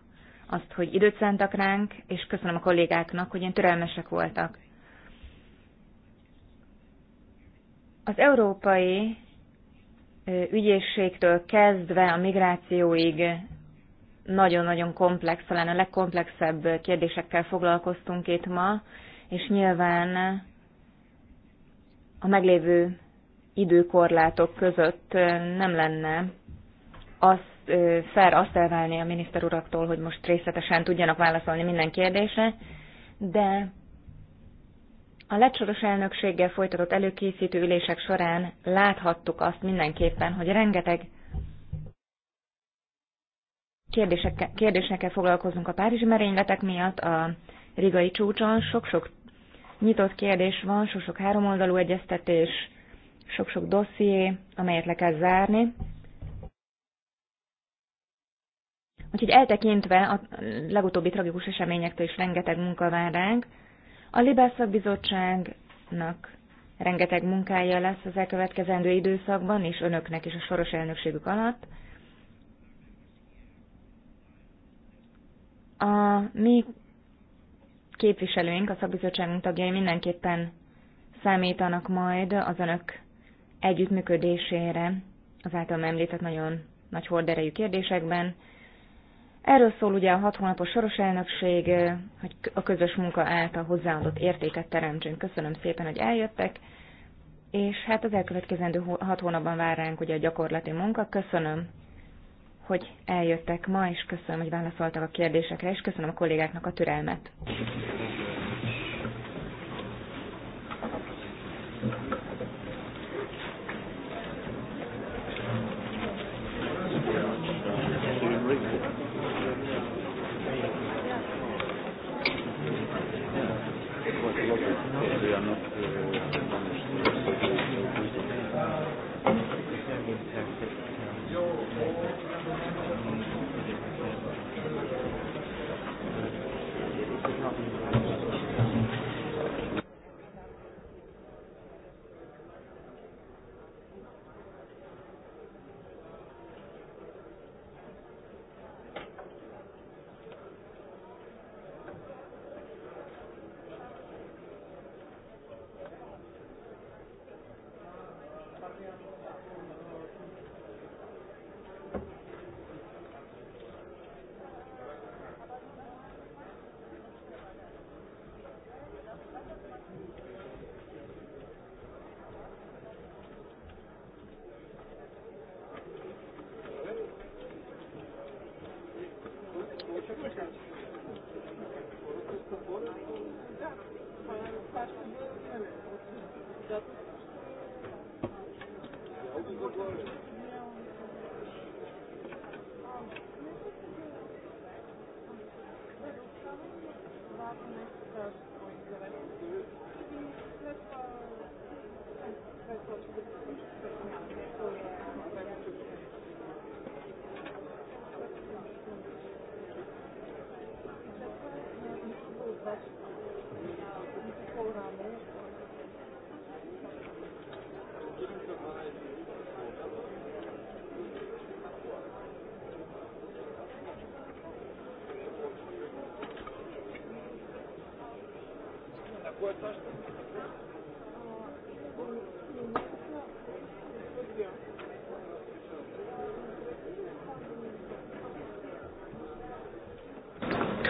azt, hogy időt szántak ránk, és köszönöm a kollégáknak, hogy ilyen türelmesek voltak. Az európai ügyészségtől kezdve a migrációig nagyon-nagyon komplex, talán a legkomplexebb kérdésekkel foglalkoztunk itt ma, és nyilván a meglévő időkorlátok között nem lenne azt fel azt elválni a miniszter uraktól, hogy most részletesen tudjanak válaszolni minden kérdésre, de a lecsoros elnökséggel folytatott előkészítő ülések során láthattuk azt mindenképpen, hogy rengeteg kérdésekkel, foglalkozunk a párizsi merényletek miatt, a rigai csúcson sok-sok nyitott kérdés van, sok-sok háromoldalú egyeztetés, sok-sok dosszié, amelyet le kell zárni. Úgyhogy eltekintve a legutóbbi tragikus eseményektől is rengeteg munka vár ránk, a Libászak Bizottságnak rengeteg munkája lesz az elkövetkezendő időszakban, és önöknek is a soros elnökségük alatt. A mi képviselőink, a szakbizottságunk tagjai mindenképpen számítanak majd az önök együttműködésére az által említett nagyon nagy horderejű kérdésekben, Erről szól ugye a hat hónapos soros elnökség, hogy a közös munka által hozzáadott értéket teremtsünk. Köszönöm szépen, hogy eljöttek, és hát az elkövetkezendő hat hónapban vár ránk ugye a gyakorlati munka. Köszönöm, hogy eljöttek ma, és köszönöm, hogy válaszoltak a kérdésekre, és köszönöm a kollégáknak a türelmet.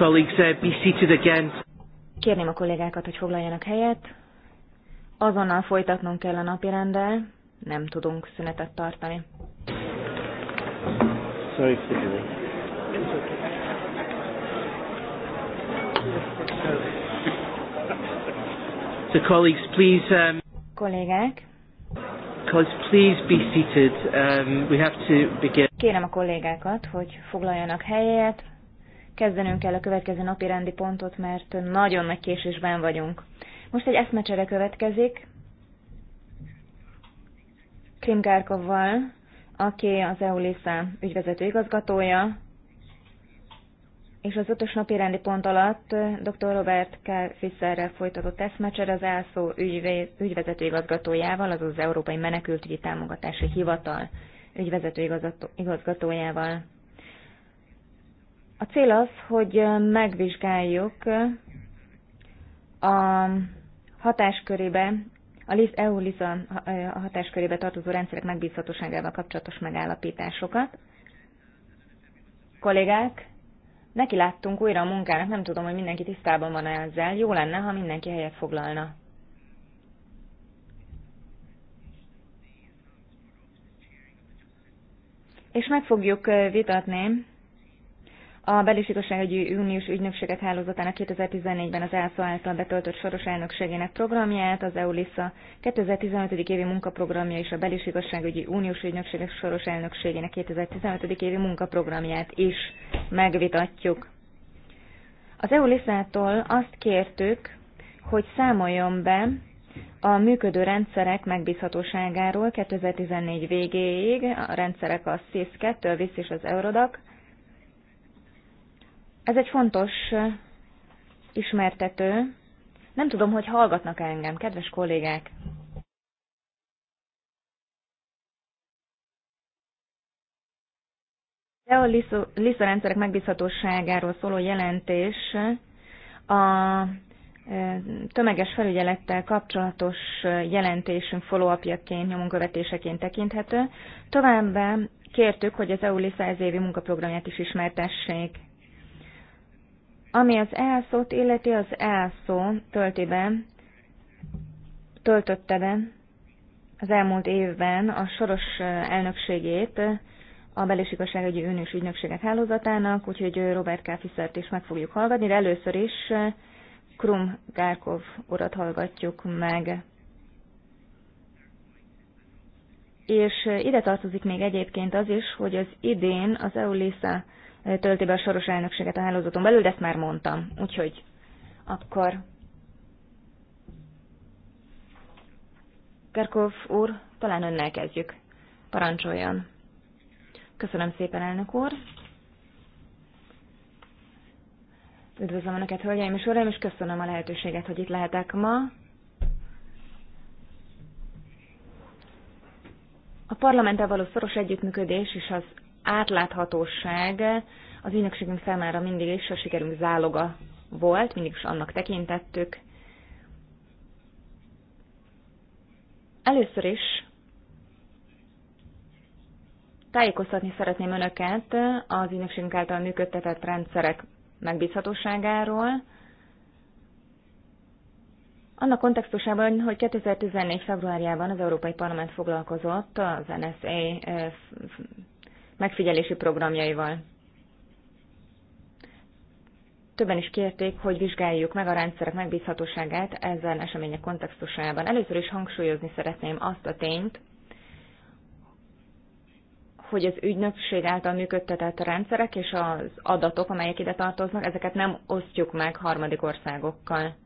colleagues uh, be seated again. Kérném a kollégákat, hogy foglaljanak helyet. Azonnal folytatnunk kell a napi rendel. nem tudunk szünetet tartani. Sorry, So colleagues, please. Um, kollégák. Colleagues, please be seated. Um, we have to begin. Kérem a kollégákat, hogy foglaljanak helyet kezdenünk el a következő napi rendi pontot, mert nagyon nagy késésben vagyunk. Most egy eszmecsere következik. Krim Gárkovval, aki az EULISZA ügyvezető igazgatója, és az ötös napi rendi pont alatt dr. Robert K. Fisserrel folytatott eszmecsere az ELSZO ügyvezető igazgatójával, azaz az Európai Menekültügyi Támogatási Hivatal ügyvezető igazgatójával. A cél az, hogy megvizsgáljuk a hatáskörébe, a EU-LISA e hatáskörébe tartozó rendszerek megbízhatóságával kapcsolatos megállapításokat. Kollégák, neki láttunk újra a munkának, nem tudom, hogy mindenki tisztában van ezzel. Jó lenne, ha mindenki helyet foglalna. És meg fogjuk vitatni a belisigasságügyi uniós ügynökséget hálózatának 2014-ben az ELSZA által betöltött soros elnökségének programját, az eu 2015. évi munkaprogramja és a belisigasságügyi uniós ügynökségek soros elnökségének 2015. évi munkaprogramját is megvitatjuk. Az eu tól azt kértük, hogy számoljon be a működő rendszerek megbízhatóságáról 2014 végéig, a rendszerek a SIS-2, a VISZ és az Eurodac, ez egy fontos ismertető. Nem tudom, hogy hallgatnak -e engem, kedves kollégák. De a LISZA rendszerek megbízhatóságáról szóló jelentés a tömeges felügyelettel kapcsolatos jelentésünk follow-upjaként, nyomonkövetéseként tekinthető. Továbbá kértük, hogy az EU LISZA ez évi munkaprogramját is ismertessék ami az elszót illeti, az elszó töltében, töltötte be az elmúlt évben a soros elnökségét a Belés Igazságügyi Önös Ügynökségek hálózatának, úgyhogy Robert K. Fiszert is meg fogjuk hallgatni, de először is Krum Gárkov urat hallgatjuk meg. És ide tartozik még egyébként az is, hogy az idén az EULISA tölti be a soros elnökséget a hálózaton belül, de ezt már mondtam. Úgyhogy akkor Kerkov úr, talán önnel kezdjük. Parancsoljon. Köszönöm szépen, elnök úr. Üdvözlöm Önöket, hölgyeim és uraim, és köszönöm a lehetőséget, hogy itt lehetek ma. A parlamenttel való szoros együttműködés és az átláthatóság az ügynökségünk számára mindig is a sikerünk záloga volt, mindig is annak tekintettük. Először is tájékoztatni szeretném Önöket az ügynökségünk által működtetett rendszerek megbízhatóságáról, annak kontextusában, hogy 2014. februárjában az Európai Parlament foglalkozott az NSA eh, megfigyelési programjaival. Többen is kérték, hogy vizsgáljuk meg a rendszerek megbízhatóságát ezen események kontextusában. Először is hangsúlyozni szeretném azt a tényt, hogy az ügynökség által működtetett rendszerek és az adatok, amelyek ide tartoznak, ezeket nem osztjuk meg harmadik országokkal.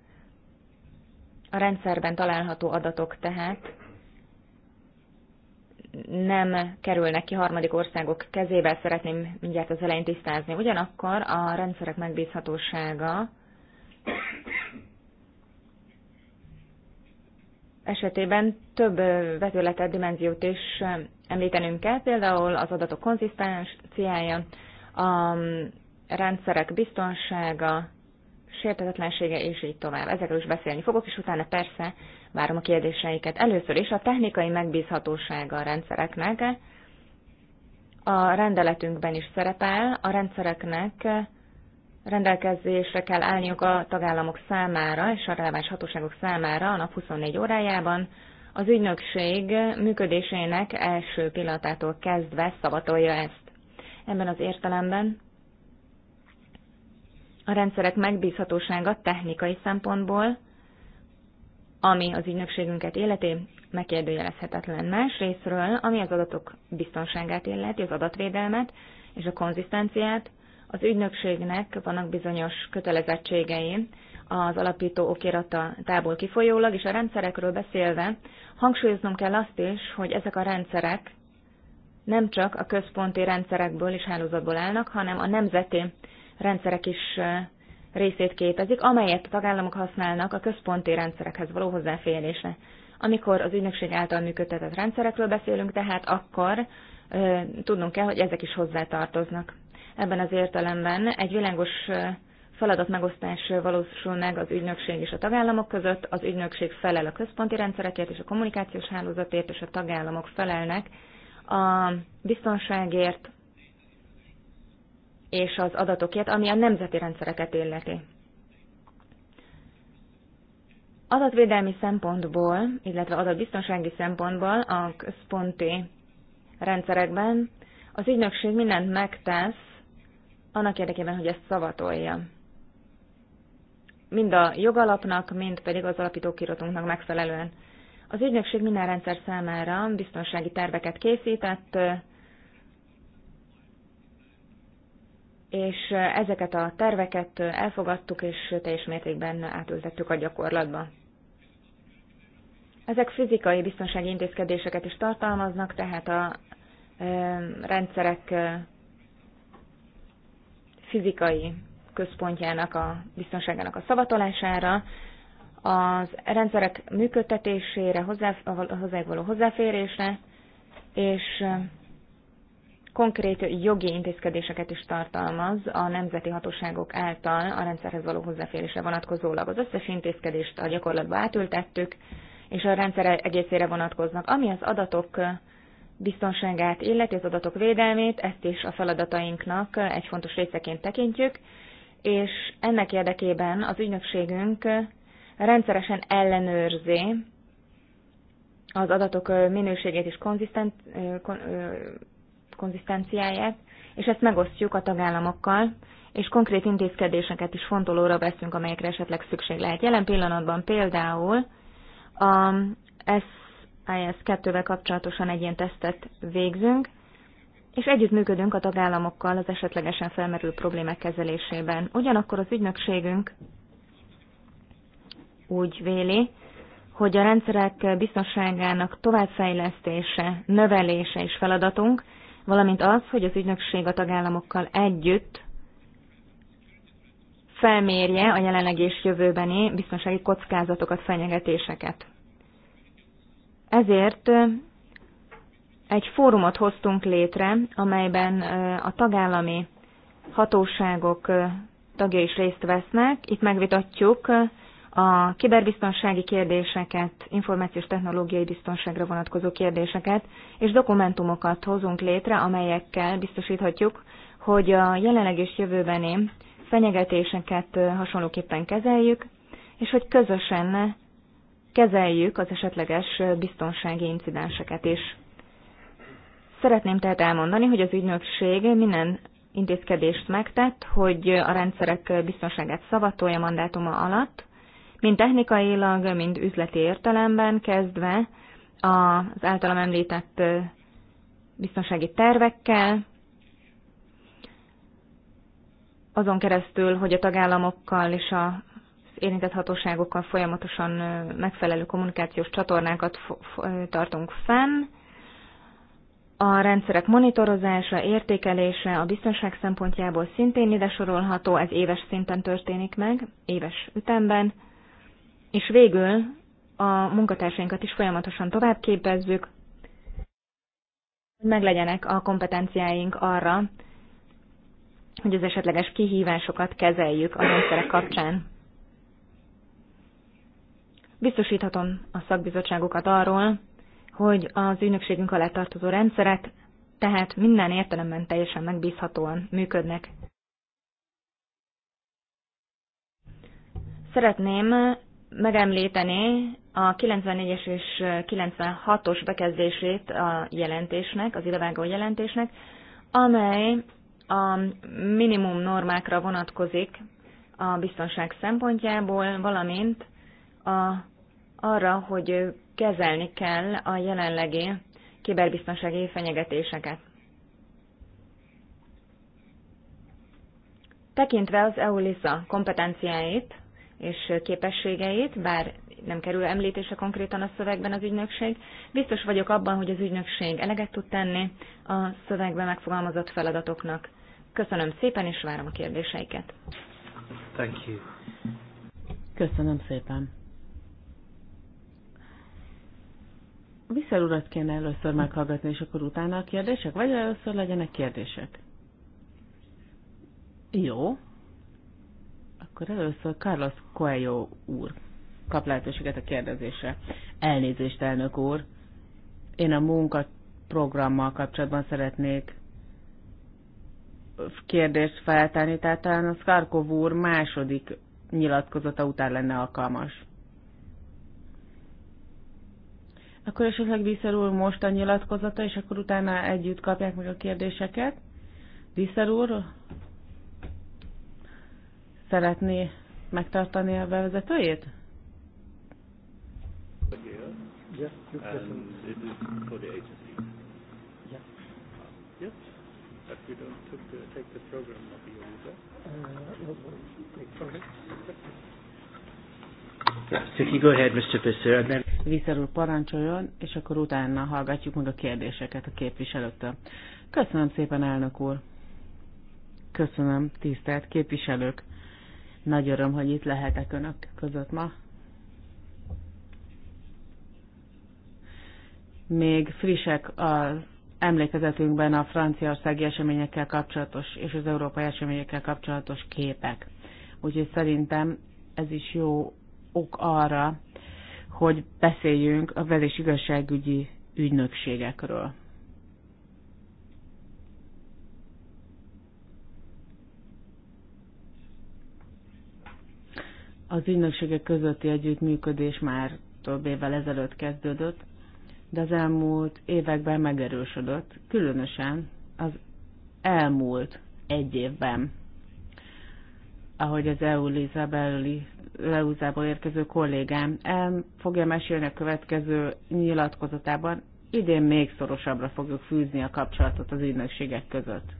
A rendszerben található adatok tehát nem kerülnek ki harmadik országok kezébe, szeretném mindjárt az elején tisztázni. Ugyanakkor a rendszerek megbízhatósága esetében több vetületet, dimenziót is említenünk kell, például az adatok konzisztenciája, a rendszerek biztonsága, sértetetlensége, és így tovább. Ezekről is beszélni fogok, és utána persze várom a kérdéseiket. Először is a technikai megbízhatósága a rendszereknek. A rendeletünkben is szerepel, a rendszereknek rendelkezésre kell állniuk a tagállamok számára és a releváns hatóságok számára a nap 24 órájában. Az ügynökség működésének első pillanatától kezdve szavatolja ezt. Ebben az értelemben a rendszerek megbízhatósága technikai szempontból ami az ügynökségünket életé megkérdőjelezhetetlen más részről, ami az adatok biztonságát illeti, az adatvédelmet és a konzisztenciát. Az ügynökségnek vannak bizonyos kötelezettségei az alapító okirata tából kifolyólag, és a rendszerekről beszélve hangsúlyoznom kell azt is, hogy ezek a rendszerek nem csak a központi rendszerekből és hálózatból állnak, hanem a nemzeti rendszerek is részét képezik, amelyet a tagállamok használnak a központi rendszerekhez való hozzáférésre. Amikor az ügynökség által működtetett rendszerekről beszélünk, tehát akkor ö, tudnunk kell, hogy ezek is hozzátartoznak. Ebben az értelemben egy világos feladat valósul meg az ügynökség és a tagállamok között, az ügynökség felel a központi rendszerekért és a kommunikációs hálózatért, és a tagállamok felelnek a biztonságért, és az adatokért, ami a nemzeti rendszereket illeti. Adatvédelmi szempontból, illetve adatbiztonsági szempontból a központi rendszerekben az ügynökség mindent megtesz annak érdekében, hogy ezt szavatolja. Mind a jogalapnak, mind pedig az alapítókiratunknak megfelelően. Az ügynökség minden rendszer számára biztonsági terveket készített, és ezeket a terveket elfogadtuk, és teljes mértékben átültettük a gyakorlatba. Ezek fizikai biztonsági intézkedéseket is tartalmaznak, tehát a rendszerek fizikai központjának a biztonságának a szavatolására, az rendszerek működtetésére, hozzá, hozzá való hozzáférésre, és konkrét jogi intézkedéseket is tartalmaz a nemzeti hatóságok által a rendszerhez való hozzáférésre vonatkozólag. Az összes intézkedést a gyakorlatba átültettük, és a rendszer egészére vonatkoznak. Ami az adatok biztonságát illeti, az adatok védelmét, ezt is a feladatainknak egy fontos részeként tekintjük, és ennek érdekében az ügynökségünk rendszeresen ellenőrzi az adatok minőségét és konzisztent, konzisztenciáját, és ezt megosztjuk a tagállamokkal, és konkrét intézkedéseket is fontolóra veszünk, amelyekre esetleg szükség lehet. Jelen pillanatban például a SIS 2-vel kapcsolatosan egy ilyen tesztet végzünk, és együttműködünk a tagállamokkal az esetlegesen felmerülő problémák kezelésében. Ugyanakkor az ügynökségünk úgy véli, hogy a rendszerek biztonságának továbbfejlesztése, növelése is feladatunk, valamint az, hogy az ügynökség a tagállamokkal együtt felmérje a jelenleg és jövőbeni biztonsági kockázatokat, fenyegetéseket. Ezért egy fórumot hoztunk létre, amelyben a tagállami hatóságok tagjai is részt vesznek. Itt megvitatjuk a kiberbiztonsági kérdéseket, információs technológiai biztonságra vonatkozó kérdéseket, és dokumentumokat hozunk létre, amelyekkel biztosíthatjuk, hogy a jelenleg és jövőbeni fenyegetéseket hasonlóképpen kezeljük, és hogy közösen kezeljük az esetleges biztonsági incidenseket is. Szeretném tehát elmondani, hogy az ügynökség minden intézkedést megtett, hogy a rendszerek biztonságát szavatolja mandátuma alatt, mind technikailag, mind üzleti értelemben kezdve az általam említett biztonsági tervekkel, azon keresztül, hogy a tagállamokkal és a érintett hatóságokkal folyamatosan megfelelő kommunikációs csatornákat tartunk fenn, a rendszerek monitorozása, értékelése a biztonság szempontjából szintén ide sorolható, ez éves szinten történik meg, éves ütemben. És végül a munkatársainkat is folyamatosan továbbképezzük, hogy meglegyenek a kompetenciáink arra, hogy az esetleges kihívásokat kezeljük a rendszerek kapcsán. Biztosíthatom a szakbizottságokat arról, hogy az ügynökségünk alá tartozó rendszerek tehát minden értelemben teljesen megbízhatóan működnek. Szeretném megemlíteni a 94-es és 96-os bekezdését a jelentésnek, az idevágó jelentésnek, amely a minimum normákra vonatkozik a biztonság szempontjából, valamint a, arra, hogy kezelni kell a jelenlegi kiberbiztonsági fenyegetéseket. Tekintve az EULISA kompetenciáit, és képességeit, bár nem kerül említése konkrétan a szövegben az ügynökség. Biztos vagyok abban, hogy az ügynökség eleget tud tenni a szövegben megfogalmazott feladatoknak. Köszönöm szépen, és várom a kérdéseiket. Thank you. Köszönöm szépen. Viszel urat kéne először meghallgatni, és akkor utána a kérdések, vagy először legyenek kérdések? Jó, akkor először Carlos Coelho úr kap lehetőséget a kérdezésre. Elnézést, elnök úr. Én a munkaprogrammal kapcsolatban szeretnék kérdést feltenni, tehát talán a Szkarkov úr második nyilatkozata után lenne alkalmas. Akkor esetleg Diszer úr most a nyilatkozata, és akkor utána együtt kapják meg a kérdéseket. Diszer úr, Szeretné megtartani a bevezetőjét? Yeah, go ahead, Mr. úr parancsoljon, és akkor utána hallgatjuk meg a kérdéseket a képviselőktől. Köszönöm szépen, elnök úr! Köszönöm, tisztelt képviselők! Nagy öröm, hogy itt lehetek önök között ma. Még frissek az emlékezetünkben a franciaországi eseményekkel kapcsolatos és az európai eseményekkel kapcsolatos képek. Úgyhogy szerintem ez is jó ok arra, hogy beszéljünk a vel- igazságügyi ügynökségekről. Az ügynökségek közötti együttműködés már több évvel ezelőtt kezdődött, de az elmúlt években megerősödött, különösen az elmúlt egy évben, ahogy az eu Leúzából e érkező kollégám el fogja mesélni a következő nyilatkozatában, idén még szorosabbra fogjuk fűzni a kapcsolatot az ügynökségek között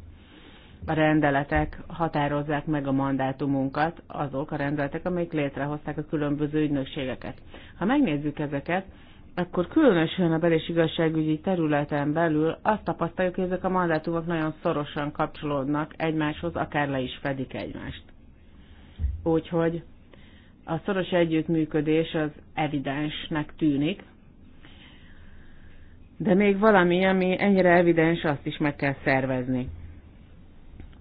a rendeletek határozzák meg a mandátumunkat, azok a rendeletek, amelyek létrehozták a különböző ügynökségeket. Ha megnézzük ezeket, akkor különösen a bel- és igazságügyi területen belül azt tapasztaljuk, hogy ezek a mandátumok nagyon szorosan kapcsolódnak egymáshoz, akár le is fedik egymást. Úgyhogy a szoros együttműködés az evidensnek tűnik, de még valami, ami ennyire evidens, azt is meg kell szervezni.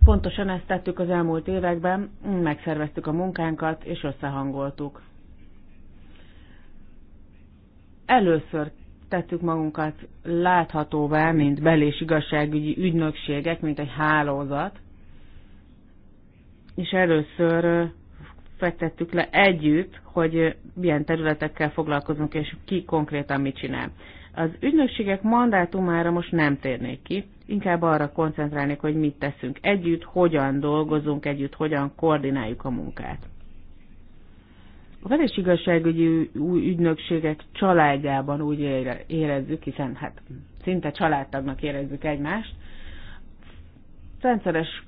Pontosan ezt tettük az elmúlt években, megszerveztük a munkánkat és összehangoltuk. Először tettük magunkat láthatóvá, mint bel- és igazságügyi ügynökségek, mint egy hálózat, és először fektettük le együtt, hogy milyen területekkel foglalkozunk, és ki konkrétan mit csinál. Az ügynökségek mandátumára most nem térnék ki, inkább arra koncentrálnék, hogy mit teszünk együtt, hogyan dolgozunk együtt, hogyan koordináljuk a munkát. A veres igazságügyi ügynökségek családjában úgy érezzük, hiszen hát szinte családtagnak érezzük egymást, rendszeres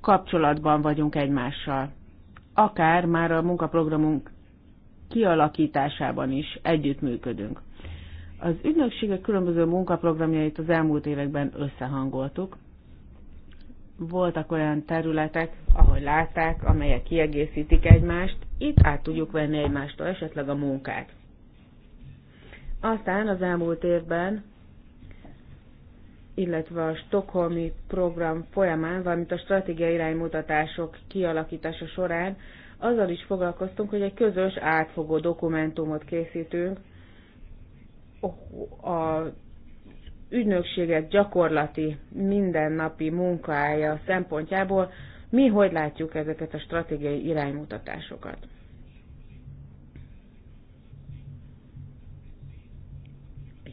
kapcsolatban vagyunk egymással. Akár már a munkaprogramunk kialakításában is együttműködünk. Az ügynökségek különböző munkaprogramjait az elmúlt években összehangoltuk. Voltak olyan területek, ahogy látták, amelyek kiegészítik egymást, itt át tudjuk venni egymástól esetleg a munkát. Aztán az elmúlt évben, illetve a Stockholmi program folyamán, valamint a stratégiai iránymutatások kialakítása során azzal is foglalkoztunk, hogy egy közös átfogó dokumentumot készítünk a ügynökségek gyakorlati mindennapi munkája szempontjából mi hogy látjuk ezeket a stratégiai iránymutatásokat.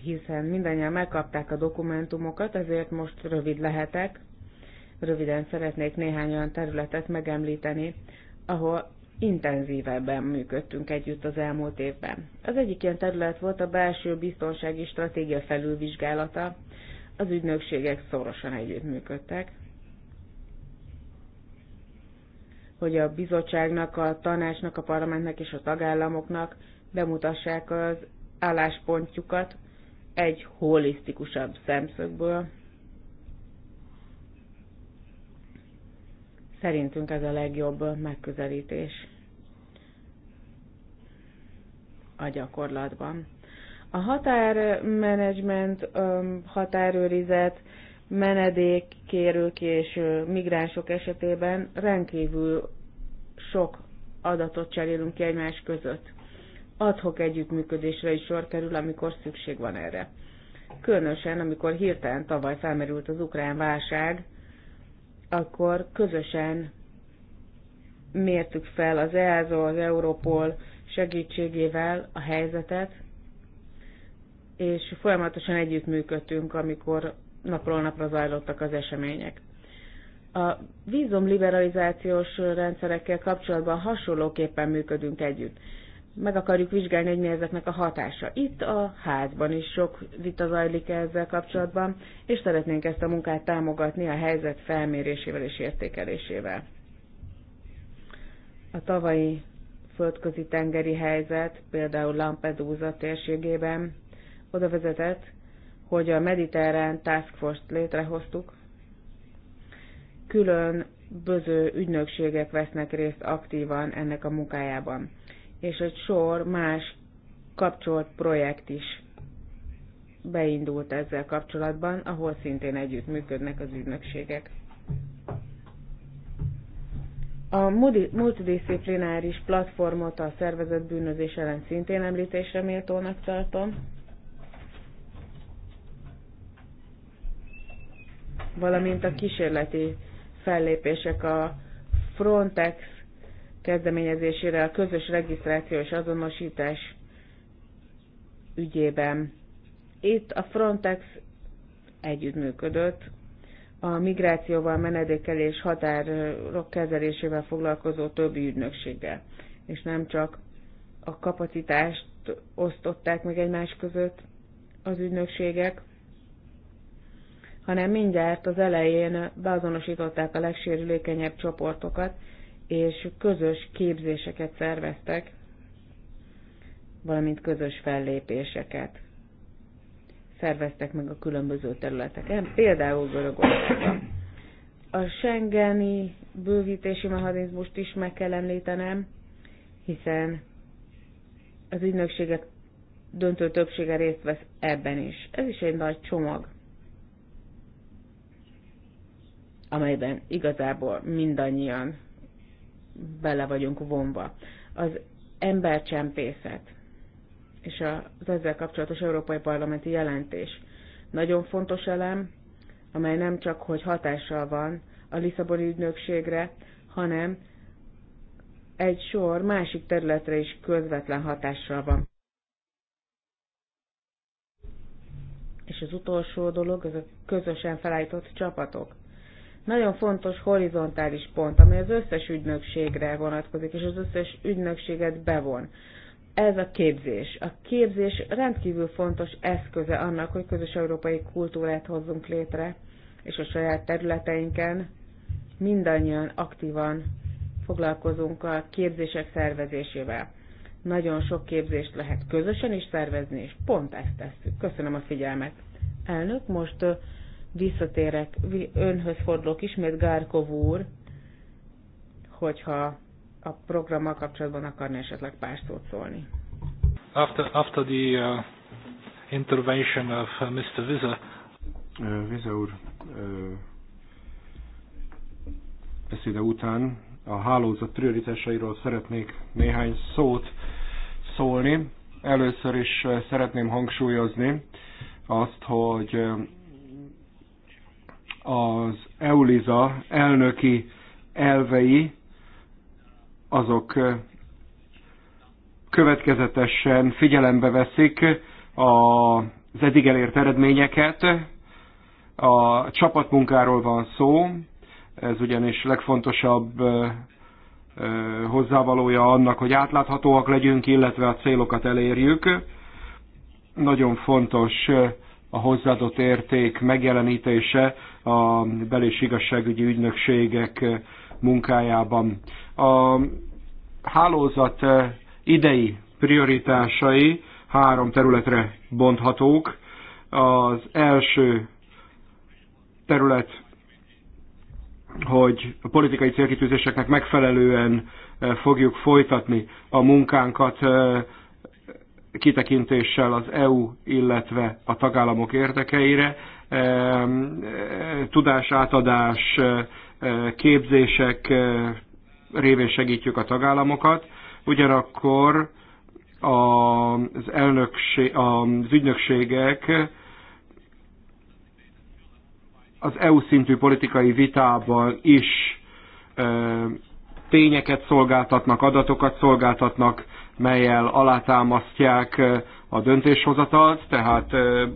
Hiszen mindannyian megkapták a dokumentumokat, ezért most rövid lehetek. Röviden szeretnék néhány olyan területet megemlíteni, ahol intenzívebben működtünk együtt az elmúlt évben. Az egyik ilyen terület volt a belső biztonsági stratégia felülvizsgálata. Az ügynökségek szorosan együttműködtek, hogy a bizottságnak, a tanácsnak, a parlamentnek és a tagállamoknak bemutassák az álláspontjukat egy holisztikusabb szemszögből, Szerintünk ez a legjobb megközelítés a gyakorlatban. A határmenedzsment, határőrizet, menedékkérők és migránsok esetében rendkívül sok adatot cserélünk ki egymás között. Adhok együttműködésre is sor kerül, amikor szükség van erre. Különösen, amikor hirtelen tavaly felmerült az ukrán válság, akkor közösen mértük fel az EASO, az Europol segítségével a helyzetet, és folyamatosan együttműködtünk, amikor napról napra zajlottak az események. A vízum liberalizációs rendszerekkel kapcsolatban hasonlóképpen működünk együtt meg akarjuk vizsgálni, hogy mi ezeknek a hatása. Itt a házban is sok vita zajlik ezzel kapcsolatban, és szeretnénk ezt a munkát támogatni a helyzet felmérésével és értékelésével. A tavalyi földközi tengeri helyzet, például Lampedusa térségében oda vezetett, hogy a Mediterrán Task Force-t létrehoztuk. Külön böző ügynökségek vesznek részt aktívan ennek a munkájában és egy sor más kapcsolt projekt is beindult ezzel kapcsolatban, ahol szintén együtt működnek az ügynökségek. A multidisziplináris platformot a szervezett bűnözés ellen szintén említésre méltónak tartom. Valamint a kísérleti fellépések a Frontex kezdeményezésére a közös regisztráció és azonosítás ügyében. Itt a Frontex együttműködött a migrációval, menedékelés határok kezelésével foglalkozó többi ügynökséggel, és nem csak a kapacitást osztották meg egymás között az ügynökségek, hanem mindjárt az elején beazonosították a legsérülékenyebb csoportokat, és közös képzéseket szerveztek, valamint közös fellépéseket szerveztek meg a különböző területeken, például Görögországban. A Schengeni bővítési mechanizmust is meg kell említenem, hiszen az ügynökségek döntő többsége részt vesz ebben is. Ez is egy nagy csomag, amelyben igazából mindannyian bele vagyunk vonva. Az embercsempészet és az ezzel kapcsolatos Európai Parlamenti jelentés nagyon fontos elem, amely nem csak, hogy hatással van a Lisszaboni ügynökségre, hanem egy sor másik területre is közvetlen hatással van. És az utolsó dolog, ez a közösen felállított csapatok. Nagyon fontos horizontális pont, amely az összes ügynökségre vonatkozik, és az összes ügynökséget bevon. Ez a képzés. A képzés rendkívül fontos eszköze annak, hogy közös európai kultúrát hozzunk létre, és a saját területeinken mindannyian aktívan foglalkozunk a képzések szervezésével. Nagyon sok képzést lehet közösen is szervezni, és pont ezt tesszük. Köszönöm a figyelmet. Elnök, most visszatérek, önhöz fordulok ismét, Gárkov úr, hogyha a programmal kapcsolatban akarna esetleg pár szót szólni. After, after the uh, intervention of uh, Mr. Viza. Uh, Viza úr uh, beszéde után a hálózat prioritásairól szeretnék néhány szót szólni. Először is szeretném hangsúlyozni azt, hogy az EULIZA elnöki elvei azok következetesen figyelembe veszik az eddig elért eredményeket. A csapatmunkáról van szó, ez ugyanis legfontosabb hozzávalója annak, hogy átláthatóak legyünk, illetve a célokat elérjük. Nagyon fontos a hozzáadott érték megjelenítése a bel- és igazságügyi ügynökségek munkájában. A hálózat idei prioritásai három területre bonthatók. Az első terület, hogy a politikai célkitűzéseknek megfelelően eh, fogjuk folytatni a munkánkat eh, kitekintéssel az EU, illetve a tagállamok érdekeire tudásátadás, eh, képzések eh, révén segítjük a tagállamokat. Ugyanakkor az, elnökség, az ügynökségek az EU szintű politikai vitában is eh, tényeket szolgáltatnak, adatokat szolgáltatnak, melyel alátámasztják a döntéshozatalt, tehát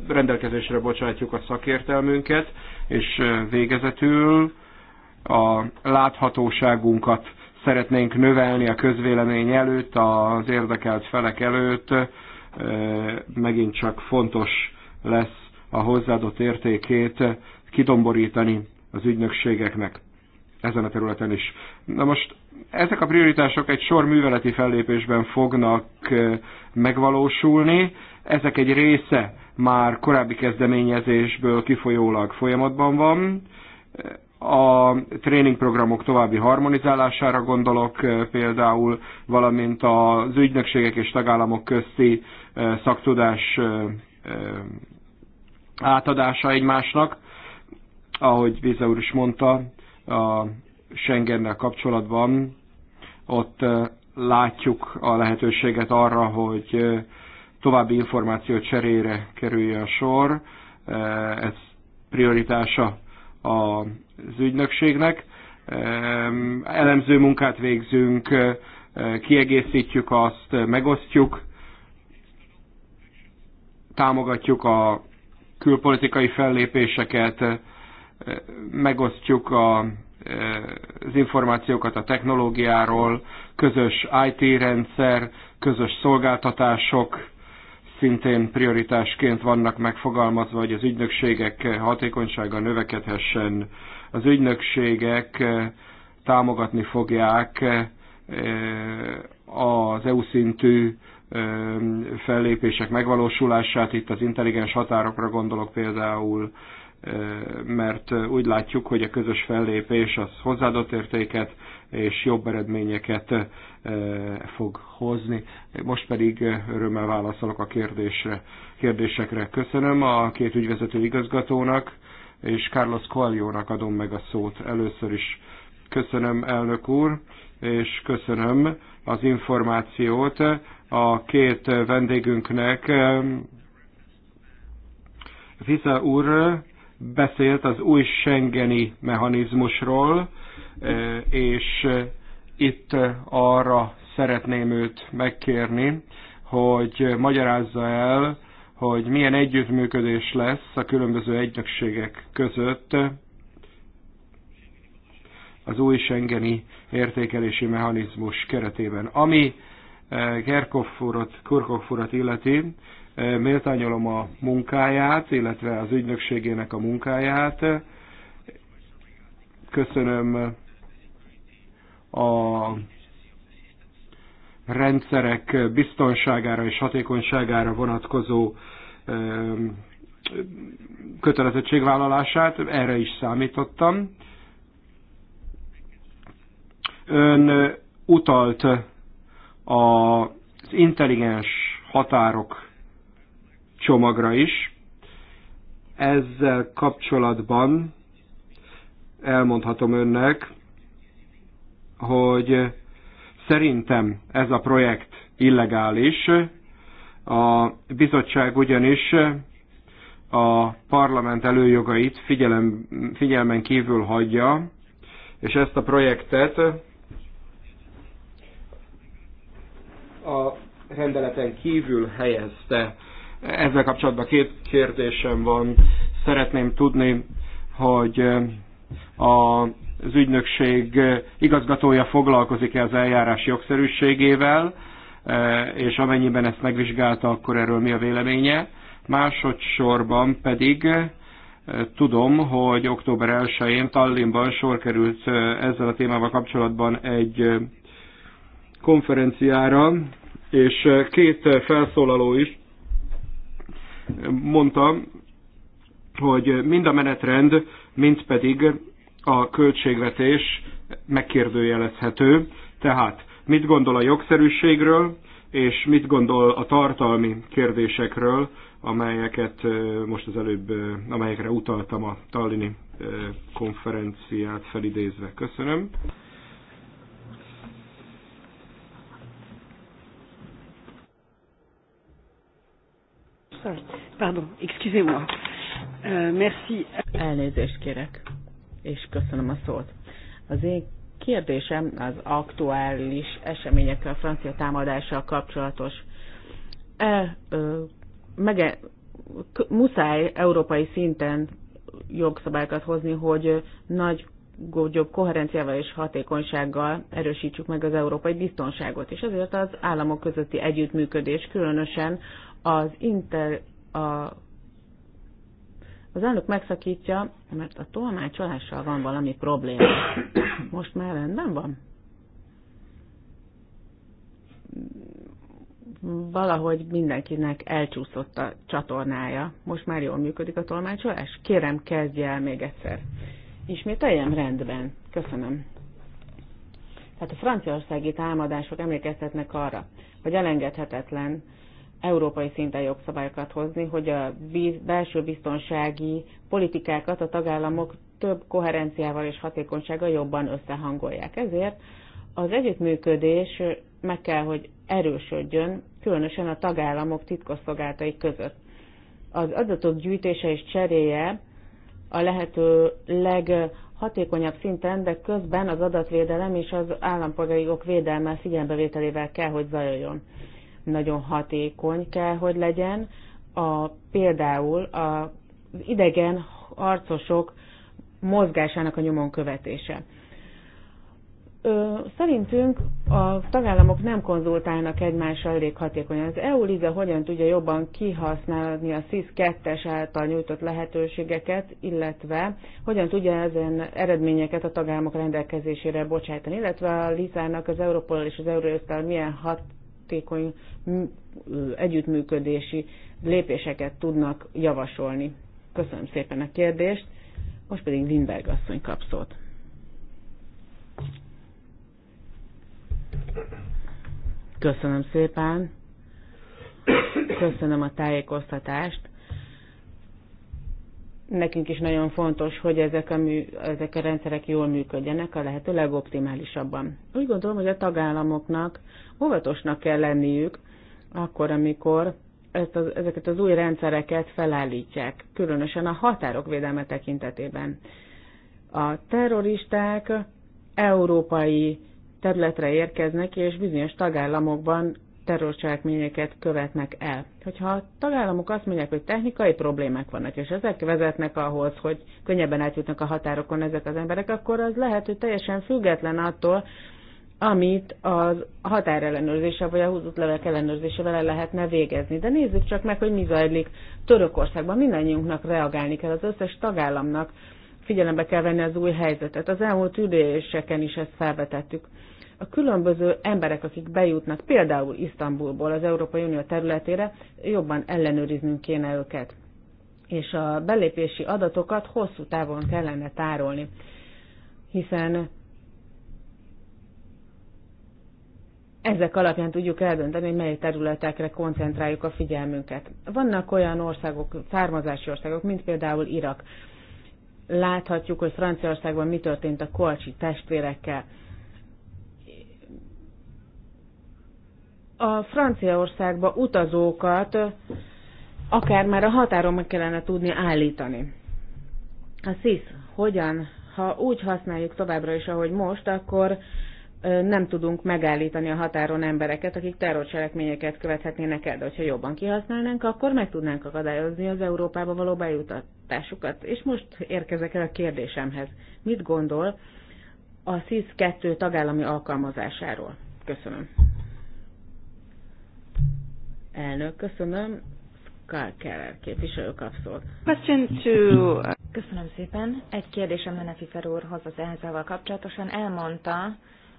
rendelkezésre bocsátjuk a szakértelmünket, és végezetül a láthatóságunkat szeretnénk növelni a közvélemény előtt, az érdekelt felek előtt, megint csak fontos lesz a hozzáadott értékét kidomborítani az ügynökségeknek ezen a területen is. Na most ezek a prioritások egy sor műveleti fellépésben fognak megvalósulni. Ezek egy része már korábbi kezdeményezésből kifolyólag folyamatban van. A tréningprogramok további harmonizálására gondolok például, valamint az ügynökségek és tagállamok közti szaktudás átadása egymásnak, ahogy Vize úr is mondta, a Schengennel kapcsolatban ott látjuk a lehetőséget arra, hogy további információ cserére kerüljön a sor. Ez prioritása az ügynökségnek. Elemző munkát végzünk, kiegészítjük azt, megosztjuk, támogatjuk a külpolitikai fellépéseket, megosztjuk a az információkat a technológiáról, közös IT-rendszer, közös szolgáltatások szintén prioritásként vannak megfogalmazva, hogy az ügynökségek hatékonysága növekedhessen. Az ügynökségek eh, támogatni fogják eh, az EU szintű eh, fellépések megvalósulását, itt az intelligens határokra gondolok például, mert úgy látjuk, hogy a közös fellépés az hozzáadott értéket és jobb eredményeket fog hozni. Most pedig örömmel válaszolok a kérdésre, kérdésekre. Köszönöm a két ügyvezető igazgatónak, és Carlos Coelho-nak adom meg a szót először is. Köszönöm, elnök úr, és köszönöm az információt a két vendégünknek. Visa úr beszélt az új Schengeni mechanizmusról, e, és itt arra szeretném őt megkérni, hogy magyarázza el, hogy milyen együttműködés lesz a különböző egynökségek között az új Schengeni értékelési mechanizmus keretében. Ami Kerkhoff Kurkoffurat urat illeti, e, méltányolom a munkáját, illetve az ügynökségének a munkáját. Köszönöm a rendszerek biztonságára és hatékonyságára vonatkozó e, kötelezettségvállalását, erre is számítottam. Ön utalt az intelligens határok csomagra is. Ezzel kapcsolatban elmondhatom önnek, hogy szerintem ez a projekt illegális. A bizottság ugyanis a parlament előjogait figyelem, figyelmen kívül hagyja, és ezt a projektet a rendeleten kívül helyezte. Ezzel kapcsolatban két kérdésem van. Szeretném tudni, hogy az ügynökség igazgatója foglalkozik-e az eljárás jogszerűségével, és amennyiben ezt megvizsgálta, akkor erről mi a véleménye. Másodszorban pedig tudom, hogy október 1-én Tallinnban sor került ezzel a témával kapcsolatban egy konferenciára, és eh, két eh, felszólaló is mondta, hogy mind a menetrend, mind pedig a költségvetés megkérdőjelezhető. Tehát mit gondol a jogszerűségről, és mit gondol a tartalmi kérdésekről, amelyeket eh, most az előbb, amelyekre utaltam a Tallini konferenciát felidézve. Köszönöm. Pardon, excusez-moi. Euh, merci. Elnézést kérek, és köszönöm a szót. Az én kérdésem az aktuális eseményekkel, a francia támadással kapcsolatos. E, ö, mege, muszáj európai szinten jogszabályokat hozni, hogy nagy jobb koherenciával és hatékonysággal erősítsük meg az európai biztonságot, és ezért az államok közötti együttműködés, különösen az inter, a, az elnök megszakítja, mert a tolmácsolással van valami probléma. Most már rendben van? Valahogy mindenkinek elcsúszott a csatornája. Most már jól működik a tolmácsolás? Kérem, kezdje el még egyszer. Ismételjem rendben. Köszönöm. Tehát a franciaországi támadások emlékeztetnek arra, hogy elengedhetetlen, európai szinten jogszabályokat hozni, hogy a belső biztonsági politikákat a tagállamok több koherenciával és hatékonysággal jobban összehangolják. Ezért az együttműködés meg kell, hogy erősödjön, különösen a tagállamok titkosszolgáltai között. Az adatok gyűjtése és cseréje a lehető leghatékonyabb szinten, de közben az adatvédelem és az állampolgári jogok védelme figyelmevételével kell, hogy zajoljon nagyon hatékony kell, hogy legyen. A, például a idegen arcosok mozgásának a nyomon követése. Ö, szerintünk a tagállamok nem konzultálnak egymással elég hatékonyan. Az EU-LIZA hogyan tudja jobban kihasználni a SIS 2 által nyújtott lehetőségeket, illetve hogyan tudja ezen eredményeket a tagállamok rendelkezésére bocsájtani, illetve a liza az Európol és az Euróösztel milyen hat, hatékony együttműködési lépéseket tudnak javasolni. Köszönöm szépen a kérdést, most pedig Lindberg asszony kap szót. Köszönöm szépen, köszönöm a tájékoztatást, nekünk is nagyon fontos, hogy ezek a, mű, ezek a rendszerek jól működjenek a lehető legoptimálisabban. Úgy gondolom, hogy a tagállamoknak óvatosnak kell lenniük, akkor, amikor ezt az, ezeket az új rendszereket felállítják, különösen a határok védelme tekintetében. A terroristák európai területre érkeznek, és bizonyos tagállamokban terrorcselekményeket követnek el. Hogyha a tagállamok azt mondják, hogy technikai problémák vannak, és ezek vezetnek ahhoz, hogy könnyebben átjutnak a határokon ezek az emberek, akkor az lehet, hogy teljesen független attól, amit az ellenőrzése vagy a húzott levelek ellenőrzésével el lehetne végezni. De nézzük csak meg, hogy mi zajlik Törökországban. Mindannyiunknak reagálni kell, az összes tagállamnak figyelembe kell venni az új helyzetet. Az elmúlt üléseken is ezt felvetettük a különböző emberek, akik bejutnak például Isztambulból az Európai Unió területére, jobban ellenőriznünk kéne őket. És a belépési adatokat hosszú távon kellene tárolni, hiszen ezek alapján tudjuk eldönteni, hogy mely területekre koncentráljuk a figyelmünket. Vannak olyan országok, származási országok, mint például Irak. Láthatjuk, hogy Franciaországban mi történt a kolcsi testvérekkel a Franciaországba utazókat akár már a határon meg kellene tudni állítani. A SIS hogyan? Ha úgy használjuk továbbra is, ahogy most, akkor nem tudunk megállítani a határon embereket, akik terrorcselekményeket követhetnének el, de hogyha jobban kihasználnánk, akkor meg tudnánk akadályozni az Európába való bejutatásukat. És most érkezek el a kérdésemhez. Mit gondol a SZIS 2 tagállami alkalmazásáról? Köszönöm. Elnök, köszönöm. Karl Keller képviselő kapszol. Köszönöm szépen. Egy kérdésem lenne Fifer úrhoz az ELSZ-val kapcsolatosan. Elmondta,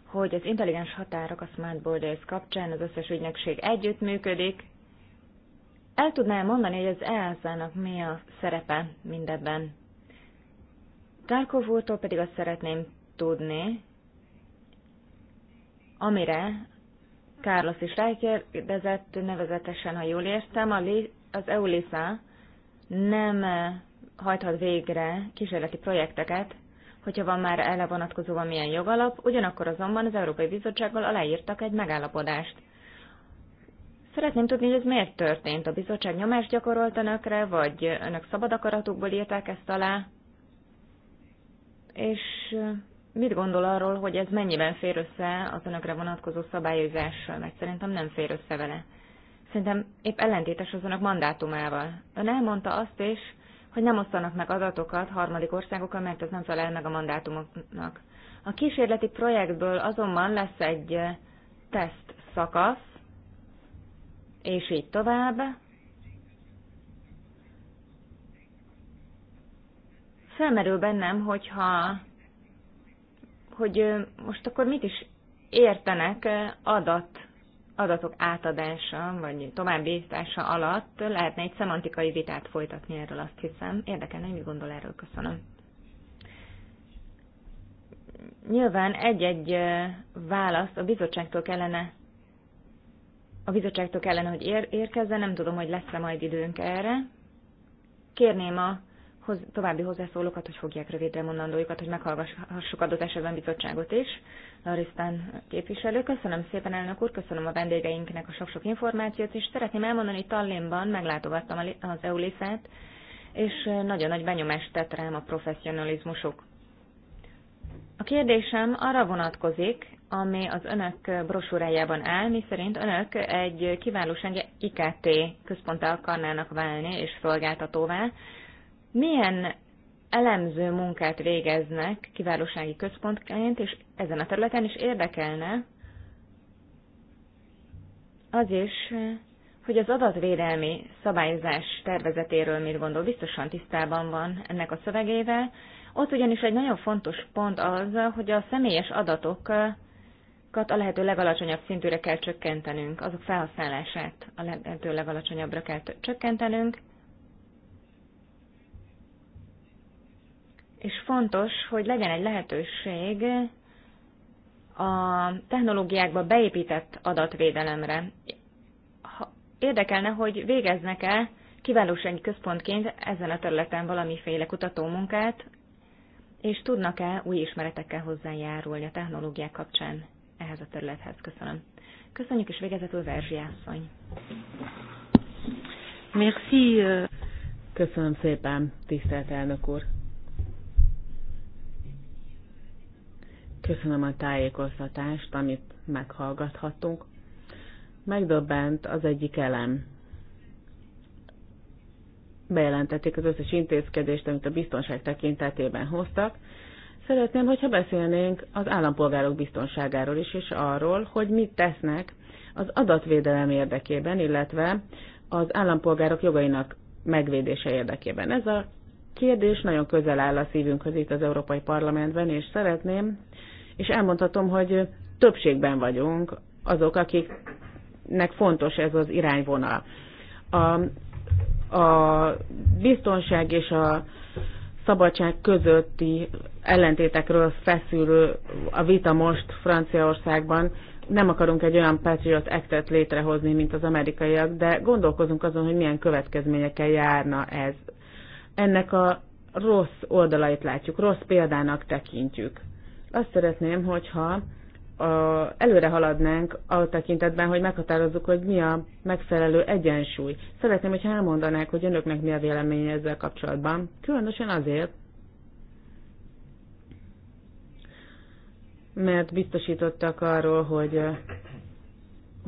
hogy az intelligens határok a Smart Borders kapcsán az összes ügynökség együttműködik. El tudná mondani, hogy az ELSZ-nak mi a szerepe mindebben? Tarkov úrtól pedig azt szeretném tudni, amire Carlos is rákérdezett, nevezetesen, ha jól értem, a az EULISA nem hajthat végre kísérleti projekteket, hogyha van már erre vonatkozóan milyen jogalap, ugyanakkor azonban az Európai Bizottsággal aláírtak egy megállapodást. Szeretném tudni, hogy ez miért történt. A bizottság nyomást gyakorolt önökre, vagy önök szabad akaratukból írták ezt alá? És Mit gondol arról, hogy ez mennyiben fér össze az önökre vonatkozó szabályozással? Mert szerintem nem fér össze vele. Szerintem épp ellentétes az önök mandátumával. Ön elmondta azt is, hogy nem osztanak meg adatokat harmadik országokkal, mert ez nem felel meg a mandátumoknak. A kísérleti projektből azonban lesz egy teszt szakasz, és így tovább. Felmerül bennem, hogyha hogy most akkor mit is értenek adat, adatok átadása, vagy továbbítása alatt. Lehetne egy szemantikai vitát folytatni erről, azt hiszem. Érdekelne, hogy mit gondol erről. Köszönöm. Nyilván egy-egy választ a bizottságtól kellene a bizottságtól kellene, hogy ér- érkezzen, nem tudom, hogy lesz-e majd időnk erre. Kérném a hoz, további hozzászólókat, hogy fogják rövidre mondandójukat, hogy meghallgassuk adott esetben bizottságot is. Larisztán képviselő, köszönöm szépen elnök úr, köszönöm a vendégeinknek a sok-sok információt, és szeretném elmondani, hogy Tallinnban meglátogattam az EULISZ-et, és nagyon nagy benyomást tett rám a professzionalizmusuk. A kérdésem arra vonatkozik, ami az önök brosúrájában áll, mi szerint önök egy kiválóság IKT központtal akarnának válni és szolgáltatóvá, milyen elemző munkát végeznek kiválósági központként, és ezen a területen is érdekelne az is, hogy az adatvédelmi szabályozás tervezetéről mit gondol, biztosan tisztában van ennek a szövegével. Ott ugyanis egy nagyon fontos pont az, hogy a személyes adatokat a lehető legalacsonyabb szintűre kell csökkentenünk, azok felhasználását a lehető legalacsonyabbra kell csökkentenünk, és fontos, hogy legyen egy lehetőség a technológiákba beépített adatvédelemre. Érdekelne, hogy végeznek-e kiválósági központként ezen a területen valamiféle kutatómunkát, és tudnak-e új ismeretekkel hozzájárulni a technológiák kapcsán ehhez a területhez. Köszönöm. Köszönjük, és végezetül Verzsi asszony. Merci. Euh. Köszönöm szépen, tisztelt elnök úr. Köszönöm a tájékoztatást, amit meghallgathattunk. Megdöbbent az egyik elem. Bejelentették az összes intézkedést, amit a biztonság tekintetében hoztak. Szeretném, hogyha beszélnénk az állampolgárok biztonságáról is, és arról, hogy mit tesznek az adatvédelem érdekében, illetve az állampolgárok jogainak megvédése érdekében. Ez a kérdés nagyon közel áll a szívünkhöz itt az Európai Parlamentben, és szeretném, és elmondhatom, hogy többségben vagyunk azok, akiknek fontos ez az irányvonal. A, a biztonság és a szabadság közötti ellentétekről feszülő a vita most Franciaországban. Nem akarunk egy olyan Patriot act létrehozni, mint az amerikaiak, de gondolkozunk azon, hogy milyen következményekkel járna ez. Ennek a rossz oldalait látjuk, rossz példának tekintjük azt szeretném, hogyha a, előre haladnánk a tekintetben, hogy meghatározzuk, hogy mi a megfelelő egyensúly. Szeretném, hogyha elmondanák, hogy önöknek mi a véleménye ezzel kapcsolatban. Különösen azért, mert biztosítottak arról, hogy,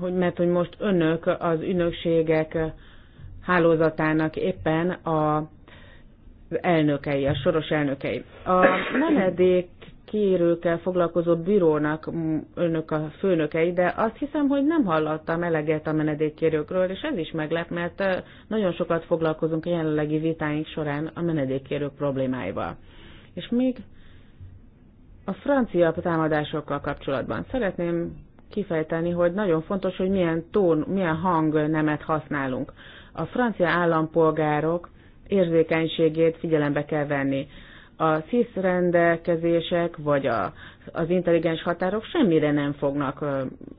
hogy mert hogy most önök az ünökségek hálózatának éppen a elnökei, a soros elnökei. A menedék kérőkkel foglalkozó bürónak önök a főnökei, de azt hiszem, hogy nem hallottam eleget a menedékkérőkről, és ez is meglep, mert nagyon sokat foglalkozunk a jelenlegi vitáink során a menedékkérők problémáival. És még a francia támadásokkal kapcsolatban szeretném kifejteni, hogy nagyon fontos, hogy milyen tón, milyen hangnemet használunk. A francia állampolgárok érzékenységét figyelembe kell venni a CIS rendelkezések, vagy a, az intelligens határok semmire nem fognak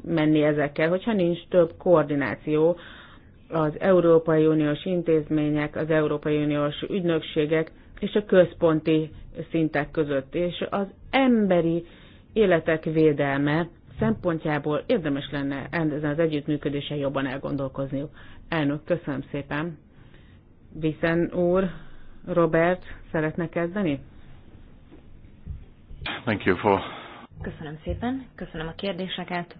menni ezekkel, hogyha nincs több koordináció az Európai Uniós intézmények, az Európai Uniós ügynökségek és a központi szintek között. És az emberi életek védelme szempontjából érdemes lenne ezen az együttműködésen jobban elgondolkozniuk. Elnök, köszönöm szépen. Viszen úr, Robert, szeretne kezdeni? Thank you for... Köszönöm szépen, köszönöm a kérdéseket.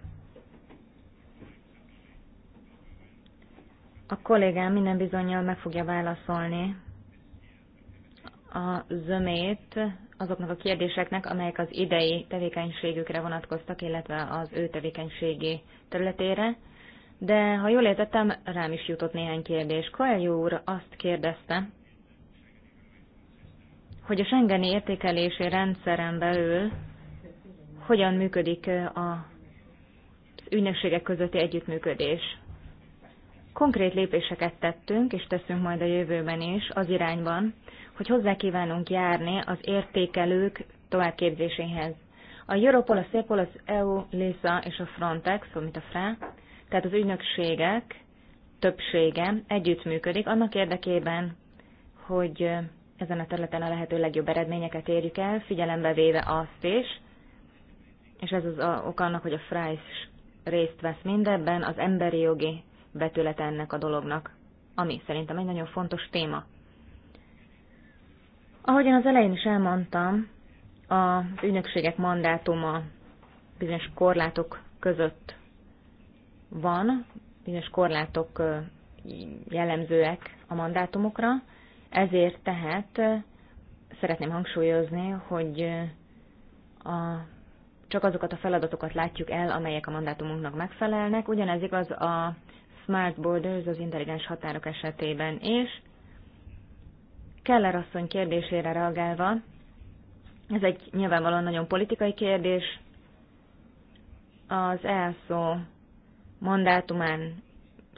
A kollégám minden bizonyal meg fogja válaszolni a zömét azoknak a kérdéseknek, amelyek az idei tevékenységükre vonatkoztak, illetve az ő tevékenységi területére. De ha jól értettem, rám is jutott néhány kérdés. Koelyó úr azt kérdezte, hogy a Schengeni értékelési rendszeren belül hogyan működik a ügynökségek közötti együttműködés. Konkrét lépéseket tettünk, és teszünk majd a jövőben is az irányban, hogy hozzá kívánunk járni az értékelők továbbképzéséhez. A Europol, a Szépol, az EU, LISA és a Frontex, amit a FRA, tehát az ügynökségek többsége együttműködik annak érdekében, hogy ezen a területen a lehető legjobb eredményeket érjük el, figyelembe véve azt is, és ez az a, ok annak, hogy a Fry részt vesz mindebben, az emberi jogi betülete ennek a dolognak, ami szerintem egy nagyon fontos téma. Ahogyan az elején is elmondtam, az ügynökségek mandátuma bizonyos korlátok között van, bizonyos korlátok jellemzőek a mandátumokra, ezért tehát szeretném hangsúlyozni, hogy a, csak azokat a feladatokat látjuk el, amelyek a mandátumunknak megfelelnek. Ugyanez igaz a Smart Borders, az intelligens határok esetében is. Keller asszony kérdésére reagálva, ez egy nyilvánvalóan nagyon politikai kérdés. Az elszó mandátumán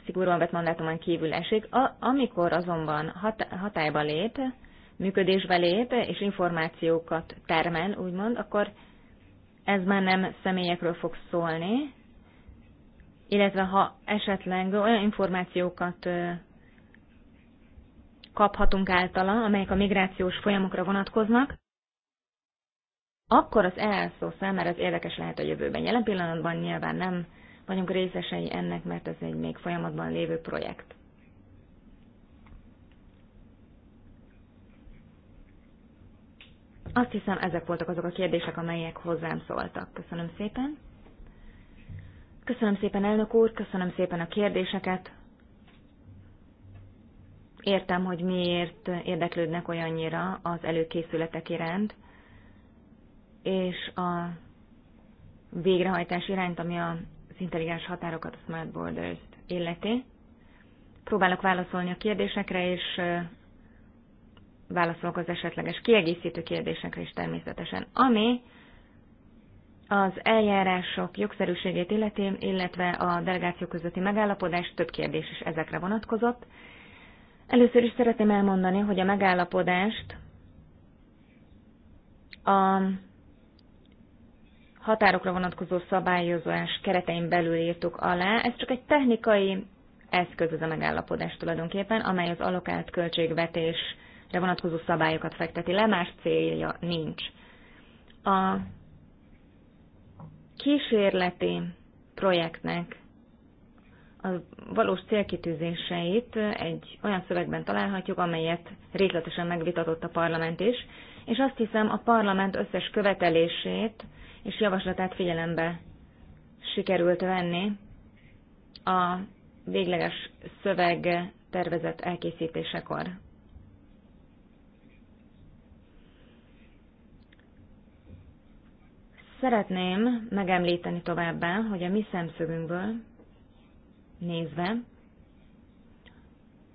szigorúan vett mandátumon kívül esik. A, amikor azonban hat, hatályba lép, működésbe lép, és információkat termel, úgymond, akkor ez már nem személyekről fog szólni, illetve ha esetleg olyan információkat kaphatunk általa, amelyek a migrációs folyamokra vonatkoznak, akkor az ELSZO számára ez érdekes lehet a jövőben. Jelen pillanatban nyilván nem vagyunk részesei ennek, mert ez egy még folyamatban lévő projekt. Azt hiszem, ezek voltak azok a kérdések, amelyek hozzám szóltak. Köszönöm szépen. Köszönöm szépen, elnök úr, köszönöm szépen a kérdéseket. Értem, hogy miért érdeklődnek olyannyira az előkészületek iránt, és a végrehajtás irányt, ami a az intelligens határokat, a Smart Borders illeti. Próbálok válaszolni a kérdésekre, és válaszolok az esetleges kiegészítő kérdésekre is természetesen. Ami az eljárások jogszerűségét illeti, illetve a delegáció közötti megállapodás több kérdés is ezekre vonatkozott. Először is szeretném elmondani, hogy a megállapodást a határokra vonatkozó szabályozás keretein belül írtuk alá. Ez csak egy technikai eszköz ez a megállapodás tulajdonképpen, amely az alokált költségvetésre vonatkozó szabályokat fekteti le, más célja nincs. A kísérleti projektnek a valós célkitűzéseit egy olyan szövegben találhatjuk, amelyet részletesen megvitatott a parlament is, és azt hiszem a parlament összes követelését és javaslatát figyelembe sikerült venni a végleges szöveg tervezett elkészítésekor. Szeretném megemlíteni továbbá, hogy a mi szemszögünkből nézve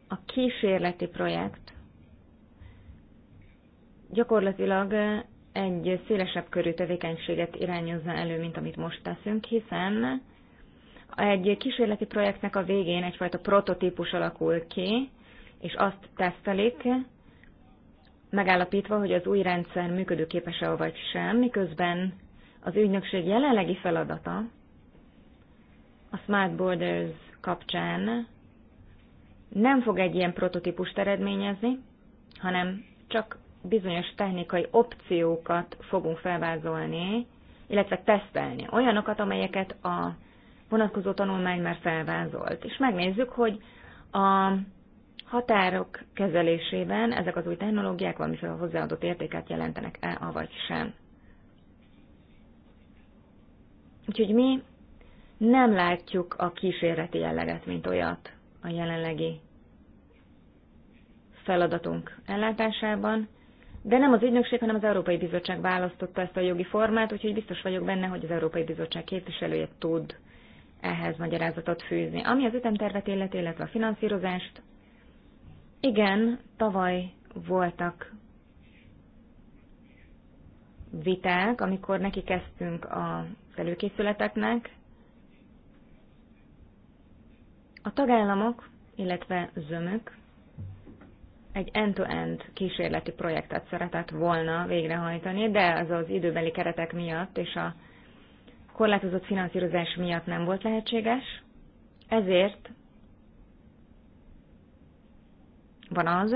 a kísérleti projekt gyakorlatilag egy szélesebb körű tevékenységet irányozna elő, mint amit most teszünk, hiszen egy kísérleti projektnek a végén egyfajta prototípus alakul ki, és azt tesztelik, megállapítva, hogy az új rendszer működőképes-e vagy sem, miközben az ügynökség jelenlegi feladata a Smart Borders kapcsán nem fog egy ilyen prototípust eredményezni, hanem csak bizonyos technikai opciókat fogunk felvázolni, illetve tesztelni. Olyanokat, amelyeket a vonatkozó tanulmány már felvázolt. És megnézzük, hogy a határok kezelésében ezek az új technológiák valamiféle hozzáadott értéket jelentenek-e, avagy sem. Úgyhogy mi nem látjuk a kísérleti jelleget, mint olyat a jelenlegi feladatunk ellátásában, de nem az ügynökség, hanem az Európai Bizottság választotta ezt a jogi formát, úgyhogy biztos vagyok benne, hogy az Európai Bizottság képviselője tud ehhez magyarázatot fűzni. Ami az ütemtervet illeti, illetve a finanszírozást, igen, tavaly voltak viták, amikor neki kezdtünk a előkészületeknek. A tagállamok, illetve zömök egy end-to-end -end kísérleti projektet szeretett volna végrehajtani, de az az időbeli keretek miatt és a korlátozott finanszírozás miatt nem volt lehetséges. Ezért van az,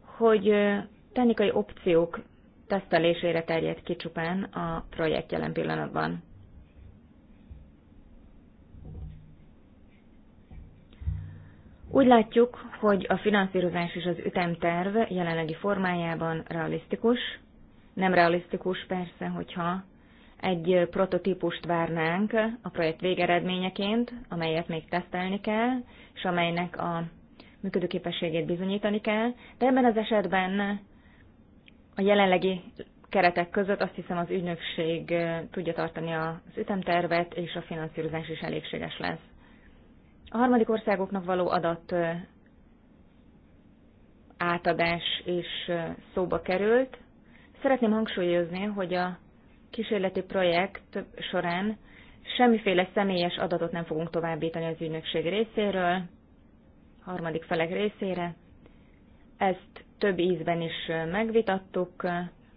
hogy technikai opciók tesztelésére terjed ki csupán a projekt jelen pillanatban. Úgy látjuk, hogy a finanszírozás és az ütemterv jelenlegi formájában realisztikus. Nem realisztikus persze, hogyha egy prototípust várnánk a projekt végeredményeként, amelyet még tesztelni kell, és amelynek a működőképességét bizonyítani kell, de ebben az esetben a jelenlegi keretek között azt hiszem az ügynökség tudja tartani az ütemtervet, és a finanszírozás is elégséges lesz. A harmadik országoknak való adat átadás és szóba került. Szeretném hangsúlyozni, hogy a kísérleti projekt során semmiféle személyes adatot nem fogunk továbbítani az ügynökség részéről, harmadik felek részére. Ezt több ízben is megvitattuk,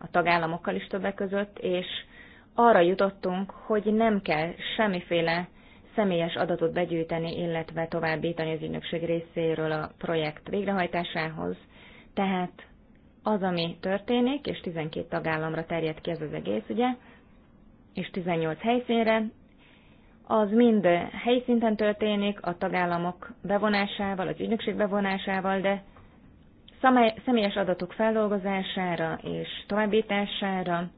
a tagállamokkal is többek között, és arra jutottunk, hogy nem kell semmiféle személyes adatot begyűjteni, illetve továbbítani az ügynökség részéről a projekt végrehajtásához. Tehát az, ami történik, és 12 tagállamra terjed ki ez az egész, ugye, és 18 helyszínre, az mind helyszinten történik, a tagállamok bevonásával, az ügynökség bevonásával, de személyes adatok feldolgozására és továbbítására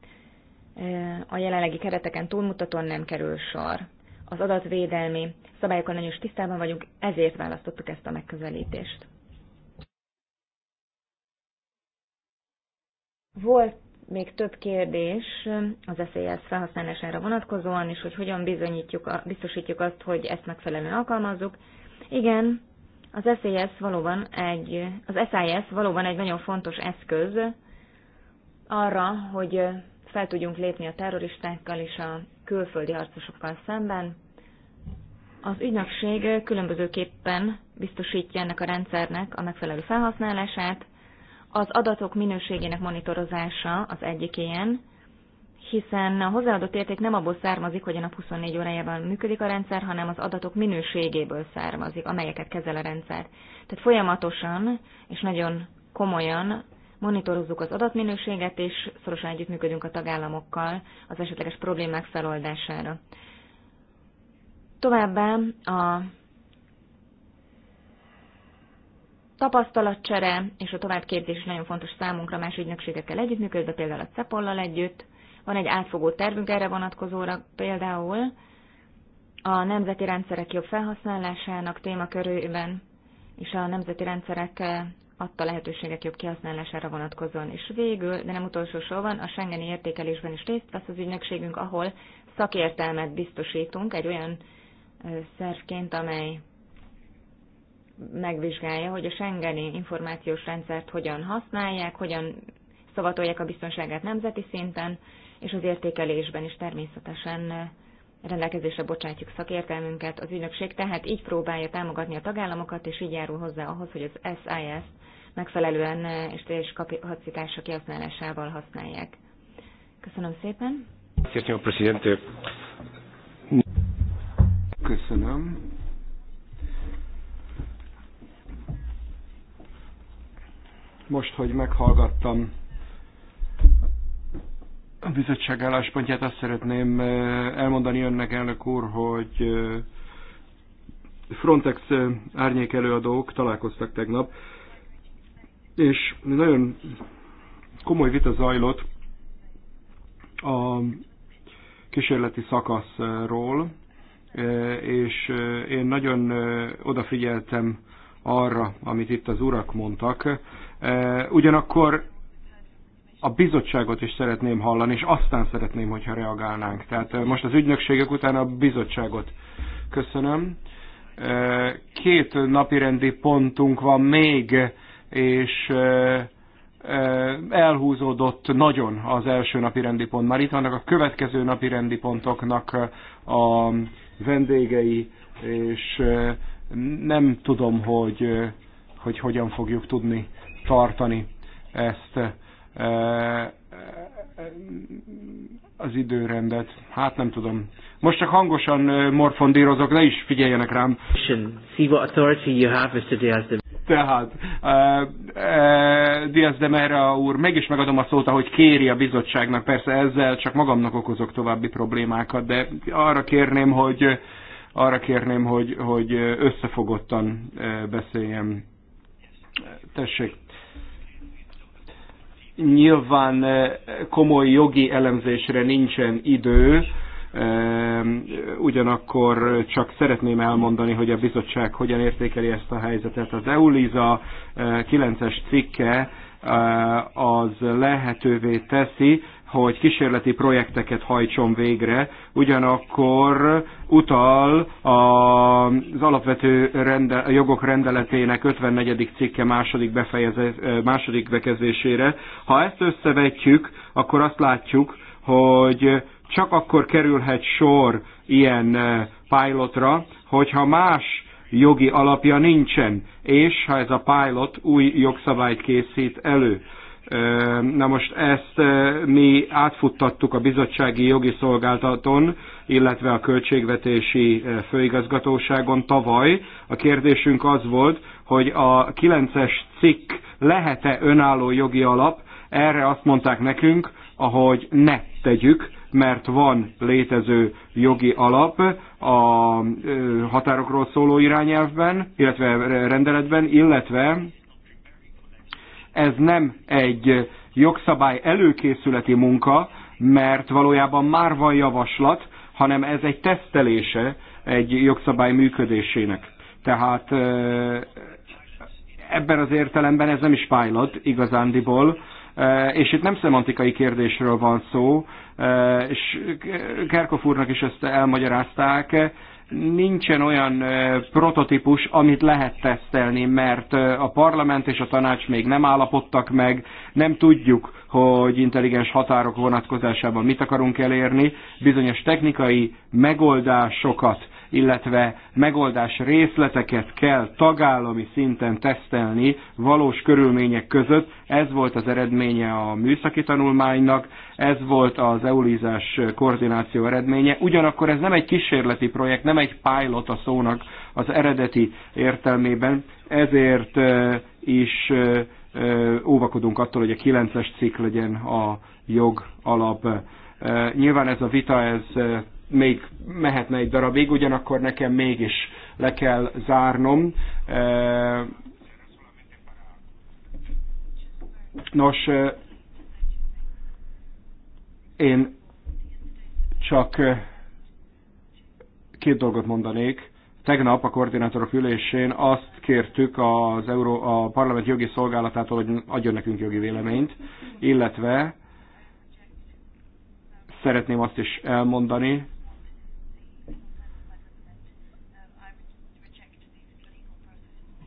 a jelenlegi kereteken túlmutatón nem kerül sor az adatvédelmi szabályokkal nagyon is tisztában vagyunk, ezért választottuk ezt a megközelítést. Volt még több kérdés az SZSZ felhasználására vonatkozóan, és hogy hogyan bizonyítjuk, biztosítjuk azt, hogy ezt megfelelően alkalmazzuk. Igen, az SZSZ valóban egy, az SIS valóban egy nagyon fontos eszköz arra, hogy fel tudjunk lépni a terroristákkal és a külföldi harcosokkal szemben. Az ügynökség különbözőképpen biztosítja ennek a rendszernek a megfelelő felhasználását. Az adatok minőségének monitorozása az egyik ilyen, hiszen a hozzáadott érték nem abból származik, hogy a nap 24 órájában működik a rendszer, hanem az adatok minőségéből származik, amelyeket kezel a rendszer. Tehát folyamatosan és nagyon komolyan monitorozzuk az adatminőséget, és szorosan együttműködünk a tagállamokkal az esetleges problémák feloldására. Továbbá a tapasztalatcsere és a továbbképzés is nagyon fontos számunkra más ügynökségekkel együttműködve, például a Cepollal együtt. Van egy átfogó tervünk erre vonatkozóra például a nemzeti rendszerek jobb felhasználásának témakörőben, és a nemzeti rendszerek adta lehetőségek jobb kihasználására vonatkozóan. És végül, de nem utolsó sorban, a Schengeni értékelésben is részt vesz az ügynökségünk, ahol szakértelmet biztosítunk egy olyan szervként, amely megvizsgálja, hogy a Schengeni információs rendszert hogyan használják, hogyan szavatolják a biztonságát nemzeti szinten, és az értékelésben is természetesen rendelkezésre bocsátjuk szakértelmünket. Az ügynökség tehát így próbálja támogatni a tagállamokat, és így járul hozzá ahhoz, hogy az SIS megfelelően és teljes kapacitása kihasználásával használják. Köszönöm szépen. Köszönöm, Köszönöm. Most, hogy meghallgattam a bizottság álláspontját, azt szeretném eh, elmondani önnek, elnök úr, hogy eh, Frontex eh, árnyék előadók találkoztak tegnap, és nagyon komoly vita zajlott a kísérleti szakaszról, és én nagyon odafigyeltem arra, amit itt az urak mondtak. Ugyanakkor a bizottságot is szeretném hallani, és aztán szeretném, hogyha reagálnánk. Tehát most az ügynökségek után a bizottságot köszönöm. Két napirendi pontunk van még, és elhúzódott nagyon az első napi rendi pont. Már itt vannak a következő napi rendi pontoknak a vendégei, és nem tudom, hogy, hogy hogyan fogjuk tudni tartani ezt az időrendet. Hát nem tudom. Most csak hangosan morfondírozok, ne is figyeljenek rám. See what authority you have, tehát uh, uh, Diaz de Mera úr, meg is megadom a szót, ahogy kéri a bizottságnak, persze ezzel csak magamnak okozok további problémákat, de arra kérném, hogy arra kérném, hogy, hogy összefogottan eh, beszéljem. Tessék nyilván komoly jogi elemzésre nincsen idő, Ehm, ugyanakkor csak szeretném elmondani, hogy a bizottság hogyan értékeli ezt a helyzetet. Az EULISA 9-es eh, cikke eh, az lehetővé teszi, hogy kísérleti projekteket hajtson végre, ugyanakkor utal az alapvető rende, jogok rendeletének 54. cikke második, befejeze, eh, második bekezésére. Ha ezt összevetjük, akkor azt látjuk, hogy csak akkor kerülhet sor ilyen eh, pilotra, hogyha más jogi alapja nincsen, és ha ez a pilot új jogszabályt készít elő. Eh, na most ezt eh, mi átfuttattuk a bizottsági jogi szolgáltaton, illetve a költségvetési főigazgatóságon tavaly. A kérdésünk az volt, hogy a 9-es cikk lehet-e önálló jogi alap, erre azt mondták nekünk, ahogy ne tegyük, mert van létező jogi alap a határokról szóló irányelvben, illetve rendeletben, illetve ez nem egy jogszabály előkészületi munka, mert valójában már van javaslat, hanem ez egy tesztelése egy jogszabály működésének. Tehát ebben az értelemben ez nem is pilot igazándiból, és itt nem szemantikai kérdésről van szó, Eh, és Kerkhoff úrnak is ezt elmagyarázták, nincsen olyan eh, prototípus, amit lehet tesztelni, mert eh, a parlament és a tanács még nem állapodtak meg, nem tudjuk, hogy intelligens határok vonatkozásában mit akarunk elérni, bizonyos technikai megoldásokat illetve megoldás részleteket kell tagállami szinten tesztelni valós körülmények között. Ez volt az eredménye a műszaki tanulmánynak, ez volt az EULIZÁS koordináció eredménye. Ugyanakkor ez nem egy kísérleti projekt, nem egy pilot a szónak az eredeti értelmében, ezért is óvakodunk attól, hogy a 9-es cikk legyen a jog alap. Nyilván ez a vita, ez még mehetne egy darabig, ugyanakkor nekem mégis le kell zárnom. Nos, én csak két dolgot mondanék. Tegnap a koordinátorok ülésén azt kértük az Euró, a parlament jogi szolgálatától, hogy adjon nekünk jogi véleményt, illetve szeretném azt is elmondani,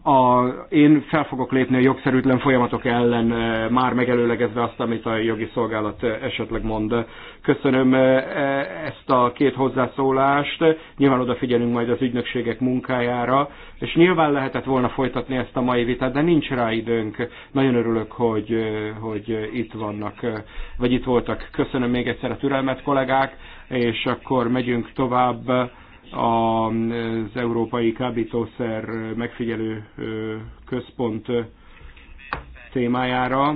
a, én fel fogok lépni a jogszerűtlen folyamatok ellen, eh, már megelőlegezve azt, amit a jogi szolgálat eh, esetleg mond. Köszönöm eh, ezt a két hozzászólást, nyilván odafigyelünk majd az ügynökségek munkájára, és nyilván lehetett volna folytatni ezt a mai vitát, de nincs rá időnk. Nagyon örülök, hogy, hogy itt vannak, vagy itt voltak. Köszönöm még egyszer a türelmet, kollégák, és akkor megyünk tovább az Európai Kábítószer Megfigyelő Központ témájára.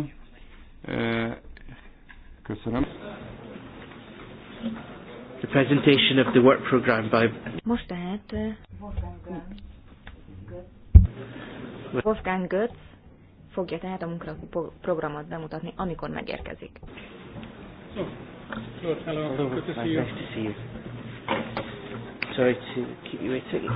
Köszönöm. The presentation of the work program by Most tehát Wolfgang Götz fogja tehát a munkaprogramot bemutatni, amikor megérkezik. So, hello. Good to see you. Nice to see you sorry to uh, keep you waiting.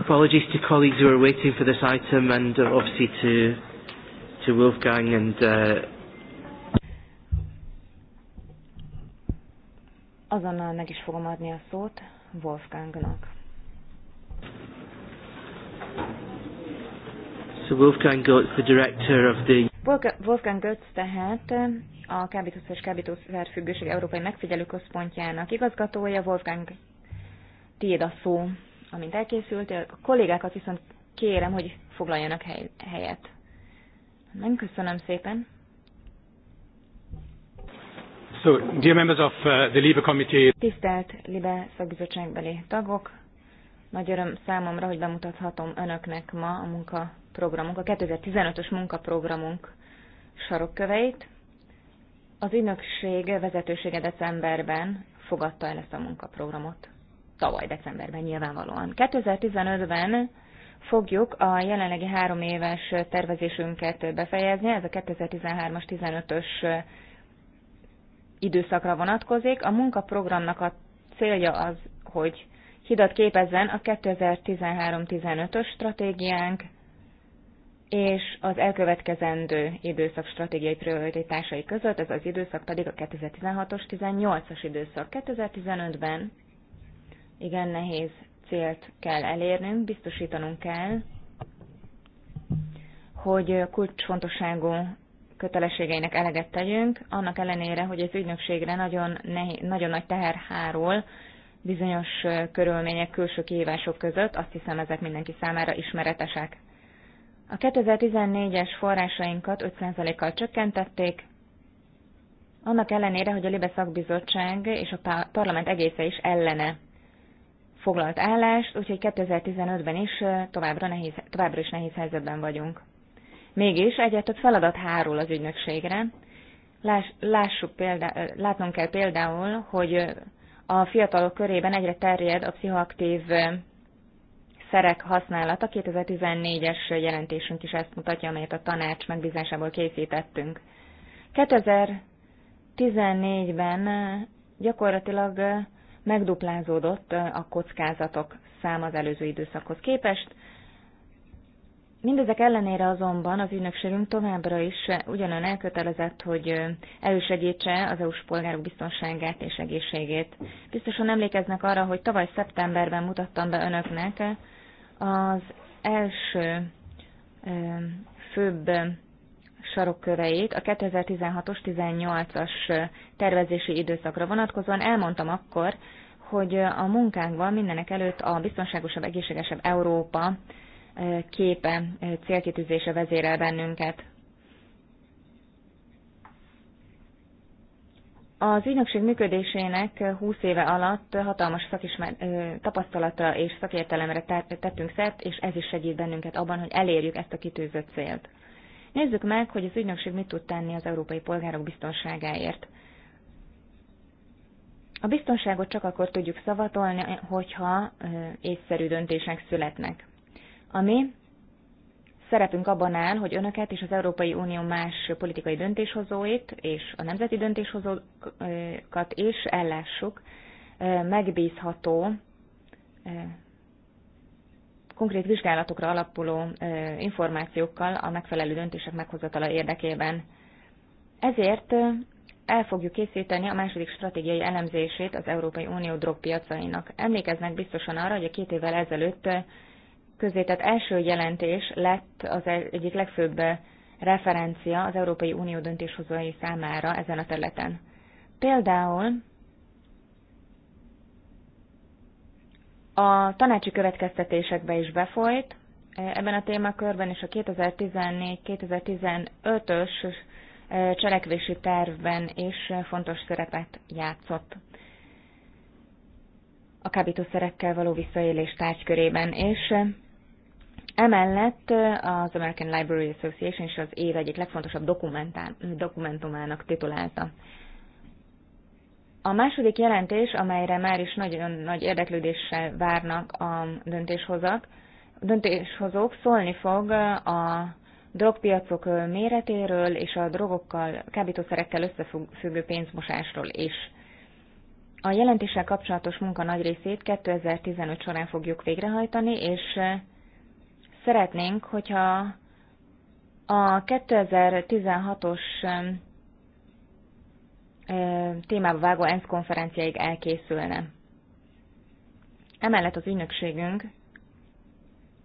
Apologies to colleagues who are waiting for this item and uh, obviously to, to Wolfgang and... Uh... Azonnal meg is fogom adni a szót Wolfgangnak. So Wolfgang Götz, the director of the... Wolfgang Götz tehát eh, a kábítószer és kábítószer függőség Európai Megfigyelő Központjának igazgatója. Wolfgang, tiéd a szó, amint elkészült. A kollégákat viszont kérem, hogy foglaljanak hely, helyet. Nem köszönöm szépen. So, dear members of uh, the Libe Committee. Tisztelt Libe szakbizottságbeli tagok, nagy öröm számomra, hogy bemutathatom önöknek ma a munka programunk a 2015-ös munkaprogramunk sarokköveit. Az ügynökség vezetősége decemberben fogadta el ezt a munkaprogramot. Tavaly decemberben nyilvánvalóan. 2015-ben fogjuk a jelenlegi három éves tervezésünket befejezni, ez a 2013-as, 15-ös időszakra vonatkozik. A munkaprogramnak a célja az, hogy hidat képezzen a 2013-15-ös stratégiánk, és az elkövetkezendő időszak stratégiai prioritásai között, ez az időszak pedig a 2016-os 18-as időszak. 2015-ben igen nehéz célt kell elérnünk, biztosítanunk kell, hogy kulcsfontosságú kötelességeinek eleget tegyünk, annak ellenére, hogy az ügynökségre nagyon, nehéz, nagyon nagy teher hárul bizonyos körülmények, külső kihívások között, azt hiszem ezek mindenki számára ismeretesek. A 2014-es forrásainkat 5%-kal csökkentették, annak ellenére, hogy a Libe szakbizottság és a parlament egésze is ellene foglalt állást, úgyhogy 2015-ben is továbbra, nehéz, továbbra is nehéz helyzetben vagyunk. Mégis egyre több feladat hárul az ügynökségre. Láss, lássuk példá, látnunk kell például, hogy a fiatalok körében egyre terjed a pszichoaktív szerek használata. 2014-es jelentésünk is ezt mutatja, amelyet a tanács megbízásából készítettünk. 2014-ben eh, gyakorlatilag eh, megduplázódott eh, a kockázatok száma az előző időszakhoz képest. Mindezek ellenére azonban az ügynökségünk továbbra is ugyanolyan elkötelezett, hogy elősegítse az EU-s polgárok biztonságát és egészségét. Biztosan emlékeznek arra, hogy tavaly szeptemberben mutattam be önöknek az első főbb sarokköveit a 2016-os 18-as tervezési időszakra vonatkozóan elmondtam akkor, hogy a munkánkban mindenek előtt a biztonságosabb, egészségesebb Európa képe célkitűzése vezérel bennünket. Az ügynökség működésének 20 éve alatt hatalmas szakismer, tapasztalata és szakértelemre tettünk szert, és ez is segít bennünket abban, hogy elérjük ezt a kitűzött célt. Nézzük meg, hogy az ügynökség mit tud tenni az európai polgárok biztonságáért. A biztonságot csak akkor tudjuk szavatolni, hogyha észszerű döntések születnek. ami. Szerepünk abban áll, hogy önöket és az Európai Unió más politikai döntéshozóit és a nemzeti döntéshozókat is ellássuk megbízható, konkrét vizsgálatokra alapuló információkkal a megfelelő döntések meghozatala érdekében. Ezért el fogjuk készíteni a második stratégiai elemzését az Európai Unió drogpiacainak. Emlékeznek biztosan arra, hogy a két évvel ezelőtt tehát első jelentés lett az e- egyik legfőbb referencia az Európai Unió döntéshozói számára ezen a területen. Például a tanácsi következtetésekbe is befolyt, e, ebben a témakörben és a 2014-2015-ös e, cselekvési tervben is fontos szerepet játszott a kábítószerekkel való visszaélés tárgykörében, és Emellett az American Library Association is az év egyik legfontosabb dokumentumának titulálta. A második jelentés, amelyre már is nagyon nagy érdeklődéssel várnak a döntéshozak, döntéshozók, szólni fog a drogpiacok méretéről és a drogokkal, kábítószerekkel összefüggő pénzmosásról is. A jelentéssel kapcsolatos munka nagy részét 2015 során fogjuk végrehajtani, és Szeretnénk, hogyha a 2016-os témába vágó ENSZ konferenciáig elkészülne. Emellett az ügynökségünk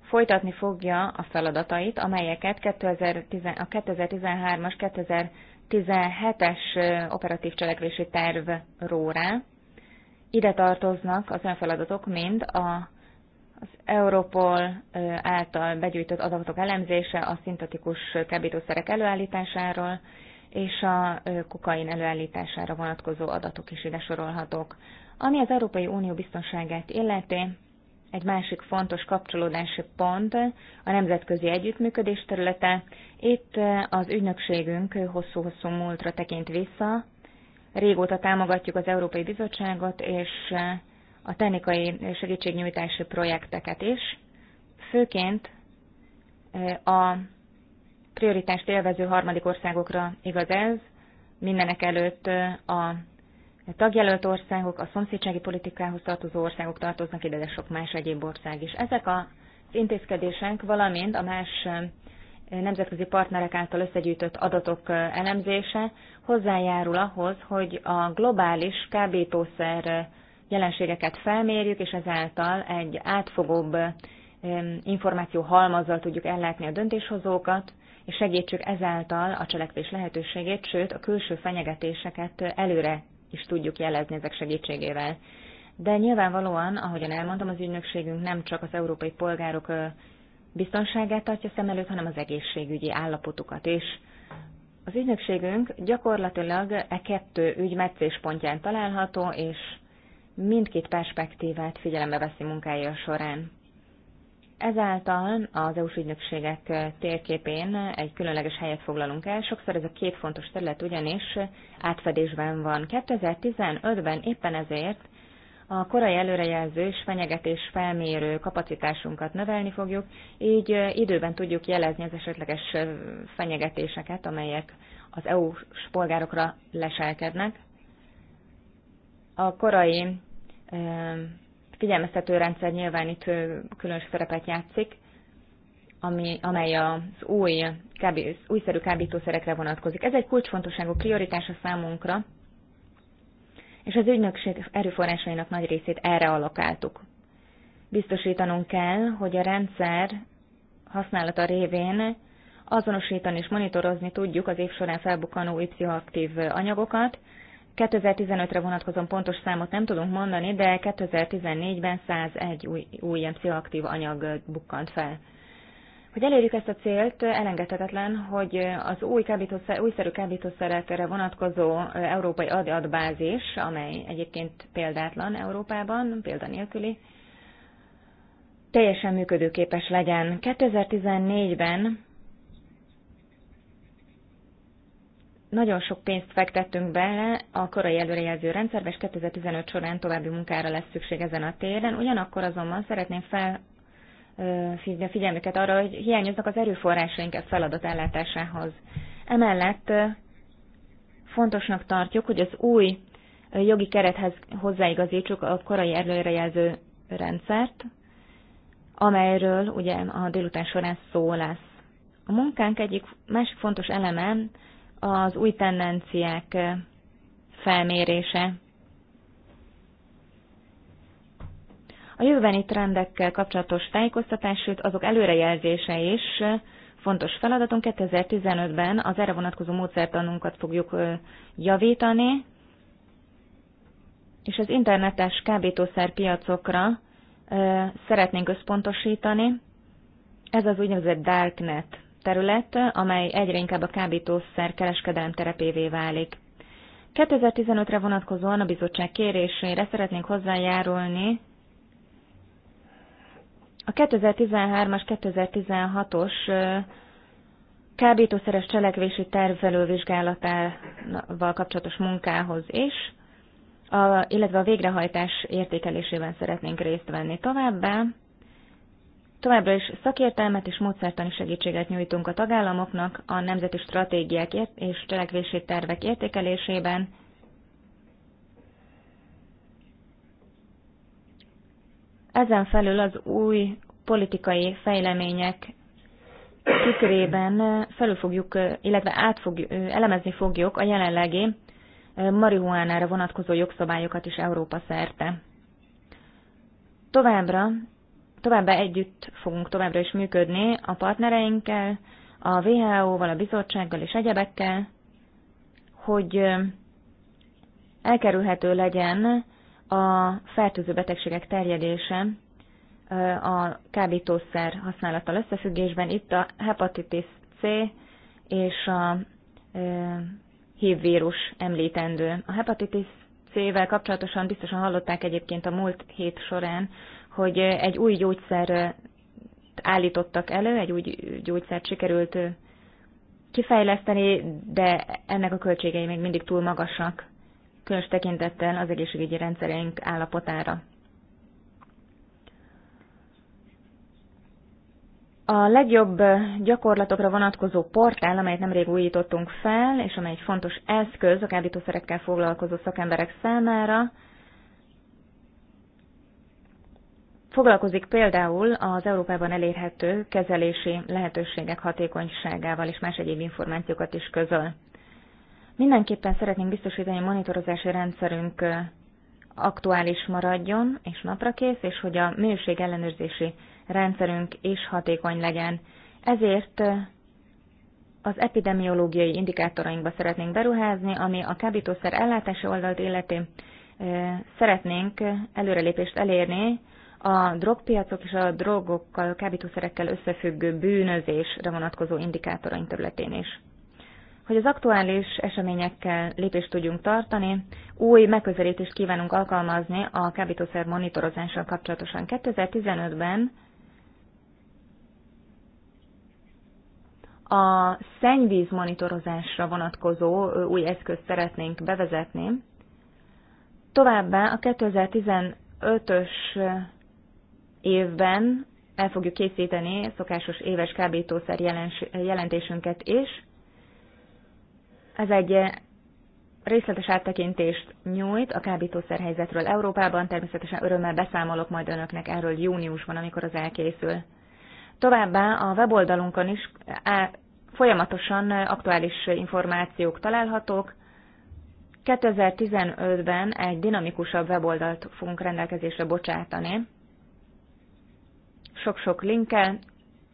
folytatni fogja a feladatait, amelyeket a 2013-as, 2017-es operatív cselekvési terv rórá. Ide tartoznak az olyan feladatok, mint a az Europol által begyűjtött adatok elemzése a szintetikus kábítószerek előállításáról és a kokain előállítására vonatkozó adatok is ide sorolhatók. Ami az Európai Unió biztonságát illeti, egy másik fontos kapcsolódási pont a nemzetközi együttműködés területe. Itt az ügynökségünk hosszú-hosszú múltra tekint vissza. Régóta támogatjuk az Európai Bizottságot, és a technikai segítségnyújtási projekteket is, főként a prioritást élvező harmadik országokra igaz ez, mindenek előtt a tagjelölt országok, a szomszédsági politikához tartozó országok tartoznak ide, de sok más egyéb ország is. Ezek az intézkedések, valamint a más nemzetközi partnerek által összegyűjtött adatok elemzése hozzájárul ahhoz, hogy a globális kábítószer jelenségeket felmérjük, és ezáltal egy átfogóbb információ halmazzal tudjuk ellátni a döntéshozókat, és segítsük ezáltal a cselekvés lehetőségét, sőt a külső fenyegetéseket előre is tudjuk jelezni ezek segítségével. De nyilvánvalóan, ahogyan elmondtam, az ügynökségünk nem csak az európai polgárok biztonságát tartja szem előtt, hanem az egészségügyi állapotukat is. Az ügynökségünk gyakorlatilag e kettő ügy meccéspontján található, és mindkét perspektívát figyelembe veszi munkája során. Ezáltal az EU-s ügynökségek térképén egy különleges helyet foglalunk el, sokszor ez a két fontos terület ugyanis átfedésben van. 2015-ben éppen ezért a korai előrejelző és fenyegetés felmérő kapacitásunkat növelni fogjuk, így időben tudjuk jelezni az esetleges fenyegetéseket, amelyek az EU-s polgárokra leselkednek. A korai figyelmeztető rendszer nyilván itt különös szerepet játszik, ami, amely az új, kábí, újszerű kábítószerekre vonatkozik. Ez egy kulcsfontosságú prioritás a számunkra, és az ügynökség erőforrásainak nagy részét erre alokáltuk. Biztosítanunk kell, hogy a rendszer használata révén azonosítani és monitorozni tudjuk az év során felbukkanó új pszichoaktív anyagokat, 2015-re vonatkozom pontos számot nem tudunk mondani, de 2014-ben 101 új, új ilyen pszichoaktív anyag bukkant fel. Hogy elérjük ezt a célt, elengedhetetlen, hogy az új kábítószer, újszerű kábítószerekre vonatkozó európai adatbázis, amely egyébként példátlan Európában, példanélküli, teljesen működőképes legyen. 2014-ben nagyon sok pénzt fektettünk bele a korai előrejelző rendszerbe, és 2015 során további munkára lesz szükség ezen a téren. Ugyanakkor azonban szeretném fel a figyelmüket arra, hogy hiányoznak az erőforrásaink a e feladat ellátásához. Emellett fontosnak tartjuk, hogy az új jogi kerethez hozzáigazítsuk a korai előrejelző rendszert, amelyről ugye a délután során szó lesz. A munkánk egyik másik fontos eleme az új tendenciák felmérése. A jövőbeni trendekkel kapcsolatos tájékoztatás, sőt azok előrejelzése is fontos feladatunk. 2015-ben az erre vonatkozó módszertanunkat fogjuk javítani, és az internetes kábítószer piacokra szeretnénk összpontosítani. Ez az úgynevezett darknet terület, amely egyre inkább a kábítószer kereskedelem terepévé válik. 2015-re vonatkozóan a bizottság kérésére szeretnénk hozzájárulni a 2013-as, 2016-os kábítószeres cselekvési terv kapcsolatos munkához is, a, illetve a végrehajtás értékelésében szeretnénk részt venni. Továbbá Továbbra is szakértelmet és módszertani segítséget nyújtunk a tagállamoknak a nemzeti stratégiák és cselekvési tervek értékelésében, Ezen felül az új politikai fejlemények tükrében felül fogjuk, illetve át fogjuk, elemezni fogjuk a jelenlegi eh, marihuánára vonatkozó jogszabályokat is Európa szerte. Továbbra Továbbá együtt fogunk továbbra is működni a partnereinkkel, a WHO-val, a bizottsággal és egyebekkel, hogy elkerülhető legyen a fertőző betegségek terjedése a kábítószer használattal összefüggésben. Itt a hepatitis C és a HIV vírus említendő. A hepatitis C-vel kapcsolatosan biztosan hallották egyébként a múlt hét során, hogy egy új gyógyszer állítottak elő, egy új gyógyszert sikerült kifejleszteni, de ennek a költségei még mindig túl magasak, különös tekintettel az egészségügyi rendszerünk állapotára. A legjobb gyakorlatokra vonatkozó portál, amelyet nemrég újítottunk fel, és amely egy fontos eszköz a kábítószerekkel foglalkozó szakemberek számára, Foglalkozik például az Európában elérhető kezelési lehetőségek hatékonyságával és más egyéb információkat is közöl. Mindenképpen szeretnénk biztosítani, hogy a monitorozási rendszerünk aktuális maradjon és naprakész, és hogy a minőség ellenőrzési rendszerünk is hatékony legyen. Ezért az epidemiológiai indikátorainkba szeretnénk beruházni, ami a kábítószer ellátási oldalt illeti. Szeretnénk előrelépést elérni a drogpiacok és a drogokkal, kábítószerekkel összefüggő bűnözésre vonatkozó indikátoraink területén is. Hogy az aktuális eseményekkel lépést tudjunk tartani, új megközelítést kívánunk alkalmazni a kábítószer monitorozással kapcsolatosan. 2015-ben a szennyvíz monitorozásra vonatkozó új eszközt szeretnénk bevezetni. Továbbá a 2015-ös évben el fogjuk készíteni szokásos éves kábítószer jelentésünket is. Ez egy eh, részletes áttekintést nyújt a kábítószer helyzetről Európában, természetesen örömmel beszámolok majd önöknek erről júniusban, amikor az elkészül. Továbbá a weboldalunkon is eh, folyamatosan eh, aktuális információk találhatók. 2015-ben egy dinamikusabb weboldalt fogunk rendelkezésre bocsátani, sok-sok linkkel.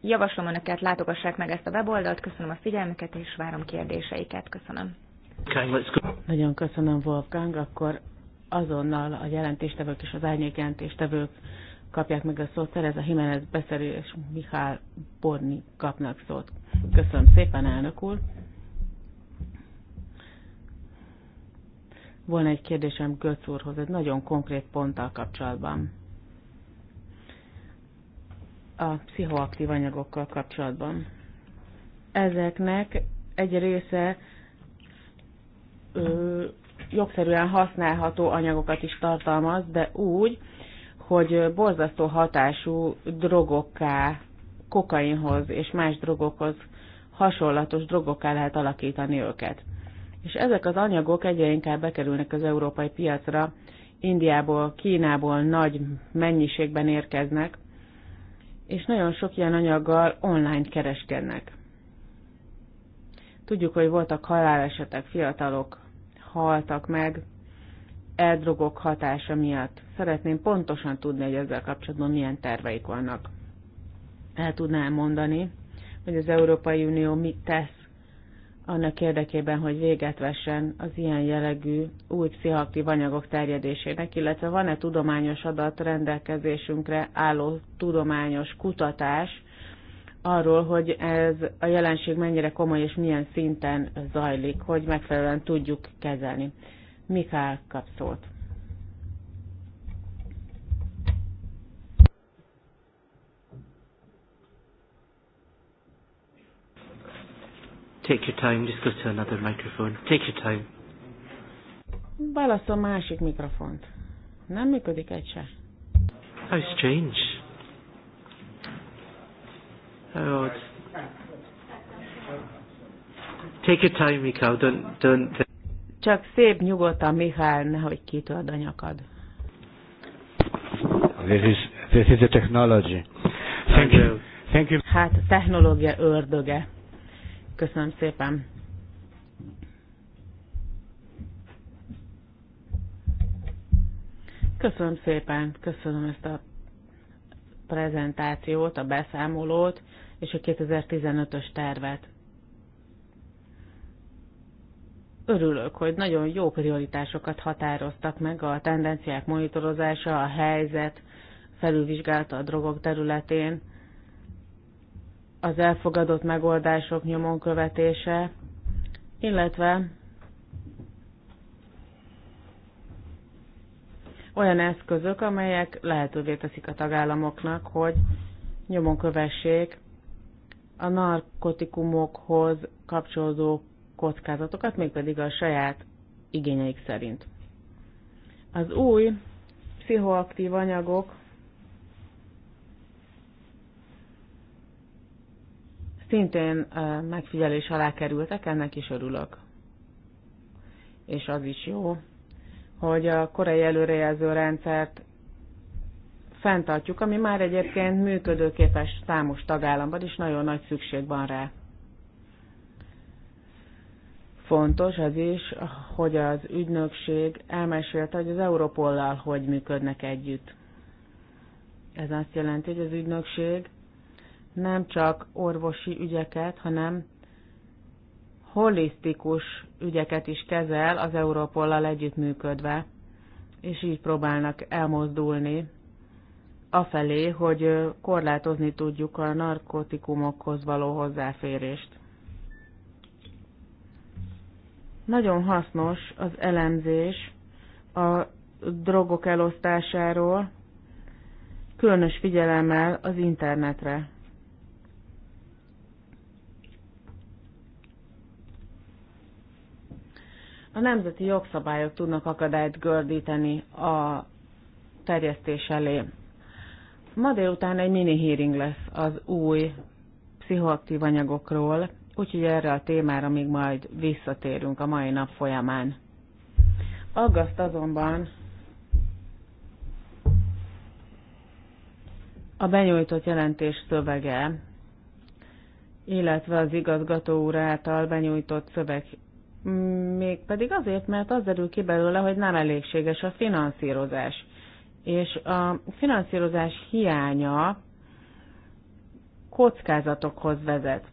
Javaslom önöket, látogassák meg ezt a weboldalt, köszönöm a figyelmüket, és várom kérdéseiket. Köszönöm. Okay, Nagyon köszönöm, Wolfgang. Akkor azonnal a jelentéstevők és az árnyék jelentéstevők kapják meg a szót. a Jiménez Beszerű és Mihály Borni kapnak szót. Köszönöm szépen, elnök úr. Volna egy kérdésem Götz úrhoz, egy nagyon konkrét ponttal kapcsolatban a pszichoaktív anyagokkal kapcsolatban. Ezeknek egy része ö, jogszerűen használható anyagokat is tartalmaz, de úgy, hogy borzasztó hatású drogokká, kokainhoz és más drogokhoz hasonlatos drogokká lehet alakítani őket. És ezek az anyagok egyre inkább bekerülnek az európai piacra, Indiából, Kínából nagy mennyiségben érkeznek, és nagyon sok ilyen anyaggal online kereskednek. Tudjuk, hogy voltak halálesetek, fiatalok haltak meg eldrogok hatása miatt. Szeretném pontosan tudni, hogy ezzel kapcsolatban milyen terveik vannak. El tudnám mondani, hogy az Európai Unió mit tesz annak érdekében, hogy véget vessen az ilyen jellegű új pszichoaktív anyagok terjedésének, illetve van-e tudományos adat rendelkezésünkre álló tudományos kutatás arról, hogy ez a jelenség mennyire komoly és milyen szinten zajlik, hogy megfelelően tudjuk kezelni. Mikál kapszót. szót. Take your time, just go to another microphone. Take your time. Válaszol másik mikrofont. Nem működik egy se. How strange. How odd. Take your time, Mikhail. Don't, don't. Csak szép nyugodtan, Mihály, nehogy kitolod a nyakad. This is, this is the technology. Thank you. Thank you. Hát a technológia ördöge. Köszönöm szépen. Köszönöm szépen, köszönöm ezt a prezentációt, a beszámolót és a 2015-ös tervet. Örülök, hogy nagyon jó prioritásokat határoztak meg a tendenciák monitorozása, a helyzet felülvizsgálta a drogok területén, az elfogadott megoldások nyomon követése, illetve olyan eszközök, amelyek lehetővé teszik a tagállamoknak, hogy nyomon kövessék a narkotikumokhoz kapcsolódó kockázatokat, mégpedig a saját igényeik szerint. Az új pszichoaktív anyagok szintén megfigyelés alá kerültek, ennek is örülök. És az is jó, hogy a korai előrejelző rendszert fenntartjuk, ami már egyébként működőképes számos tagállamban, is nagyon nagy szükség van rá. Fontos az is, hogy az ügynökség elmesélte, hogy az Európollal hogy működnek együtt. Ez azt jelenti, hogy az ügynökség nem csak orvosi ügyeket, hanem holisztikus ügyeket is kezel az Európollal együttműködve, és így próbálnak elmozdulni afelé, hogy korlátozni tudjuk a narkotikumokhoz való hozzáférést. Nagyon hasznos az elemzés a drogok elosztásáról, különös figyelemmel az internetre. A nemzeti jogszabályok tudnak akadályt gördíteni a terjesztés elé. Ma délután egy mini hearing lesz az új pszichoaktív anyagokról, úgyhogy erre a témára még majd visszatérünk a mai nap folyamán. Aggaszt azonban a benyújtott jelentés szövege, illetve az igazgató úr által benyújtott szöveg még pedig azért, mert az derül ki belőle, hogy nem elégséges a finanszírozás. És a finanszírozás hiánya kockázatokhoz vezet.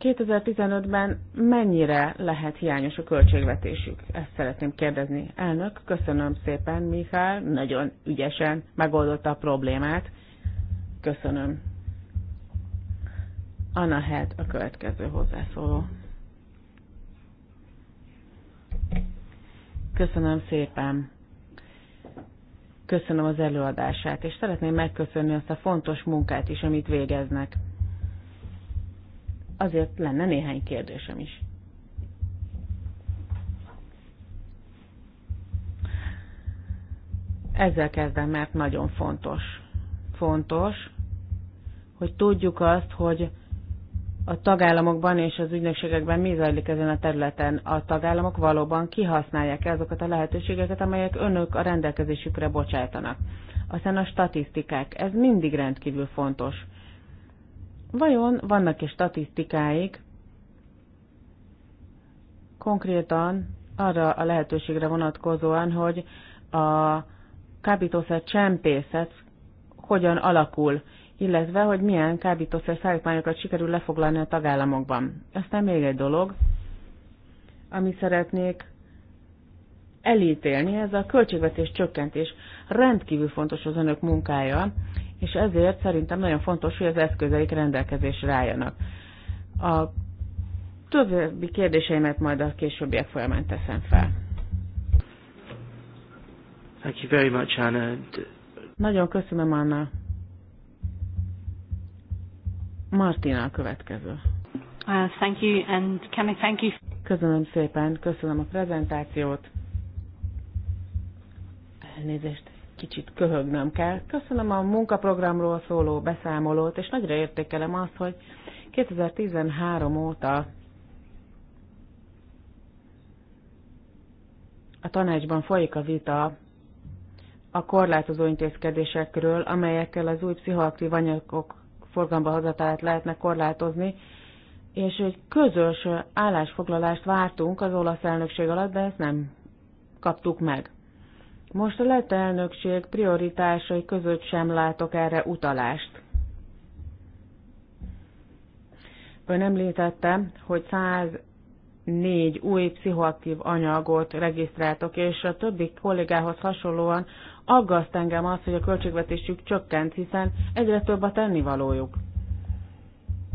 2015-ben mennyire lehet hiányos a költségvetésük? Ezt szeretném kérdezni. Elnök, köszönöm szépen, Mihály, nagyon ügyesen megoldotta a problémát. Köszönöm. Anna Head a következő hozzászóló. Köszönöm szépen. Köszönöm az előadását, és szeretném megköszönni azt a fontos munkát is, amit végeznek. Azért lenne néhány kérdésem is. Ezzel kezdem, mert nagyon fontos. Fontos, hogy tudjuk azt, hogy a tagállamokban és az ügynökségekben mi zajlik ezen a területen. A tagállamok valóban kihasználják -e azokat a lehetőségeket, amelyek önök a rendelkezésükre bocsájtanak. Aztán a statisztikák, ez mindig rendkívül fontos. Vajon vannak-e statisztikáik konkrétan arra a lehetőségre vonatkozóan, hogy a kábítószer csempészet hogyan alakul, illetve hogy milyen kábítószer szállítmányokat sikerül lefoglalni a tagállamokban. Aztán még egy dolog, amit szeretnék elítélni, ez a költségvetés csökkentés. Rendkívül fontos az önök munkája, és ezért szerintem nagyon fontos, hogy az eszközeik rendelkezésre álljanak. A többi kérdéseimet majd a későbbiek folyamán teszem fel. Thank you very much, Anna. Nagyon köszönöm, Anna. Martina a következő. Uh, thank you, and can I thank you? Köszönöm szépen, köszönöm a prezentációt. Elnézést, kicsit köhögnöm kell. Köszönöm a munkaprogramról szóló beszámolót, és nagyra értékelem azt, hogy 2013 óta a tanácsban folyik a vita a korlátozó intézkedésekről, amelyekkel az új pszichoaktív anyagok forgalomba hozatát lehetne korlátozni, és egy közös állásfoglalást vártunk az olasz elnökség alatt, de ezt nem kaptuk meg. Most a lett elnökség prioritásai között sem látok erre utalást. Ön említette, hogy 104 új pszichoaktív anyagot regisztráltok, és a többi kollégához hasonlóan aggaszt engem az, hogy a költségvetésük csökkent, hiszen egyre több a tennivalójuk.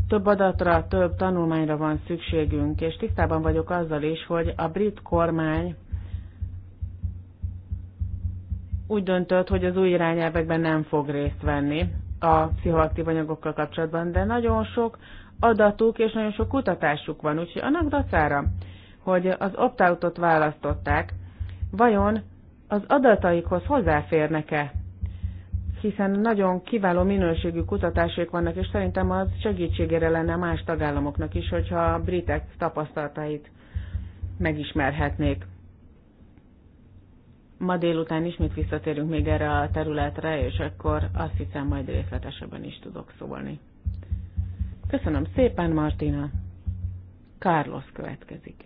Több adatra, több tanulmányra van szükségünk, és tisztában vagyok azzal is, hogy a brit kormány úgy döntött, hogy az új irányelvekben nem fog részt venni a pszichoaktív anyagokkal kapcsolatban, de nagyon sok adatuk és nagyon sok kutatásuk van, úgyhogy annak dacára, hogy az opt-outot választották, vajon az adataikhoz hozzáférnek-e? Hiszen nagyon kiváló minőségű kutatásaik vannak, és szerintem az segítségére lenne más tagállamoknak is, hogyha a britek tapasztalatait megismerhetnék. Ma délután ismét visszatérünk még erre a területre, és akkor azt hiszem majd részletesebben is tudok szólni. Köszönöm szépen, Martina. Carlos következik.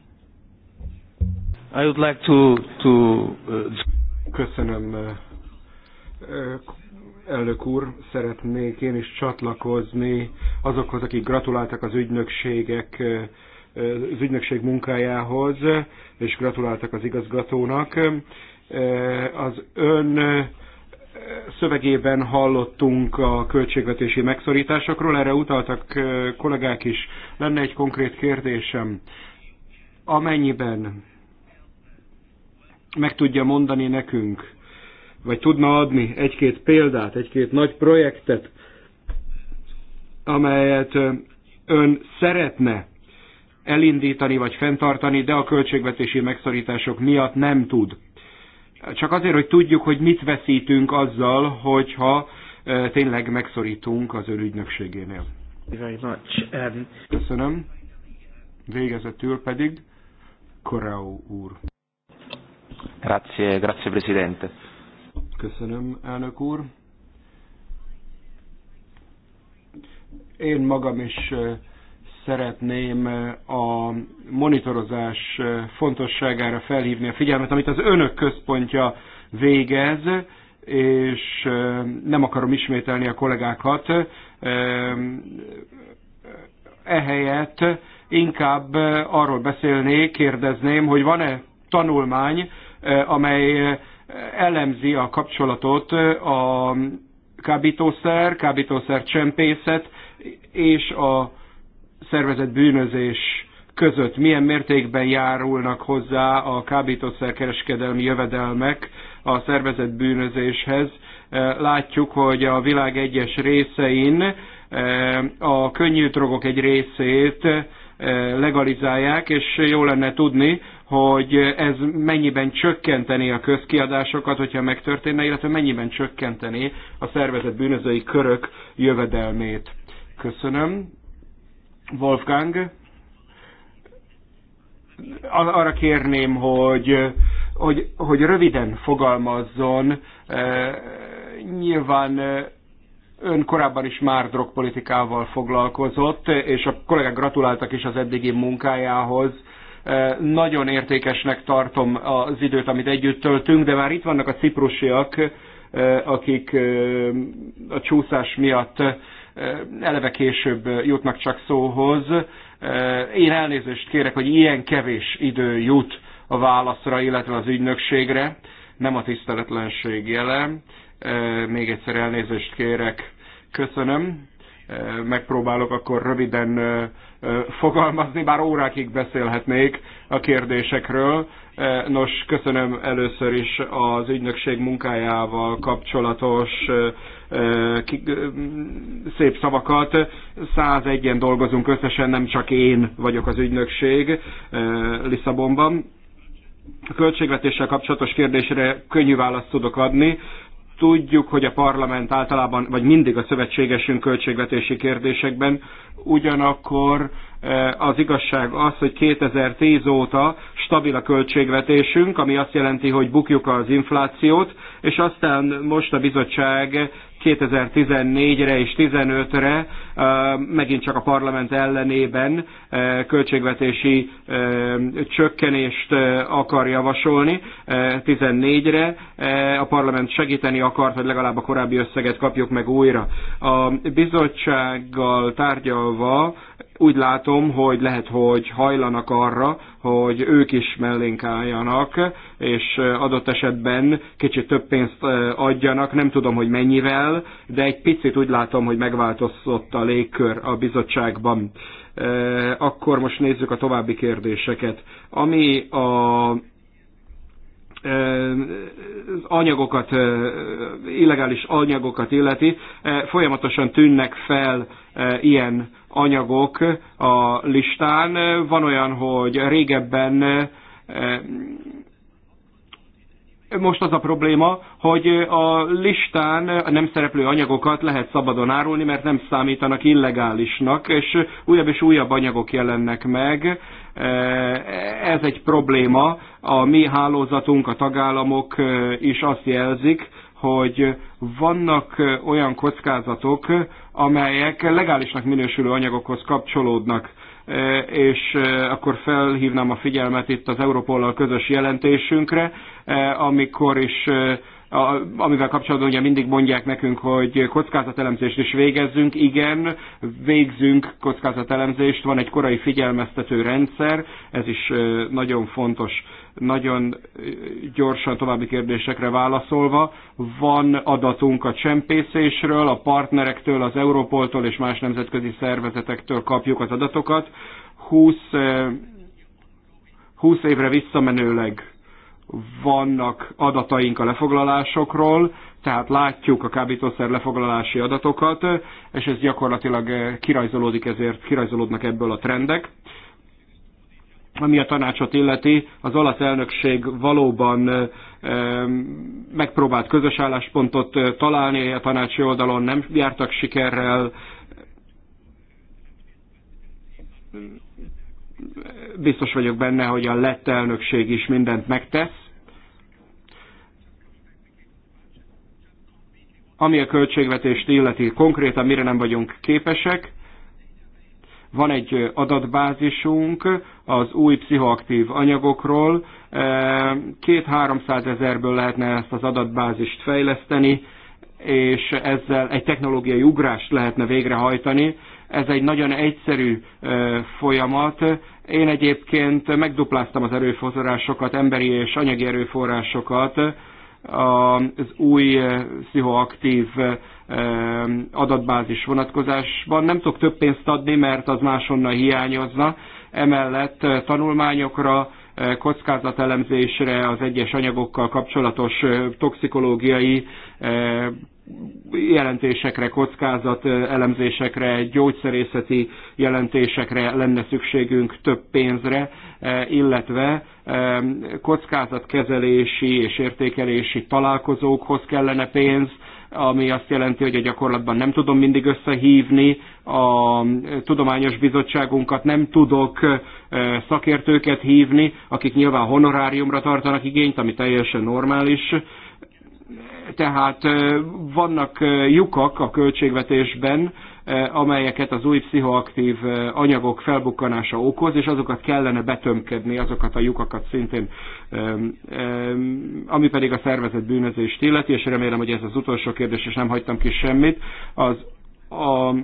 I would like to, to, uh, Köszönöm, eh, eh, elnök úr. Szeretnék én is csatlakozni azokhoz, akik gratuláltak az ügynökségek eh, az ügynökség munkájához, és gratuláltak az igazgatónak. Az ön szövegében hallottunk a költségvetési megszorításokról, erre utaltak kollégák is. Lenne egy konkrét kérdésem. Amennyiben meg tudja mondani nekünk, vagy tudna adni egy-két példát, egy-két nagy projektet, amelyet ön szeretne elindítani vagy fenntartani, de a költségvetési megszorítások miatt nem tud. Csak azért, hogy tudjuk, hogy mit veszítünk azzal, hogyha tényleg megszorítunk az ön ügynökségénél. Um, Köszönöm. Végezetül pedig Koreó úr. Grazie, grazie Presidente. Köszönöm, elnök úr. Én magam is szeretném a monitorozás fontosságára felhívni a figyelmet, amit az önök központja végez, és nem akarom ismételni a kollégákat. Ehelyett inkább arról beszélnék, kérdezném, hogy van-e tanulmány, amely elemzi a kapcsolatot a kábítószer, kábítószer csempészet és a szervezet bűnözés között. Milyen mértékben járulnak hozzá a kereskedelmi jövedelmek a szervezet bűnözéshez. Látjuk, hogy a világ egyes részein a könnyű drogok egy részét Eh, legalizálják, és jó lenne tudni, hogy ez mennyiben csökkenteni a közkiadásokat, hogyha megtörténne, illetve mennyiben csökkenteni a szervezet bűnözői körök jövedelmét. Köszönöm. Wolfgang, arra kérném, hogy, hogy, hogy röviden fogalmazzon. Eh, nyilván eh, Ön korábban is már drogpolitikával foglalkozott, és a kollégák gratuláltak is az eddigi munkájához. E, nagyon értékesnek tartom az időt, amit együtt töltünk, de már itt vannak a ciprusiak, e, akik e, a csúszás miatt eleve később jutnak csak szóhoz. Én elnézést kérek, hogy ilyen kevés idő jut a válaszra, illetve az ügynökségre, nem a tiszteletlenség jelen. Még egyszer elnézést kérek. Köszönöm. Megpróbálok akkor röviden fogalmazni, bár órákig beszélhetnék a kérdésekről. Nos, köszönöm először is az ügynökség munkájával kapcsolatos szép szavakat. 101-en dolgozunk összesen, nem csak én vagyok az ügynökség Lisszabonban. A költségvetéssel kapcsolatos kérdésre könnyű választ tudok adni. Tudjuk, hogy a parlament általában, vagy mindig a szövetségesünk költségvetési kérdésekben, ugyanakkor eh, az igazság az, hogy 2010 óta stabil a költségvetésünk, ami azt jelenti, hogy bukjuk az inflációt, és aztán most a bizottság 2014-re és 2015-re megint csak a parlament ellenében költségvetési csökkenést akar javasolni 14-re. A parlament segíteni akart, hogy legalább a korábbi összeget kapjuk meg újra. A bizottsággal tárgyalva úgy látom, hogy lehet, hogy hajlanak arra, hogy ők is mellénk álljanak, és eh, adott esetben kicsit több pénzt eh, adjanak, nem tudom, hogy mennyivel, de egy picit úgy látom, hogy megváltozott a légkör a bizottságban. Eh, akkor most nézzük a további kérdéseket. Ami a anyagokat, illegális anyagokat illeti, folyamatosan tűnnek fel ilyen anyagok a listán. Van olyan, hogy régebben most az a probléma, hogy a listán nem szereplő anyagokat lehet szabadon árulni, mert nem számítanak illegálisnak, és újabb és újabb anyagok jelennek meg. Eh, ez egy probléma. A mi hálózatunk, a tagállamok eh, is azt jelzik, hogy vannak eh, olyan kockázatok, amelyek legálisnak minősülő anyagokhoz kapcsolódnak és akkor felhívnám a figyelmet itt az Európollal közös jelentésünkre, amikor is a, amivel kapcsolatban ugye mindig mondják nekünk, hogy kockázatelemzést is végezzünk. Igen, végzünk kockázatelemzést, van egy korai figyelmeztető rendszer, ez is nagyon fontos. Nagyon gyorsan további kérdésekre válaszolva, van adatunk a csempészésről, a partnerektől, az Európoltól és más nemzetközi szervezetektől kapjuk az adatokat. 20, 20 évre visszamenőleg vannak adataink a lefoglalásokról, tehát látjuk a kábítószer lefoglalási adatokat, és ez gyakorlatilag eh, kirajzolódik, ezért kirajzolódnak ebből a trendek. Ami a tanácsot illeti, az olasz elnökség valóban eh, megpróbált közös álláspontot eh, találni, a tanácsi oldalon nem jártak sikerrel, biztos vagyok benne, hogy a lett elnökség is mindent megtesz. Ami a költségvetést illeti, konkrétan mire nem vagyunk képesek, van egy adatbázisunk az új pszichoaktív anyagokról. E, két-háromszáz ezerből lehetne ezt az adatbázist fejleszteni, és ezzel egy technológiai ugrást lehetne végrehajtani, ez egy nagyon egyszerű folyamat. Én egyébként megdupláztam az erőforrásokat, emberi és anyagi erőforrásokat az új pszichoaktív adatbázis vonatkozásban. Nem tudok több pénzt adni, mert az máshonnan hiányozna. Emellett tanulmányokra, kockázatelemzésre, az egyes anyagokkal kapcsolatos toxikológiai jelentésekre, kockázat elemzésekre, gyógyszerészeti jelentésekre lenne szükségünk több pénzre, illetve kockázatkezelési és értékelési találkozókhoz kellene pénz, ami azt jelenti, hogy a gyakorlatban nem tudom mindig összehívni a e, tudományos bizottságunkat, nem tudok e, szakértőket hívni, akik nyilván honoráriumra tartanak igényt, ami teljesen normális. Tehát e, vannak lyukak a költségvetésben, Eh, amelyeket az új pszichoaktív eh, anyagok felbukkanása okoz, és azokat kellene betömkedni, azokat a lyukakat szintén, ami pedig a szervezet bűnözést illeti, és remélem, hogy ez az utolsó kérdés, és nem hagytam ki semmit, az a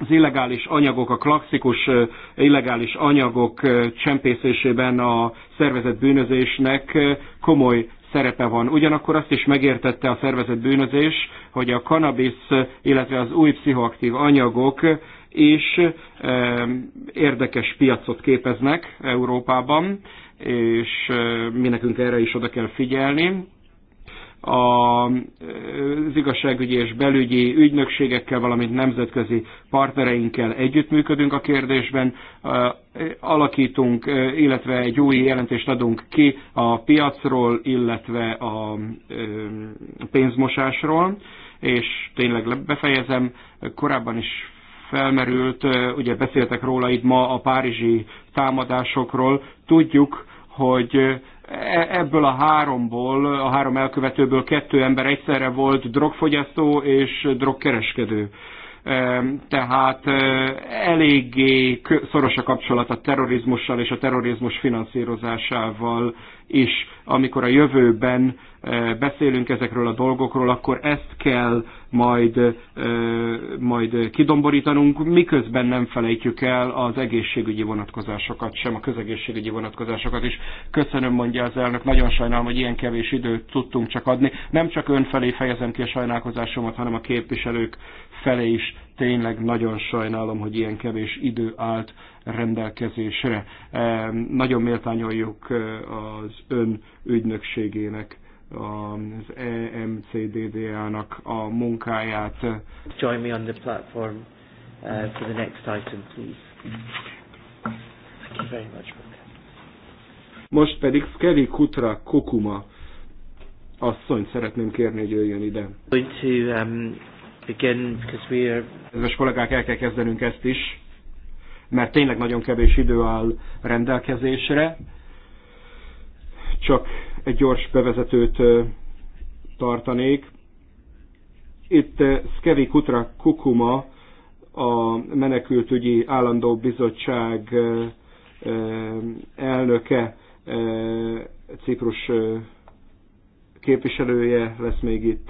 az illegális anyagok, a klasszikus eh, illegális anyagok csempészésében a szervezetbűnözésnek bűnözésnek komoly szerepe van. Ugyanakkor azt is megértette a szervezett bűnözés, hogy a kanabisz, illetve az új pszichoaktív anyagok is érdekes piacot képeznek Európában, és mi nekünk erre is oda kell figyelni az igazságügyi és belügyi ügynökségekkel, valamint nemzetközi partnereinkkel együttműködünk a kérdésben, alakítunk, illetve egy új jelentést adunk ki a piacról, illetve a pénzmosásról, és tényleg befejezem, korábban is felmerült, ugye beszéltek róla itt ma a párizsi támadásokról, tudjuk, hogy E, ebből a háromból, a három elkövetőből kettő ember egyszerre volt drogfogyasztó és drogkereskedő tehát eléggé szoros a kapcsolat a terrorizmussal és a terrorizmus finanszírozásával is. Amikor a jövőben beszélünk ezekről a dolgokról, akkor ezt kell majd, majd kidomborítanunk, miközben nem felejtjük el az egészségügyi vonatkozásokat sem, a közegészségügyi vonatkozásokat is. Köszönöm, mondja az elnök, nagyon sajnálom, hogy ilyen kevés időt tudtunk csak adni. Nem csak ön felé fejezem ki a sajnálkozásomat, hanem a képviselők felé is. Tényleg nagyon sajnálom, hogy ilyen kevés idő állt rendelkezésre. Nagyon méltányoljuk az ön ügynökségének az EMCDDA-nak a munkáját. Join me on the platform uh, for the next item, please. Thank you very much. Most pedig Skeri Kutra Kokuma asszonyt szeretném kérni, hogy jöjjön ide. Going to um, begin because we are... Kedves kollégák, el kell kezdenünk ezt is, mert tényleg nagyon kevés idő áll rendelkezésre. Csak egy gyors bevezetőt tartanék. Itt Skevi Kutra Kukuma, a menekültügyi állandó bizottság elnöke, Ciprus képviselője lesz még itt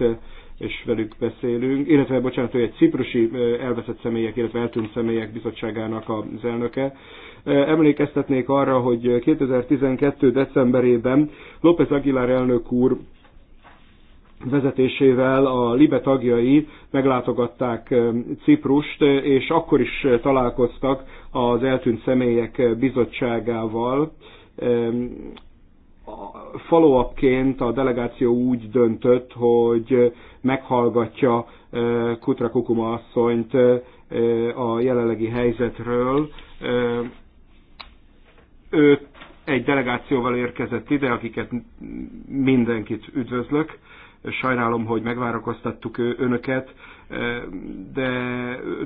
és velük beszélünk, illetve, bocsánat, hogy egy ciprusi elveszett személyek, illetve eltűnt személyek bizottságának az elnöke. Emlékeztetnék arra, hogy 2012. decemberében López Aguilar elnök úr vezetésével a Libe tagjai meglátogatták Ciprust, és akkor is találkoztak az eltűnt személyek bizottságával, follow a delegáció úgy döntött, hogy meghallgatja eh, Kutra Kukuma asszonyt eh, a jelenlegi helyzetről. Eh, ő egy delegációval érkezett ide, akiket mindenkit üdvözlök. Sajnálom, hogy megvárakoztattuk önöket de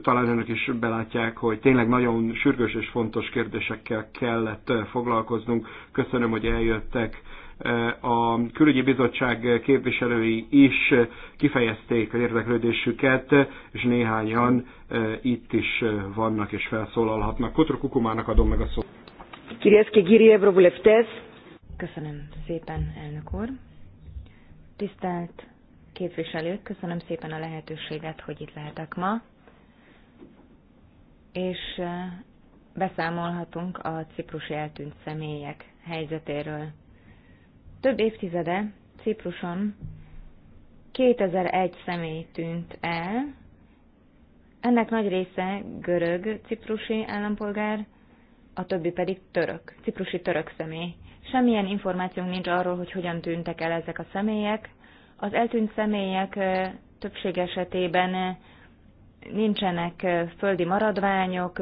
talán önök is belátják, hogy tényleg nagyon sürgős és fontos kérdésekkel kellett foglalkoznunk. Köszönöm, hogy eljöttek. A külügyi bizottság képviselői is kifejezték az érdeklődésüket, és néhányan itt is vannak és felszólalhatnak. Kotro Kukumának adom meg a szót. Köszönöm szépen, elnök úr. Tisztelt képviselők, köszönöm szépen a lehetőséget, hogy itt lehetek ma, és beszámolhatunk a ciprusi eltűnt személyek helyzetéről. Több évtizede Cipruson 2001 személy tűnt el, ennek nagy része görög ciprusi állampolgár, a többi pedig török, ciprusi török személy. Semmilyen információnk nincs arról, hogy hogyan tűntek el ezek a személyek, az eltűnt személyek többség esetében nincsenek földi maradványok,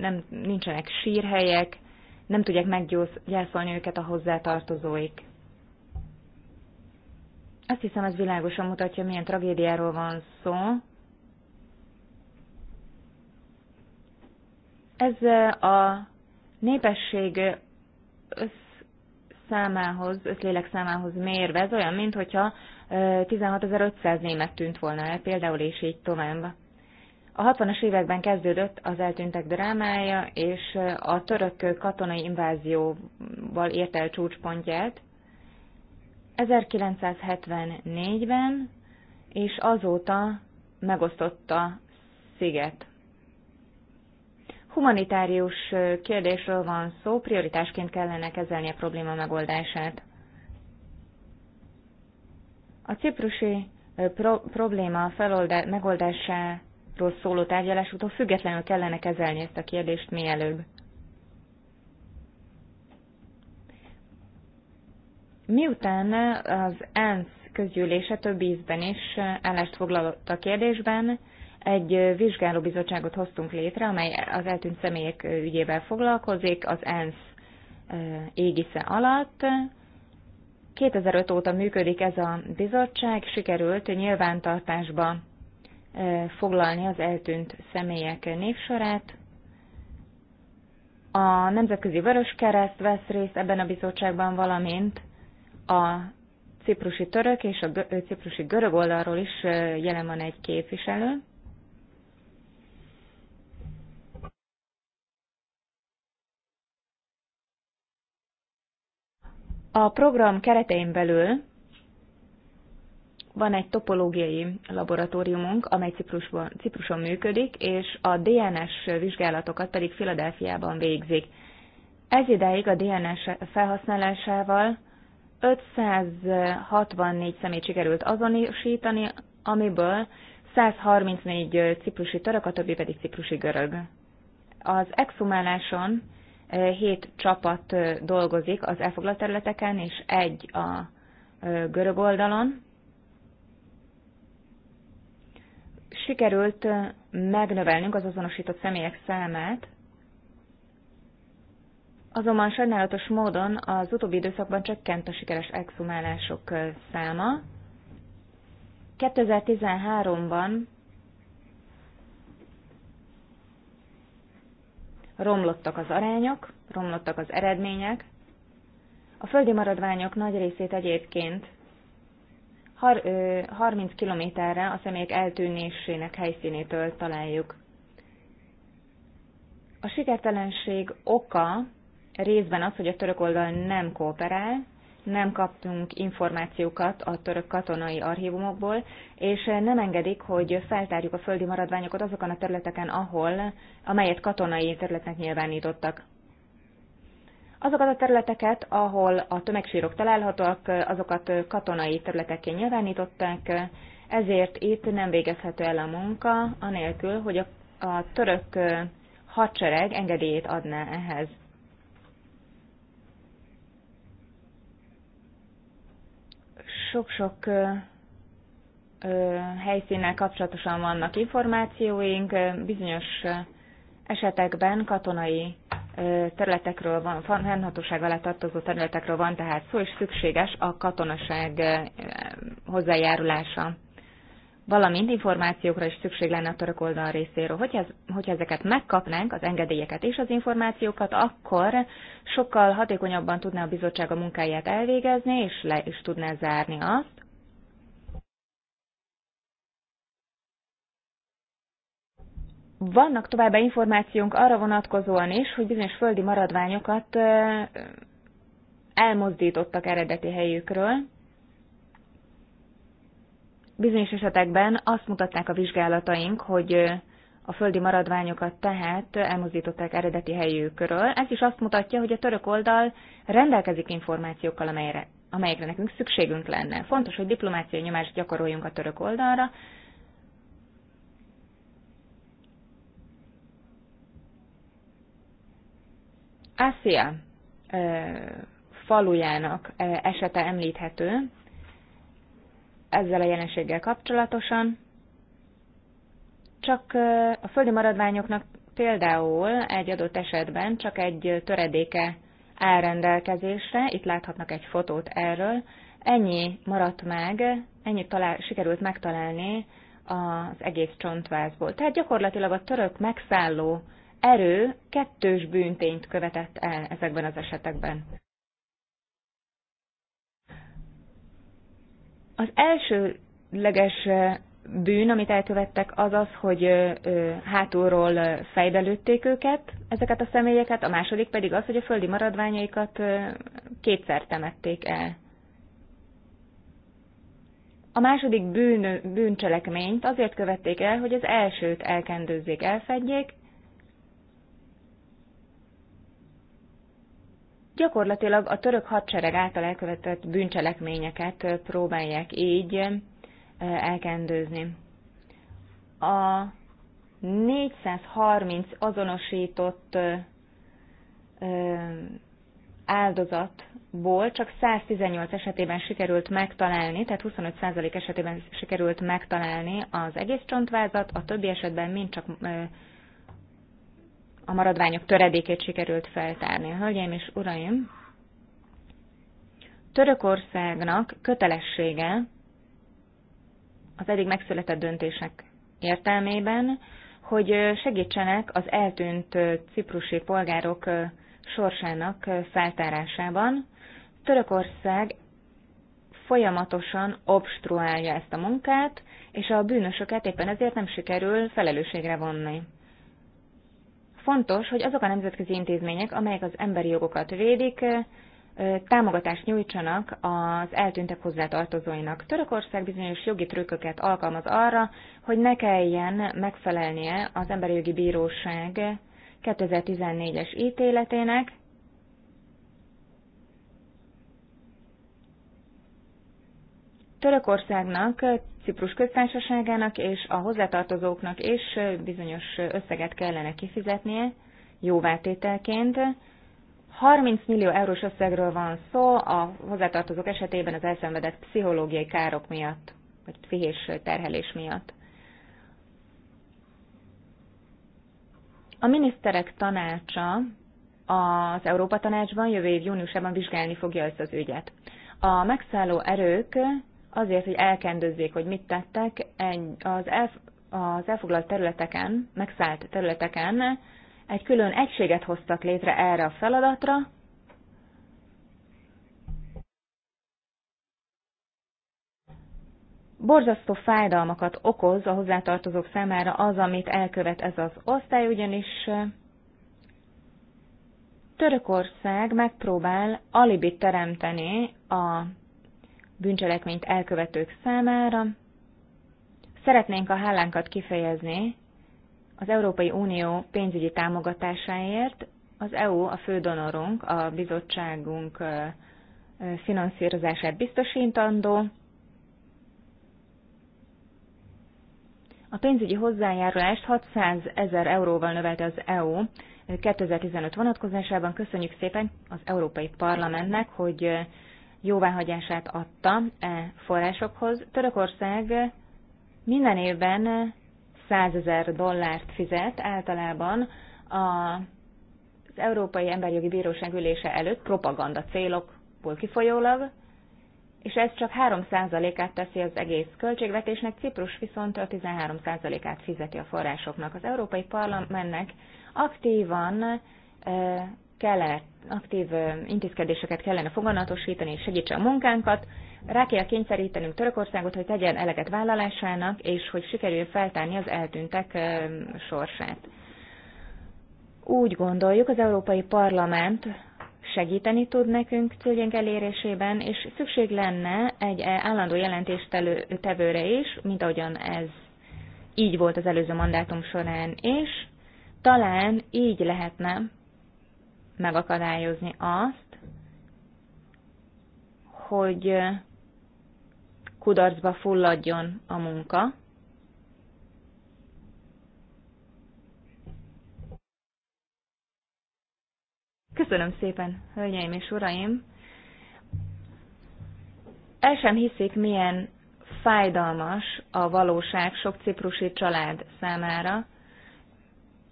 nem, nincsenek sírhelyek, nem tudják meggyászolni őket a hozzátartozóik. Azt hiszem, ez világosan mutatja, milyen tragédiáról van szó. Ez a népesség össz számához, összlélek számához mérve, ez olyan, mintha 16.500 német tűnt volna el, például és így tovább. A 60-as években kezdődött az eltűntek drámája, és a török katonai invázióval ért el csúcspontját. 1974-ben, és azóta megosztotta sziget. Humanitárius kérdésről van szó, prioritásként kellene kezelni a probléma megoldását. A ciprusi pro- probléma feloldá- megoldásáról szóló után függetlenül kellene kezelni ezt a kérdést mielőbb. Miután az ENSZ közgyűlése több ízben is állást foglalott a kérdésben, egy vizsgálóbizottságot hoztunk létre, amely az eltűnt személyek ügyével foglalkozik az ENSZ égisze alatt. 2005 óta működik ez a bizottság, sikerült nyilvántartásba foglalni az eltűnt személyek névsorát. A Nemzetközi Vörös Kereszt vesz részt ebben a bizottságban, valamint a ciprusi török és a ciprusi görög oldalról is jelen van egy képviselő. A program keretein belül van egy topológiai laboratóriumunk, amely Ciprusban, Cipruson működik, és a DNS vizsgálatokat pedig Filadelfiában végzik. Ez idáig a DNS felhasználásával 564 személy sikerült azonosítani, amiből 134 ciprusi török, a többi pedig ciprusi görög. Az exhumáláson hét csapat dolgozik az elfoglalt területeken, és egy a görög oldalon. Sikerült megnövelnünk az azonosított személyek számát, azonban sajnálatos módon az utóbbi időszakban csökkent a sikeres exhumálások száma. 2013-ban romlottak az arányok, romlottak az eredmények. A földi maradványok nagy részét egyébként 30 kilométerre a személyek eltűnésének helyszínétől találjuk. A sikertelenség oka részben az, hogy a török oldal nem kooperál, nem kaptunk információkat a török katonai archívumokból, és nem engedik, hogy feltárjuk a földi maradványokat azokon a területeken, ahol, amelyet katonai területnek nyilvánítottak. Azokat a területeket, ahol a tömegsírok találhatóak, azokat katonai területekké nyilvánították, ezért itt nem végezhető el a munka, anélkül, hogy a, a török hadsereg engedélyét adná ehhez. sok-sok helyszínnel kapcsolatosan vannak információink, bizonyos esetekben katonai területekről van, fennhatóság alá tartozó területekről van tehát szó, is szükséges a katonaság hozzájárulása valamint információkra is szükség lenne a török oldal részéről. Hogyha, hogyha ezeket megkapnánk, az engedélyeket és az információkat, akkor sokkal hatékonyabban tudná a bizottság a munkáját elvégezni, és le is tudná zárni azt, Vannak továbbá információnk arra vonatkozóan is, hogy bizonyos földi maradványokat elmozdítottak eredeti helyükről, Bizonyos esetekben azt mutatták a vizsgálataink, hogy a földi maradványokat tehát elmozdították eredeti helyükről. Ez is azt mutatja, hogy a török oldal rendelkezik információkkal, amelyre, amelyekre nekünk szükségünk lenne. Fontos, hogy diplomáciai nyomást gyakoroljunk a török oldalra. Ászia falujának esete említhető, ezzel a jelenséggel kapcsolatosan. Csak a földi maradványoknak például egy adott esetben csak egy töredéke áll rendelkezésre, itt láthatnak egy fotót erről, ennyi maradt meg, ennyit talál, sikerült megtalálni az egész csontvázból. Tehát gyakorlatilag a török megszálló erő kettős bűntényt követett el ezekben az esetekben. Az első leges bűn, amit elkövettek, az az, hogy hátulról fejbe lőtték őket, ezeket a személyeket, a második pedig az, hogy a földi maradványaikat kétszer temették el. A második bűn, bűncselekményt azért követték el, hogy az elsőt elkendőzzék, elfedjék, gyakorlatilag a török hadsereg által elkövetett bűncselekményeket próbálják így elkendőzni. A 430 azonosított áldozatból csak 118 esetében sikerült megtalálni, tehát 25% esetében sikerült megtalálni az egész csontvázat, a többi esetben mind csak a maradványok töredékét sikerült feltárni. Hölgyeim és uraim, Törökországnak kötelessége az eddig megszületett döntések értelmében, hogy segítsenek az eltűnt ciprusi polgárok sorsának feltárásában. Törökország folyamatosan obstruálja ezt a munkát, és a bűnösöket éppen ezért nem sikerül felelősségre vonni. Fontos, hogy azok a nemzetközi intézmények, amelyek az emberi jogokat védik, támogatást nyújtsanak az eltűntek hozzátartozóinak. Törökország bizonyos jogi trükköket alkalmaz arra, hogy ne kelljen megfelelnie az Emberi Jogi Bíróság 2014-es ítéletének, Törökországnak, Ciprus köztársaságának és a hozzátartozóknak is bizonyos összeget kellene kifizetnie jóvátételként. 30 millió eurós összegről van szó a hozzátartozók esetében az elszenvedett pszichológiai károk miatt, vagy pszichés terhelés miatt. A miniszterek tanácsa az Európa Tanácsban jövő év júniusában vizsgálni fogja ezt az ügyet. A megszálló erők azért, hogy elkendőzzék, hogy mit tettek, az, elf, az elfoglalt területeken, megszállt területeken egy külön egységet hoztak létre erre a feladatra, Borzasztó fájdalmakat okoz a hozzátartozók számára az, amit elkövet ez az osztály, ugyanis Törökország megpróbál alibit teremteni a bűncselekményt elkövetők számára. Szeretnénk a hálánkat kifejezni az Európai Unió pénzügyi támogatásáért. Az EU a fő donorunk, a bizottságunk finanszírozását biztosítandó. A pénzügyi hozzájárulást 600 ezer euróval növelte az EU 2015 vonatkozásában. Köszönjük szépen az Európai Parlamentnek, hogy jóváhagyását adta e forrásokhoz. Törökország minden évben 100 ezer dollárt fizet általában az Európai Emberjogi Bíróság ülése előtt propaganda célokból kifolyólag, és ez csak 3%-át teszi az egész költségvetésnek, Ciprus viszont a 13%-át fizeti a forrásoknak. Az Európai Parlamentnek aktívan e, kellene, aktív intézkedéseket kellene foganatosítani és segítse a munkánkat. Rá kell kényszerítenünk Törökországot, hogy tegyen eleget vállalásának, és hogy sikerül feltárni az eltűntek sorsát. Úgy gondoljuk, az Európai Parlament segíteni tud nekünk céljénk elérésében, és szükség lenne egy e, állandó tevőre is, mint ahogyan ez így volt az előző mandátum során, és talán így lehetne megakadályozni azt, hogy kudarcba fulladjon a munka. Köszönöm szépen, hölgyeim és uraim! El sem hiszik, milyen fájdalmas a valóság sok ciprusi család számára.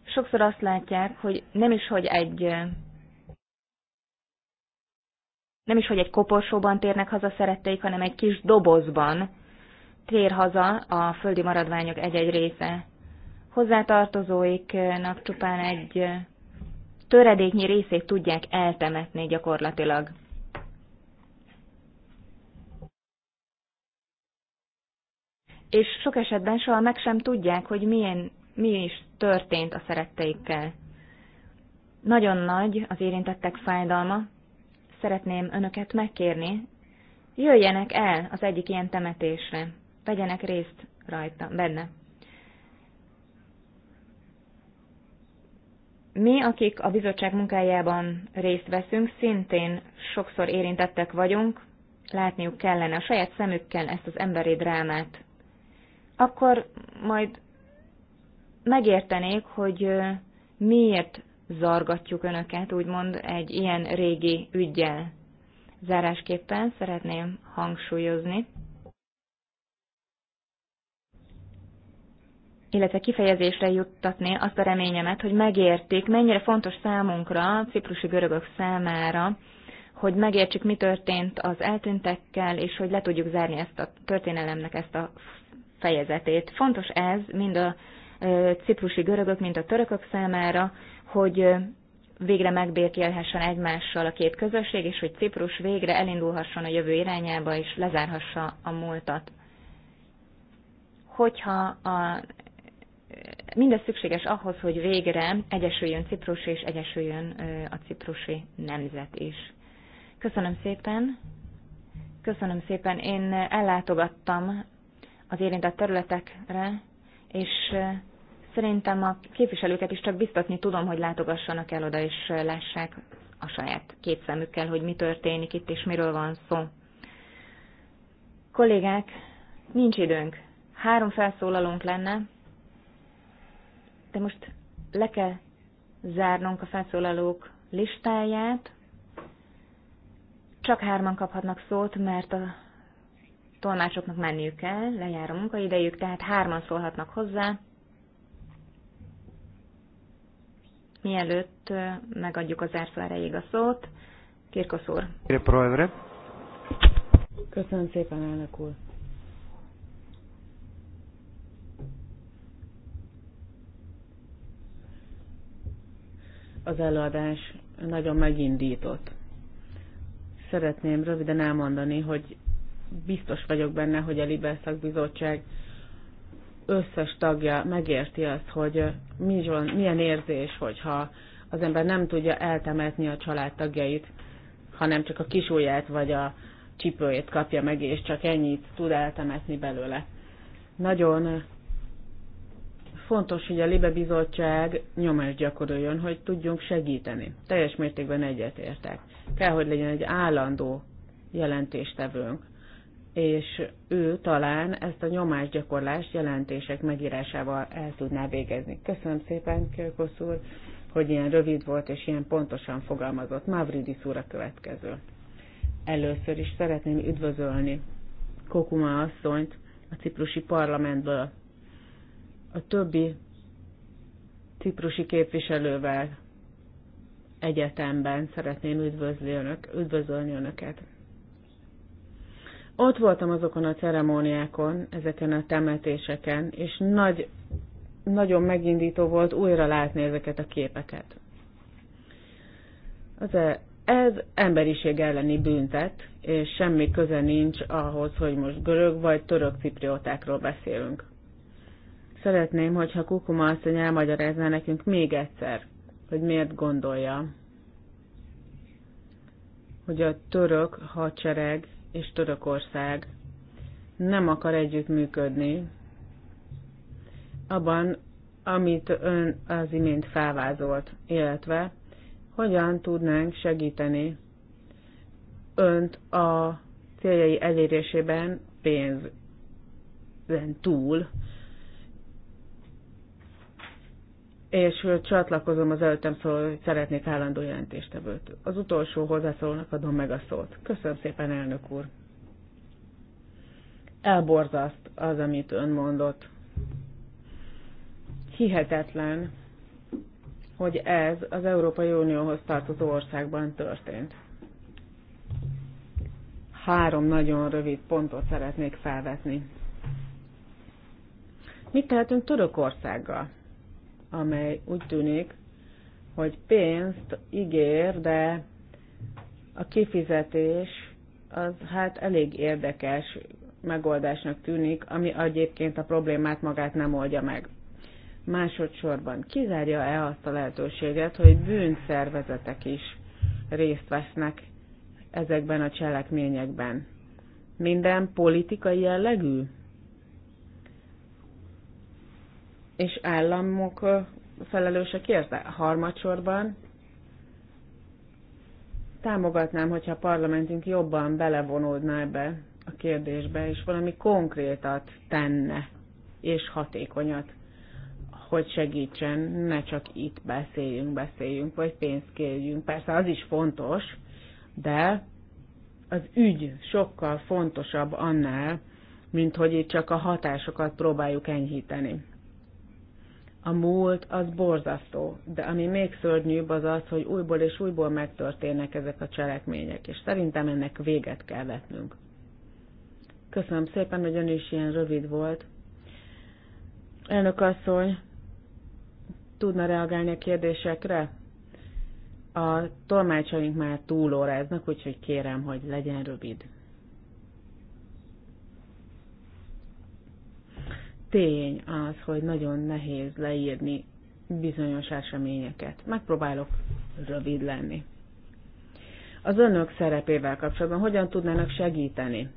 Sokszor azt látják, hogy nem is, hogy egy nem is, hogy egy koporsóban térnek haza szeretteik, hanem egy kis dobozban tér haza a földi maradványok egy-egy része. Hozzátartozóiknak csupán egy töredéknyi részét tudják eltemetni gyakorlatilag. És sok esetben soha meg sem tudják, hogy milyen, mi is történt a szeretteikkel. Nagyon nagy az érintettek fájdalma, szeretném önöket megkérni, jöjjenek el az egyik ilyen temetésre, vegyenek részt rajta, benne. Mi, akik a bizottság munkájában részt veszünk, szintén sokszor érintettek vagyunk, látniuk kellene a saját szemükkel ezt az emberi drámát. Akkor majd megértenék, hogy miért zargatjuk önöket, úgymond egy ilyen régi ügyjel. Zárásképpen szeretném hangsúlyozni, illetve kifejezésre juttatni azt a reményemet, hogy megértik, mennyire fontos számunkra, ciprusi görögök számára, hogy megértsük, mi történt az eltűntekkel, és hogy le tudjuk zárni ezt a történelemnek ezt a fejezetét. Fontos ez mind a ciprusi görögök, mind a törökök számára, hogy végre megbékélhessen egymással a két közösség, és hogy Ciprus végre elindulhasson a jövő irányába, és lezárhassa a múltat. Hogyha a, mindez szükséges ahhoz, hogy végre egyesüljön Ciprus, és egyesüljön a ciprusi nemzet is. Köszönöm szépen! Köszönöm szépen! Én ellátogattam az érintett területekre, és Szerintem a képviselőket is csak biztatni tudom, hogy látogassanak el oda, és lássák a saját két szemükkel, hogy mi történik itt, és miről van szó. Kollégák, nincs időnk. Három felszólalónk lenne, de most le kell zárnunk a felszólalók listáját. Csak hárman kaphatnak szót, mert a tolmácsoknak menniük kell, lejár a munkaidejük, tehát hárman szólhatnak hozzá. mielőtt megadjuk az árszó erejéig a szót. Kirkosz úr. Köszönöm szépen, elnök úr. Az előadás nagyon megindított. Szeretném röviden elmondani, hogy biztos vagyok benne, hogy a Libel Bizottság összes tagja megérti azt, hogy mi van, milyen érzés, hogyha az ember nem tudja eltemetni a családtagjait, hanem csak a kisúját vagy a csipőjét kapja meg, és csak ennyit tud eltemetni belőle. Nagyon fontos, hogy a Libe Bizottság nyomást gyakoroljon, hogy tudjunk segíteni. Teljes mértékben egyetértek. Kell, hogy legyen egy állandó jelentéstevőnk, és ő talán ezt a nyomásgyakorlást jelentések megírásával el tudná végezni. Köszönöm szépen, Kölkosz úr, hogy ilyen rövid volt és ilyen pontosan fogalmazott. Mavridis úr a következő. Először is szeretném üdvözölni Kokuma asszonyt a ciprusi parlamentből. A többi ciprusi képviselővel egyetemben szeretném üdvözli önök, üdvözölni önöket. Ott voltam azokon a ceremóniákon, ezeken a temetéseken, és nagy, nagyon megindító volt újra látni ezeket a képeket. Az -e, ez emberiség elleni büntet, és semmi köze nincs ahhoz, hogy most görög vagy török cipriótákról beszélünk. Szeretném, hogyha Kukuma asszony elmagyarázná nekünk még egyszer, hogy miért gondolja, hogy a török hadsereg és Törökország nem akar együttműködni abban, amit ön az imént felvázolt, illetve hogyan tudnánk segíteni önt a céljai elérésében pénzen túl, és csatlakozom az előttem szóló, hogy szeretnék állandó jelentést ebből Az utolsó hozzászólónak adom meg a szót. Köszönöm szépen, elnök úr. Elborzaszt az, amit ön mondott. Hihetetlen, hogy ez az Európai Unióhoz tartozó országban történt. Három nagyon rövid pontot szeretnék felvetni. Mit tehetünk Törökországgal? amely úgy tűnik, hogy pénzt ígér, de a kifizetés az hát elég érdekes megoldásnak tűnik, ami egyébként a problémát magát nem oldja meg. Másodszorban kizárja-e azt a lehetőséget, hogy bűnszervezetek is részt vesznek ezekben a cselekményekben? Minden politikai jellegű? és államok felelősek érte. Harmadsorban támogatnám, hogyha a parlamentünk jobban belevonódna ebbe a kérdésbe, és valami konkrétat tenne, és hatékonyat, hogy segítsen, ne csak itt beszéljünk, beszéljünk, vagy pénzt kérjünk. Persze az is fontos, de az ügy sokkal fontosabb annál, mint hogy itt csak a hatásokat próbáljuk enyhíteni. A múlt az borzasztó, de ami még szörnyűbb az az, hogy újból és újból megtörténnek ezek a cselekmények, és szerintem ennek véget kell vetnünk. Köszönöm szépen, hogy ön is ilyen rövid volt. Elnök asszony, tudna reagálni a kérdésekre? A tolmácsaink már túlóráznak, úgyhogy kérem, hogy legyen rövid. tény az, hogy nagyon nehéz leírni bizonyos eseményeket. Megpróbálok rövid lenni. Az önök szerepével kapcsolatban hogyan tudnának segíteni?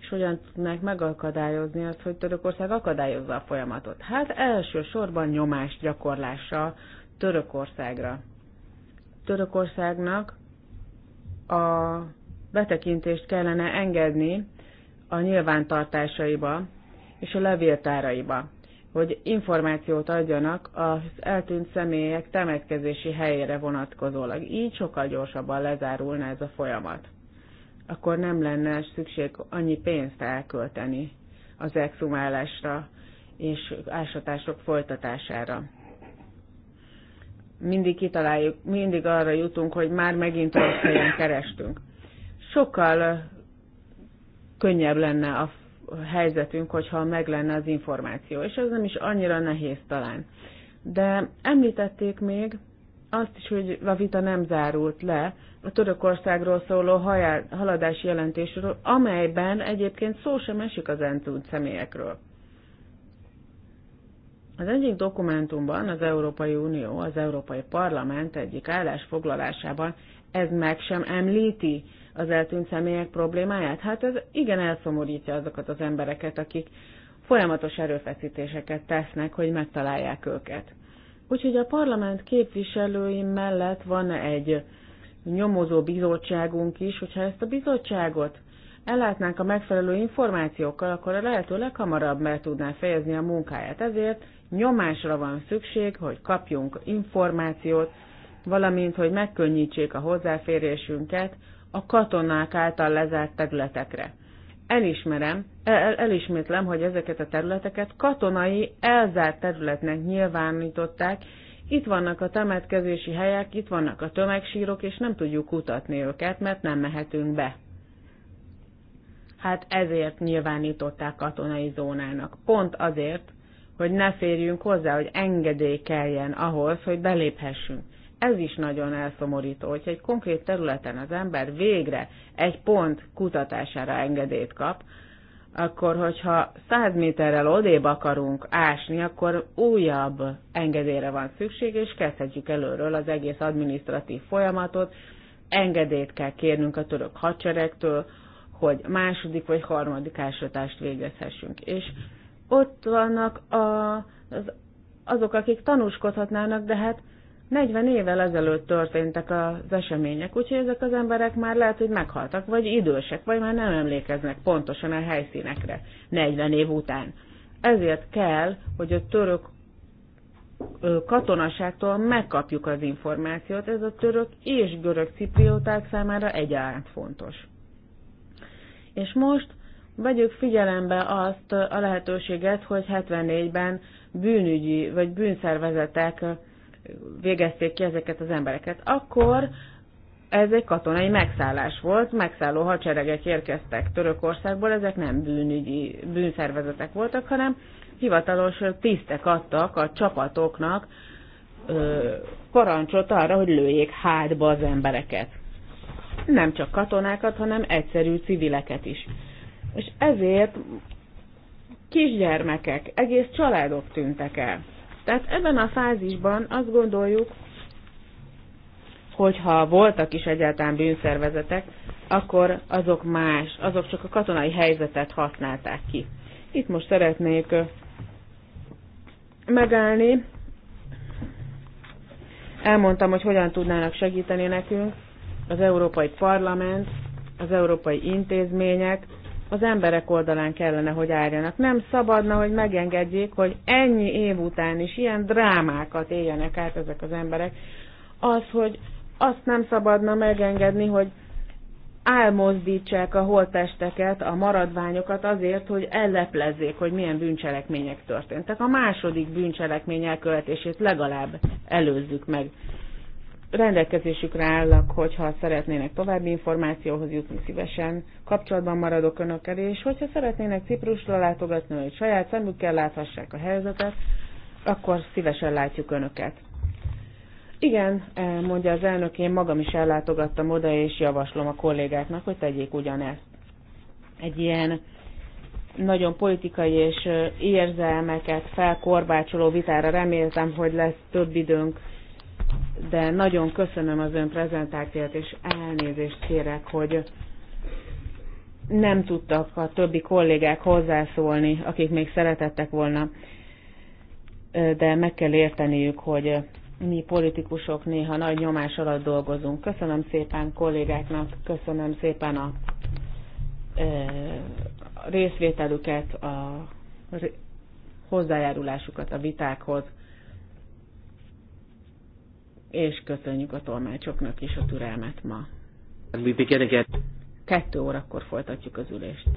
És hogyan tudnák megakadályozni azt, hogy Törökország akadályozza a folyamatot? Hát elsősorban nyomás gyakorlása Törökországra. Törökországnak a betekintést kellene engedni a nyilvántartásaiba, és a levéltáraiba, hogy információt adjanak az eltűnt személyek temetkezési helyére vonatkozólag. Így sokkal gyorsabban lezárulna ez a folyamat. Akkor nem lenne szükség annyi pénzt elkölteni az exhumálásra és ásatások folytatására mindig kitaláljuk, mindig arra jutunk, hogy már megint rossz helyen kerestünk. Sokkal könnyebb lenne a helyzetünk, hogyha meg lenne az információ, és ez nem is annyira nehéz talán. De említették még azt is, hogy a vita nem zárult le a Törökországról szóló haladási jelentésről, amelyben egyébként szó sem esik az entúd személyekről. Az egyik dokumentumban az Európai Unió, az Európai Parlament egyik állásfoglalásában ez meg sem említi az eltűnt személyek problémáját? Hát ez igen elszomorítja azokat az embereket, akik folyamatos erőfeszítéseket tesznek, hogy megtalálják őket. Úgyhogy a parlament képviselői mellett van egy nyomozó bizottságunk is, hogyha ezt a bizottságot ellátnánk a megfelelő információkkal, akkor a lehető leghamarabb meg tudná fejezni a munkáját. Ezért nyomásra van szükség, hogy kapjunk információt, valamint, hogy megkönnyítsék a hozzáférésünket a katonák által lezárt területekre. Elismerem, el, elismétlem, hogy ezeket a területeket katonai elzárt területnek nyilvánították, itt vannak a temetkezési helyek, itt vannak a tömegsírok, és nem tudjuk kutatni őket, mert nem mehetünk be. Hát ezért nyilvánították katonai zónának. Pont azért, hogy ne férjünk hozzá, hogy engedély kelljen ahhoz, hogy beléphessünk ez is nagyon elszomorító, hogyha egy konkrét területen az ember végre egy pont kutatására engedélyt kap, akkor hogyha 100 méterrel odébb akarunk ásni, akkor újabb engedélyre van szükség, és kezdhetjük előről az egész administratív folyamatot. Engedélyt kell kérnünk a török hadseregtől, hogy második vagy harmadik ásatást végezhessünk. És ott vannak a, az, azok, akik tanúskodhatnának, de hát 40 évvel ezelőtt történtek az események, úgyhogy ezek az emberek már lehet, hogy meghaltak, vagy idősek, vagy már nem emlékeznek pontosan a helyszínekre 40 év után. Ezért kell, hogy a török katonaságtól megkapjuk az információt, ez a török és görög ciprióták számára egyaránt fontos. És most vegyük figyelembe azt a lehetőséget, hogy 74-ben bűnügyi vagy bűnszervezetek végezték ki ezeket az embereket, akkor ez egy katonai megszállás volt, megszálló hadseregek érkeztek Törökországból, ezek nem bűnügyi, bűnszervezetek voltak, hanem hivatalos tisztek adtak a csapatoknak ö, parancsot arra, hogy lőjék hátba az embereket. Nem csak katonákat, hanem egyszerű civileket is. És ezért kisgyermekek, egész családok tűntek el. Tehát ebben a fázisban azt gondoljuk, hogyha voltak is egyáltalán bűnszervezetek, akkor azok más, azok csak a katonai helyzetet használták ki. Itt most szeretnék megállni. Elmondtam, hogy hogyan tudnának segíteni nekünk az Európai Parlament, az európai intézmények, az emberek oldalán kellene, hogy álljanak. Nem szabadna, hogy megengedjék, hogy ennyi év után is ilyen drámákat éljenek át ezek az emberek. Az, hogy azt nem szabadna megengedni, hogy álmozdítsák a holttesteket, a maradványokat azért, hogy elleplezzék, hogy milyen bűncselekmények történtek. A második bűncselekmény elkövetését legalább előzzük meg rendelkezésükre állnak, hogyha szeretnének további információhoz jutni szívesen, kapcsolatban maradok önökkel, és hogyha szeretnének Ciprusra látogatni, hogy saját szemükkel láthassák a helyzetet, akkor szívesen látjuk önöket. Igen, e, mondja az elnök, én magam is ellátogattam oda, és javaslom a kollégáknak, hogy tegyék ugyanezt. Egy ilyen nagyon politikai és e, érzelmeket felkorbácsoló vitára reméltem, hogy lesz több időnk de nagyon köszönöm az ön prezentációt, és elnézést kérek, hogy nem tudtak a többi kollégák hozzászólni, akik még szeretettek volna, de meg kell érteniük, hogy mi politikusok néha nagy nyomás alatt dolgozunk. Köszönöm szépen kollégáknak, köszönöm szépen a, e, részvételüket, a hozzájárulásukat a vitákhoz és köszönjük a tolmácsoknak is a türelmet ma. Kettő órakor folytatjuk az ülést.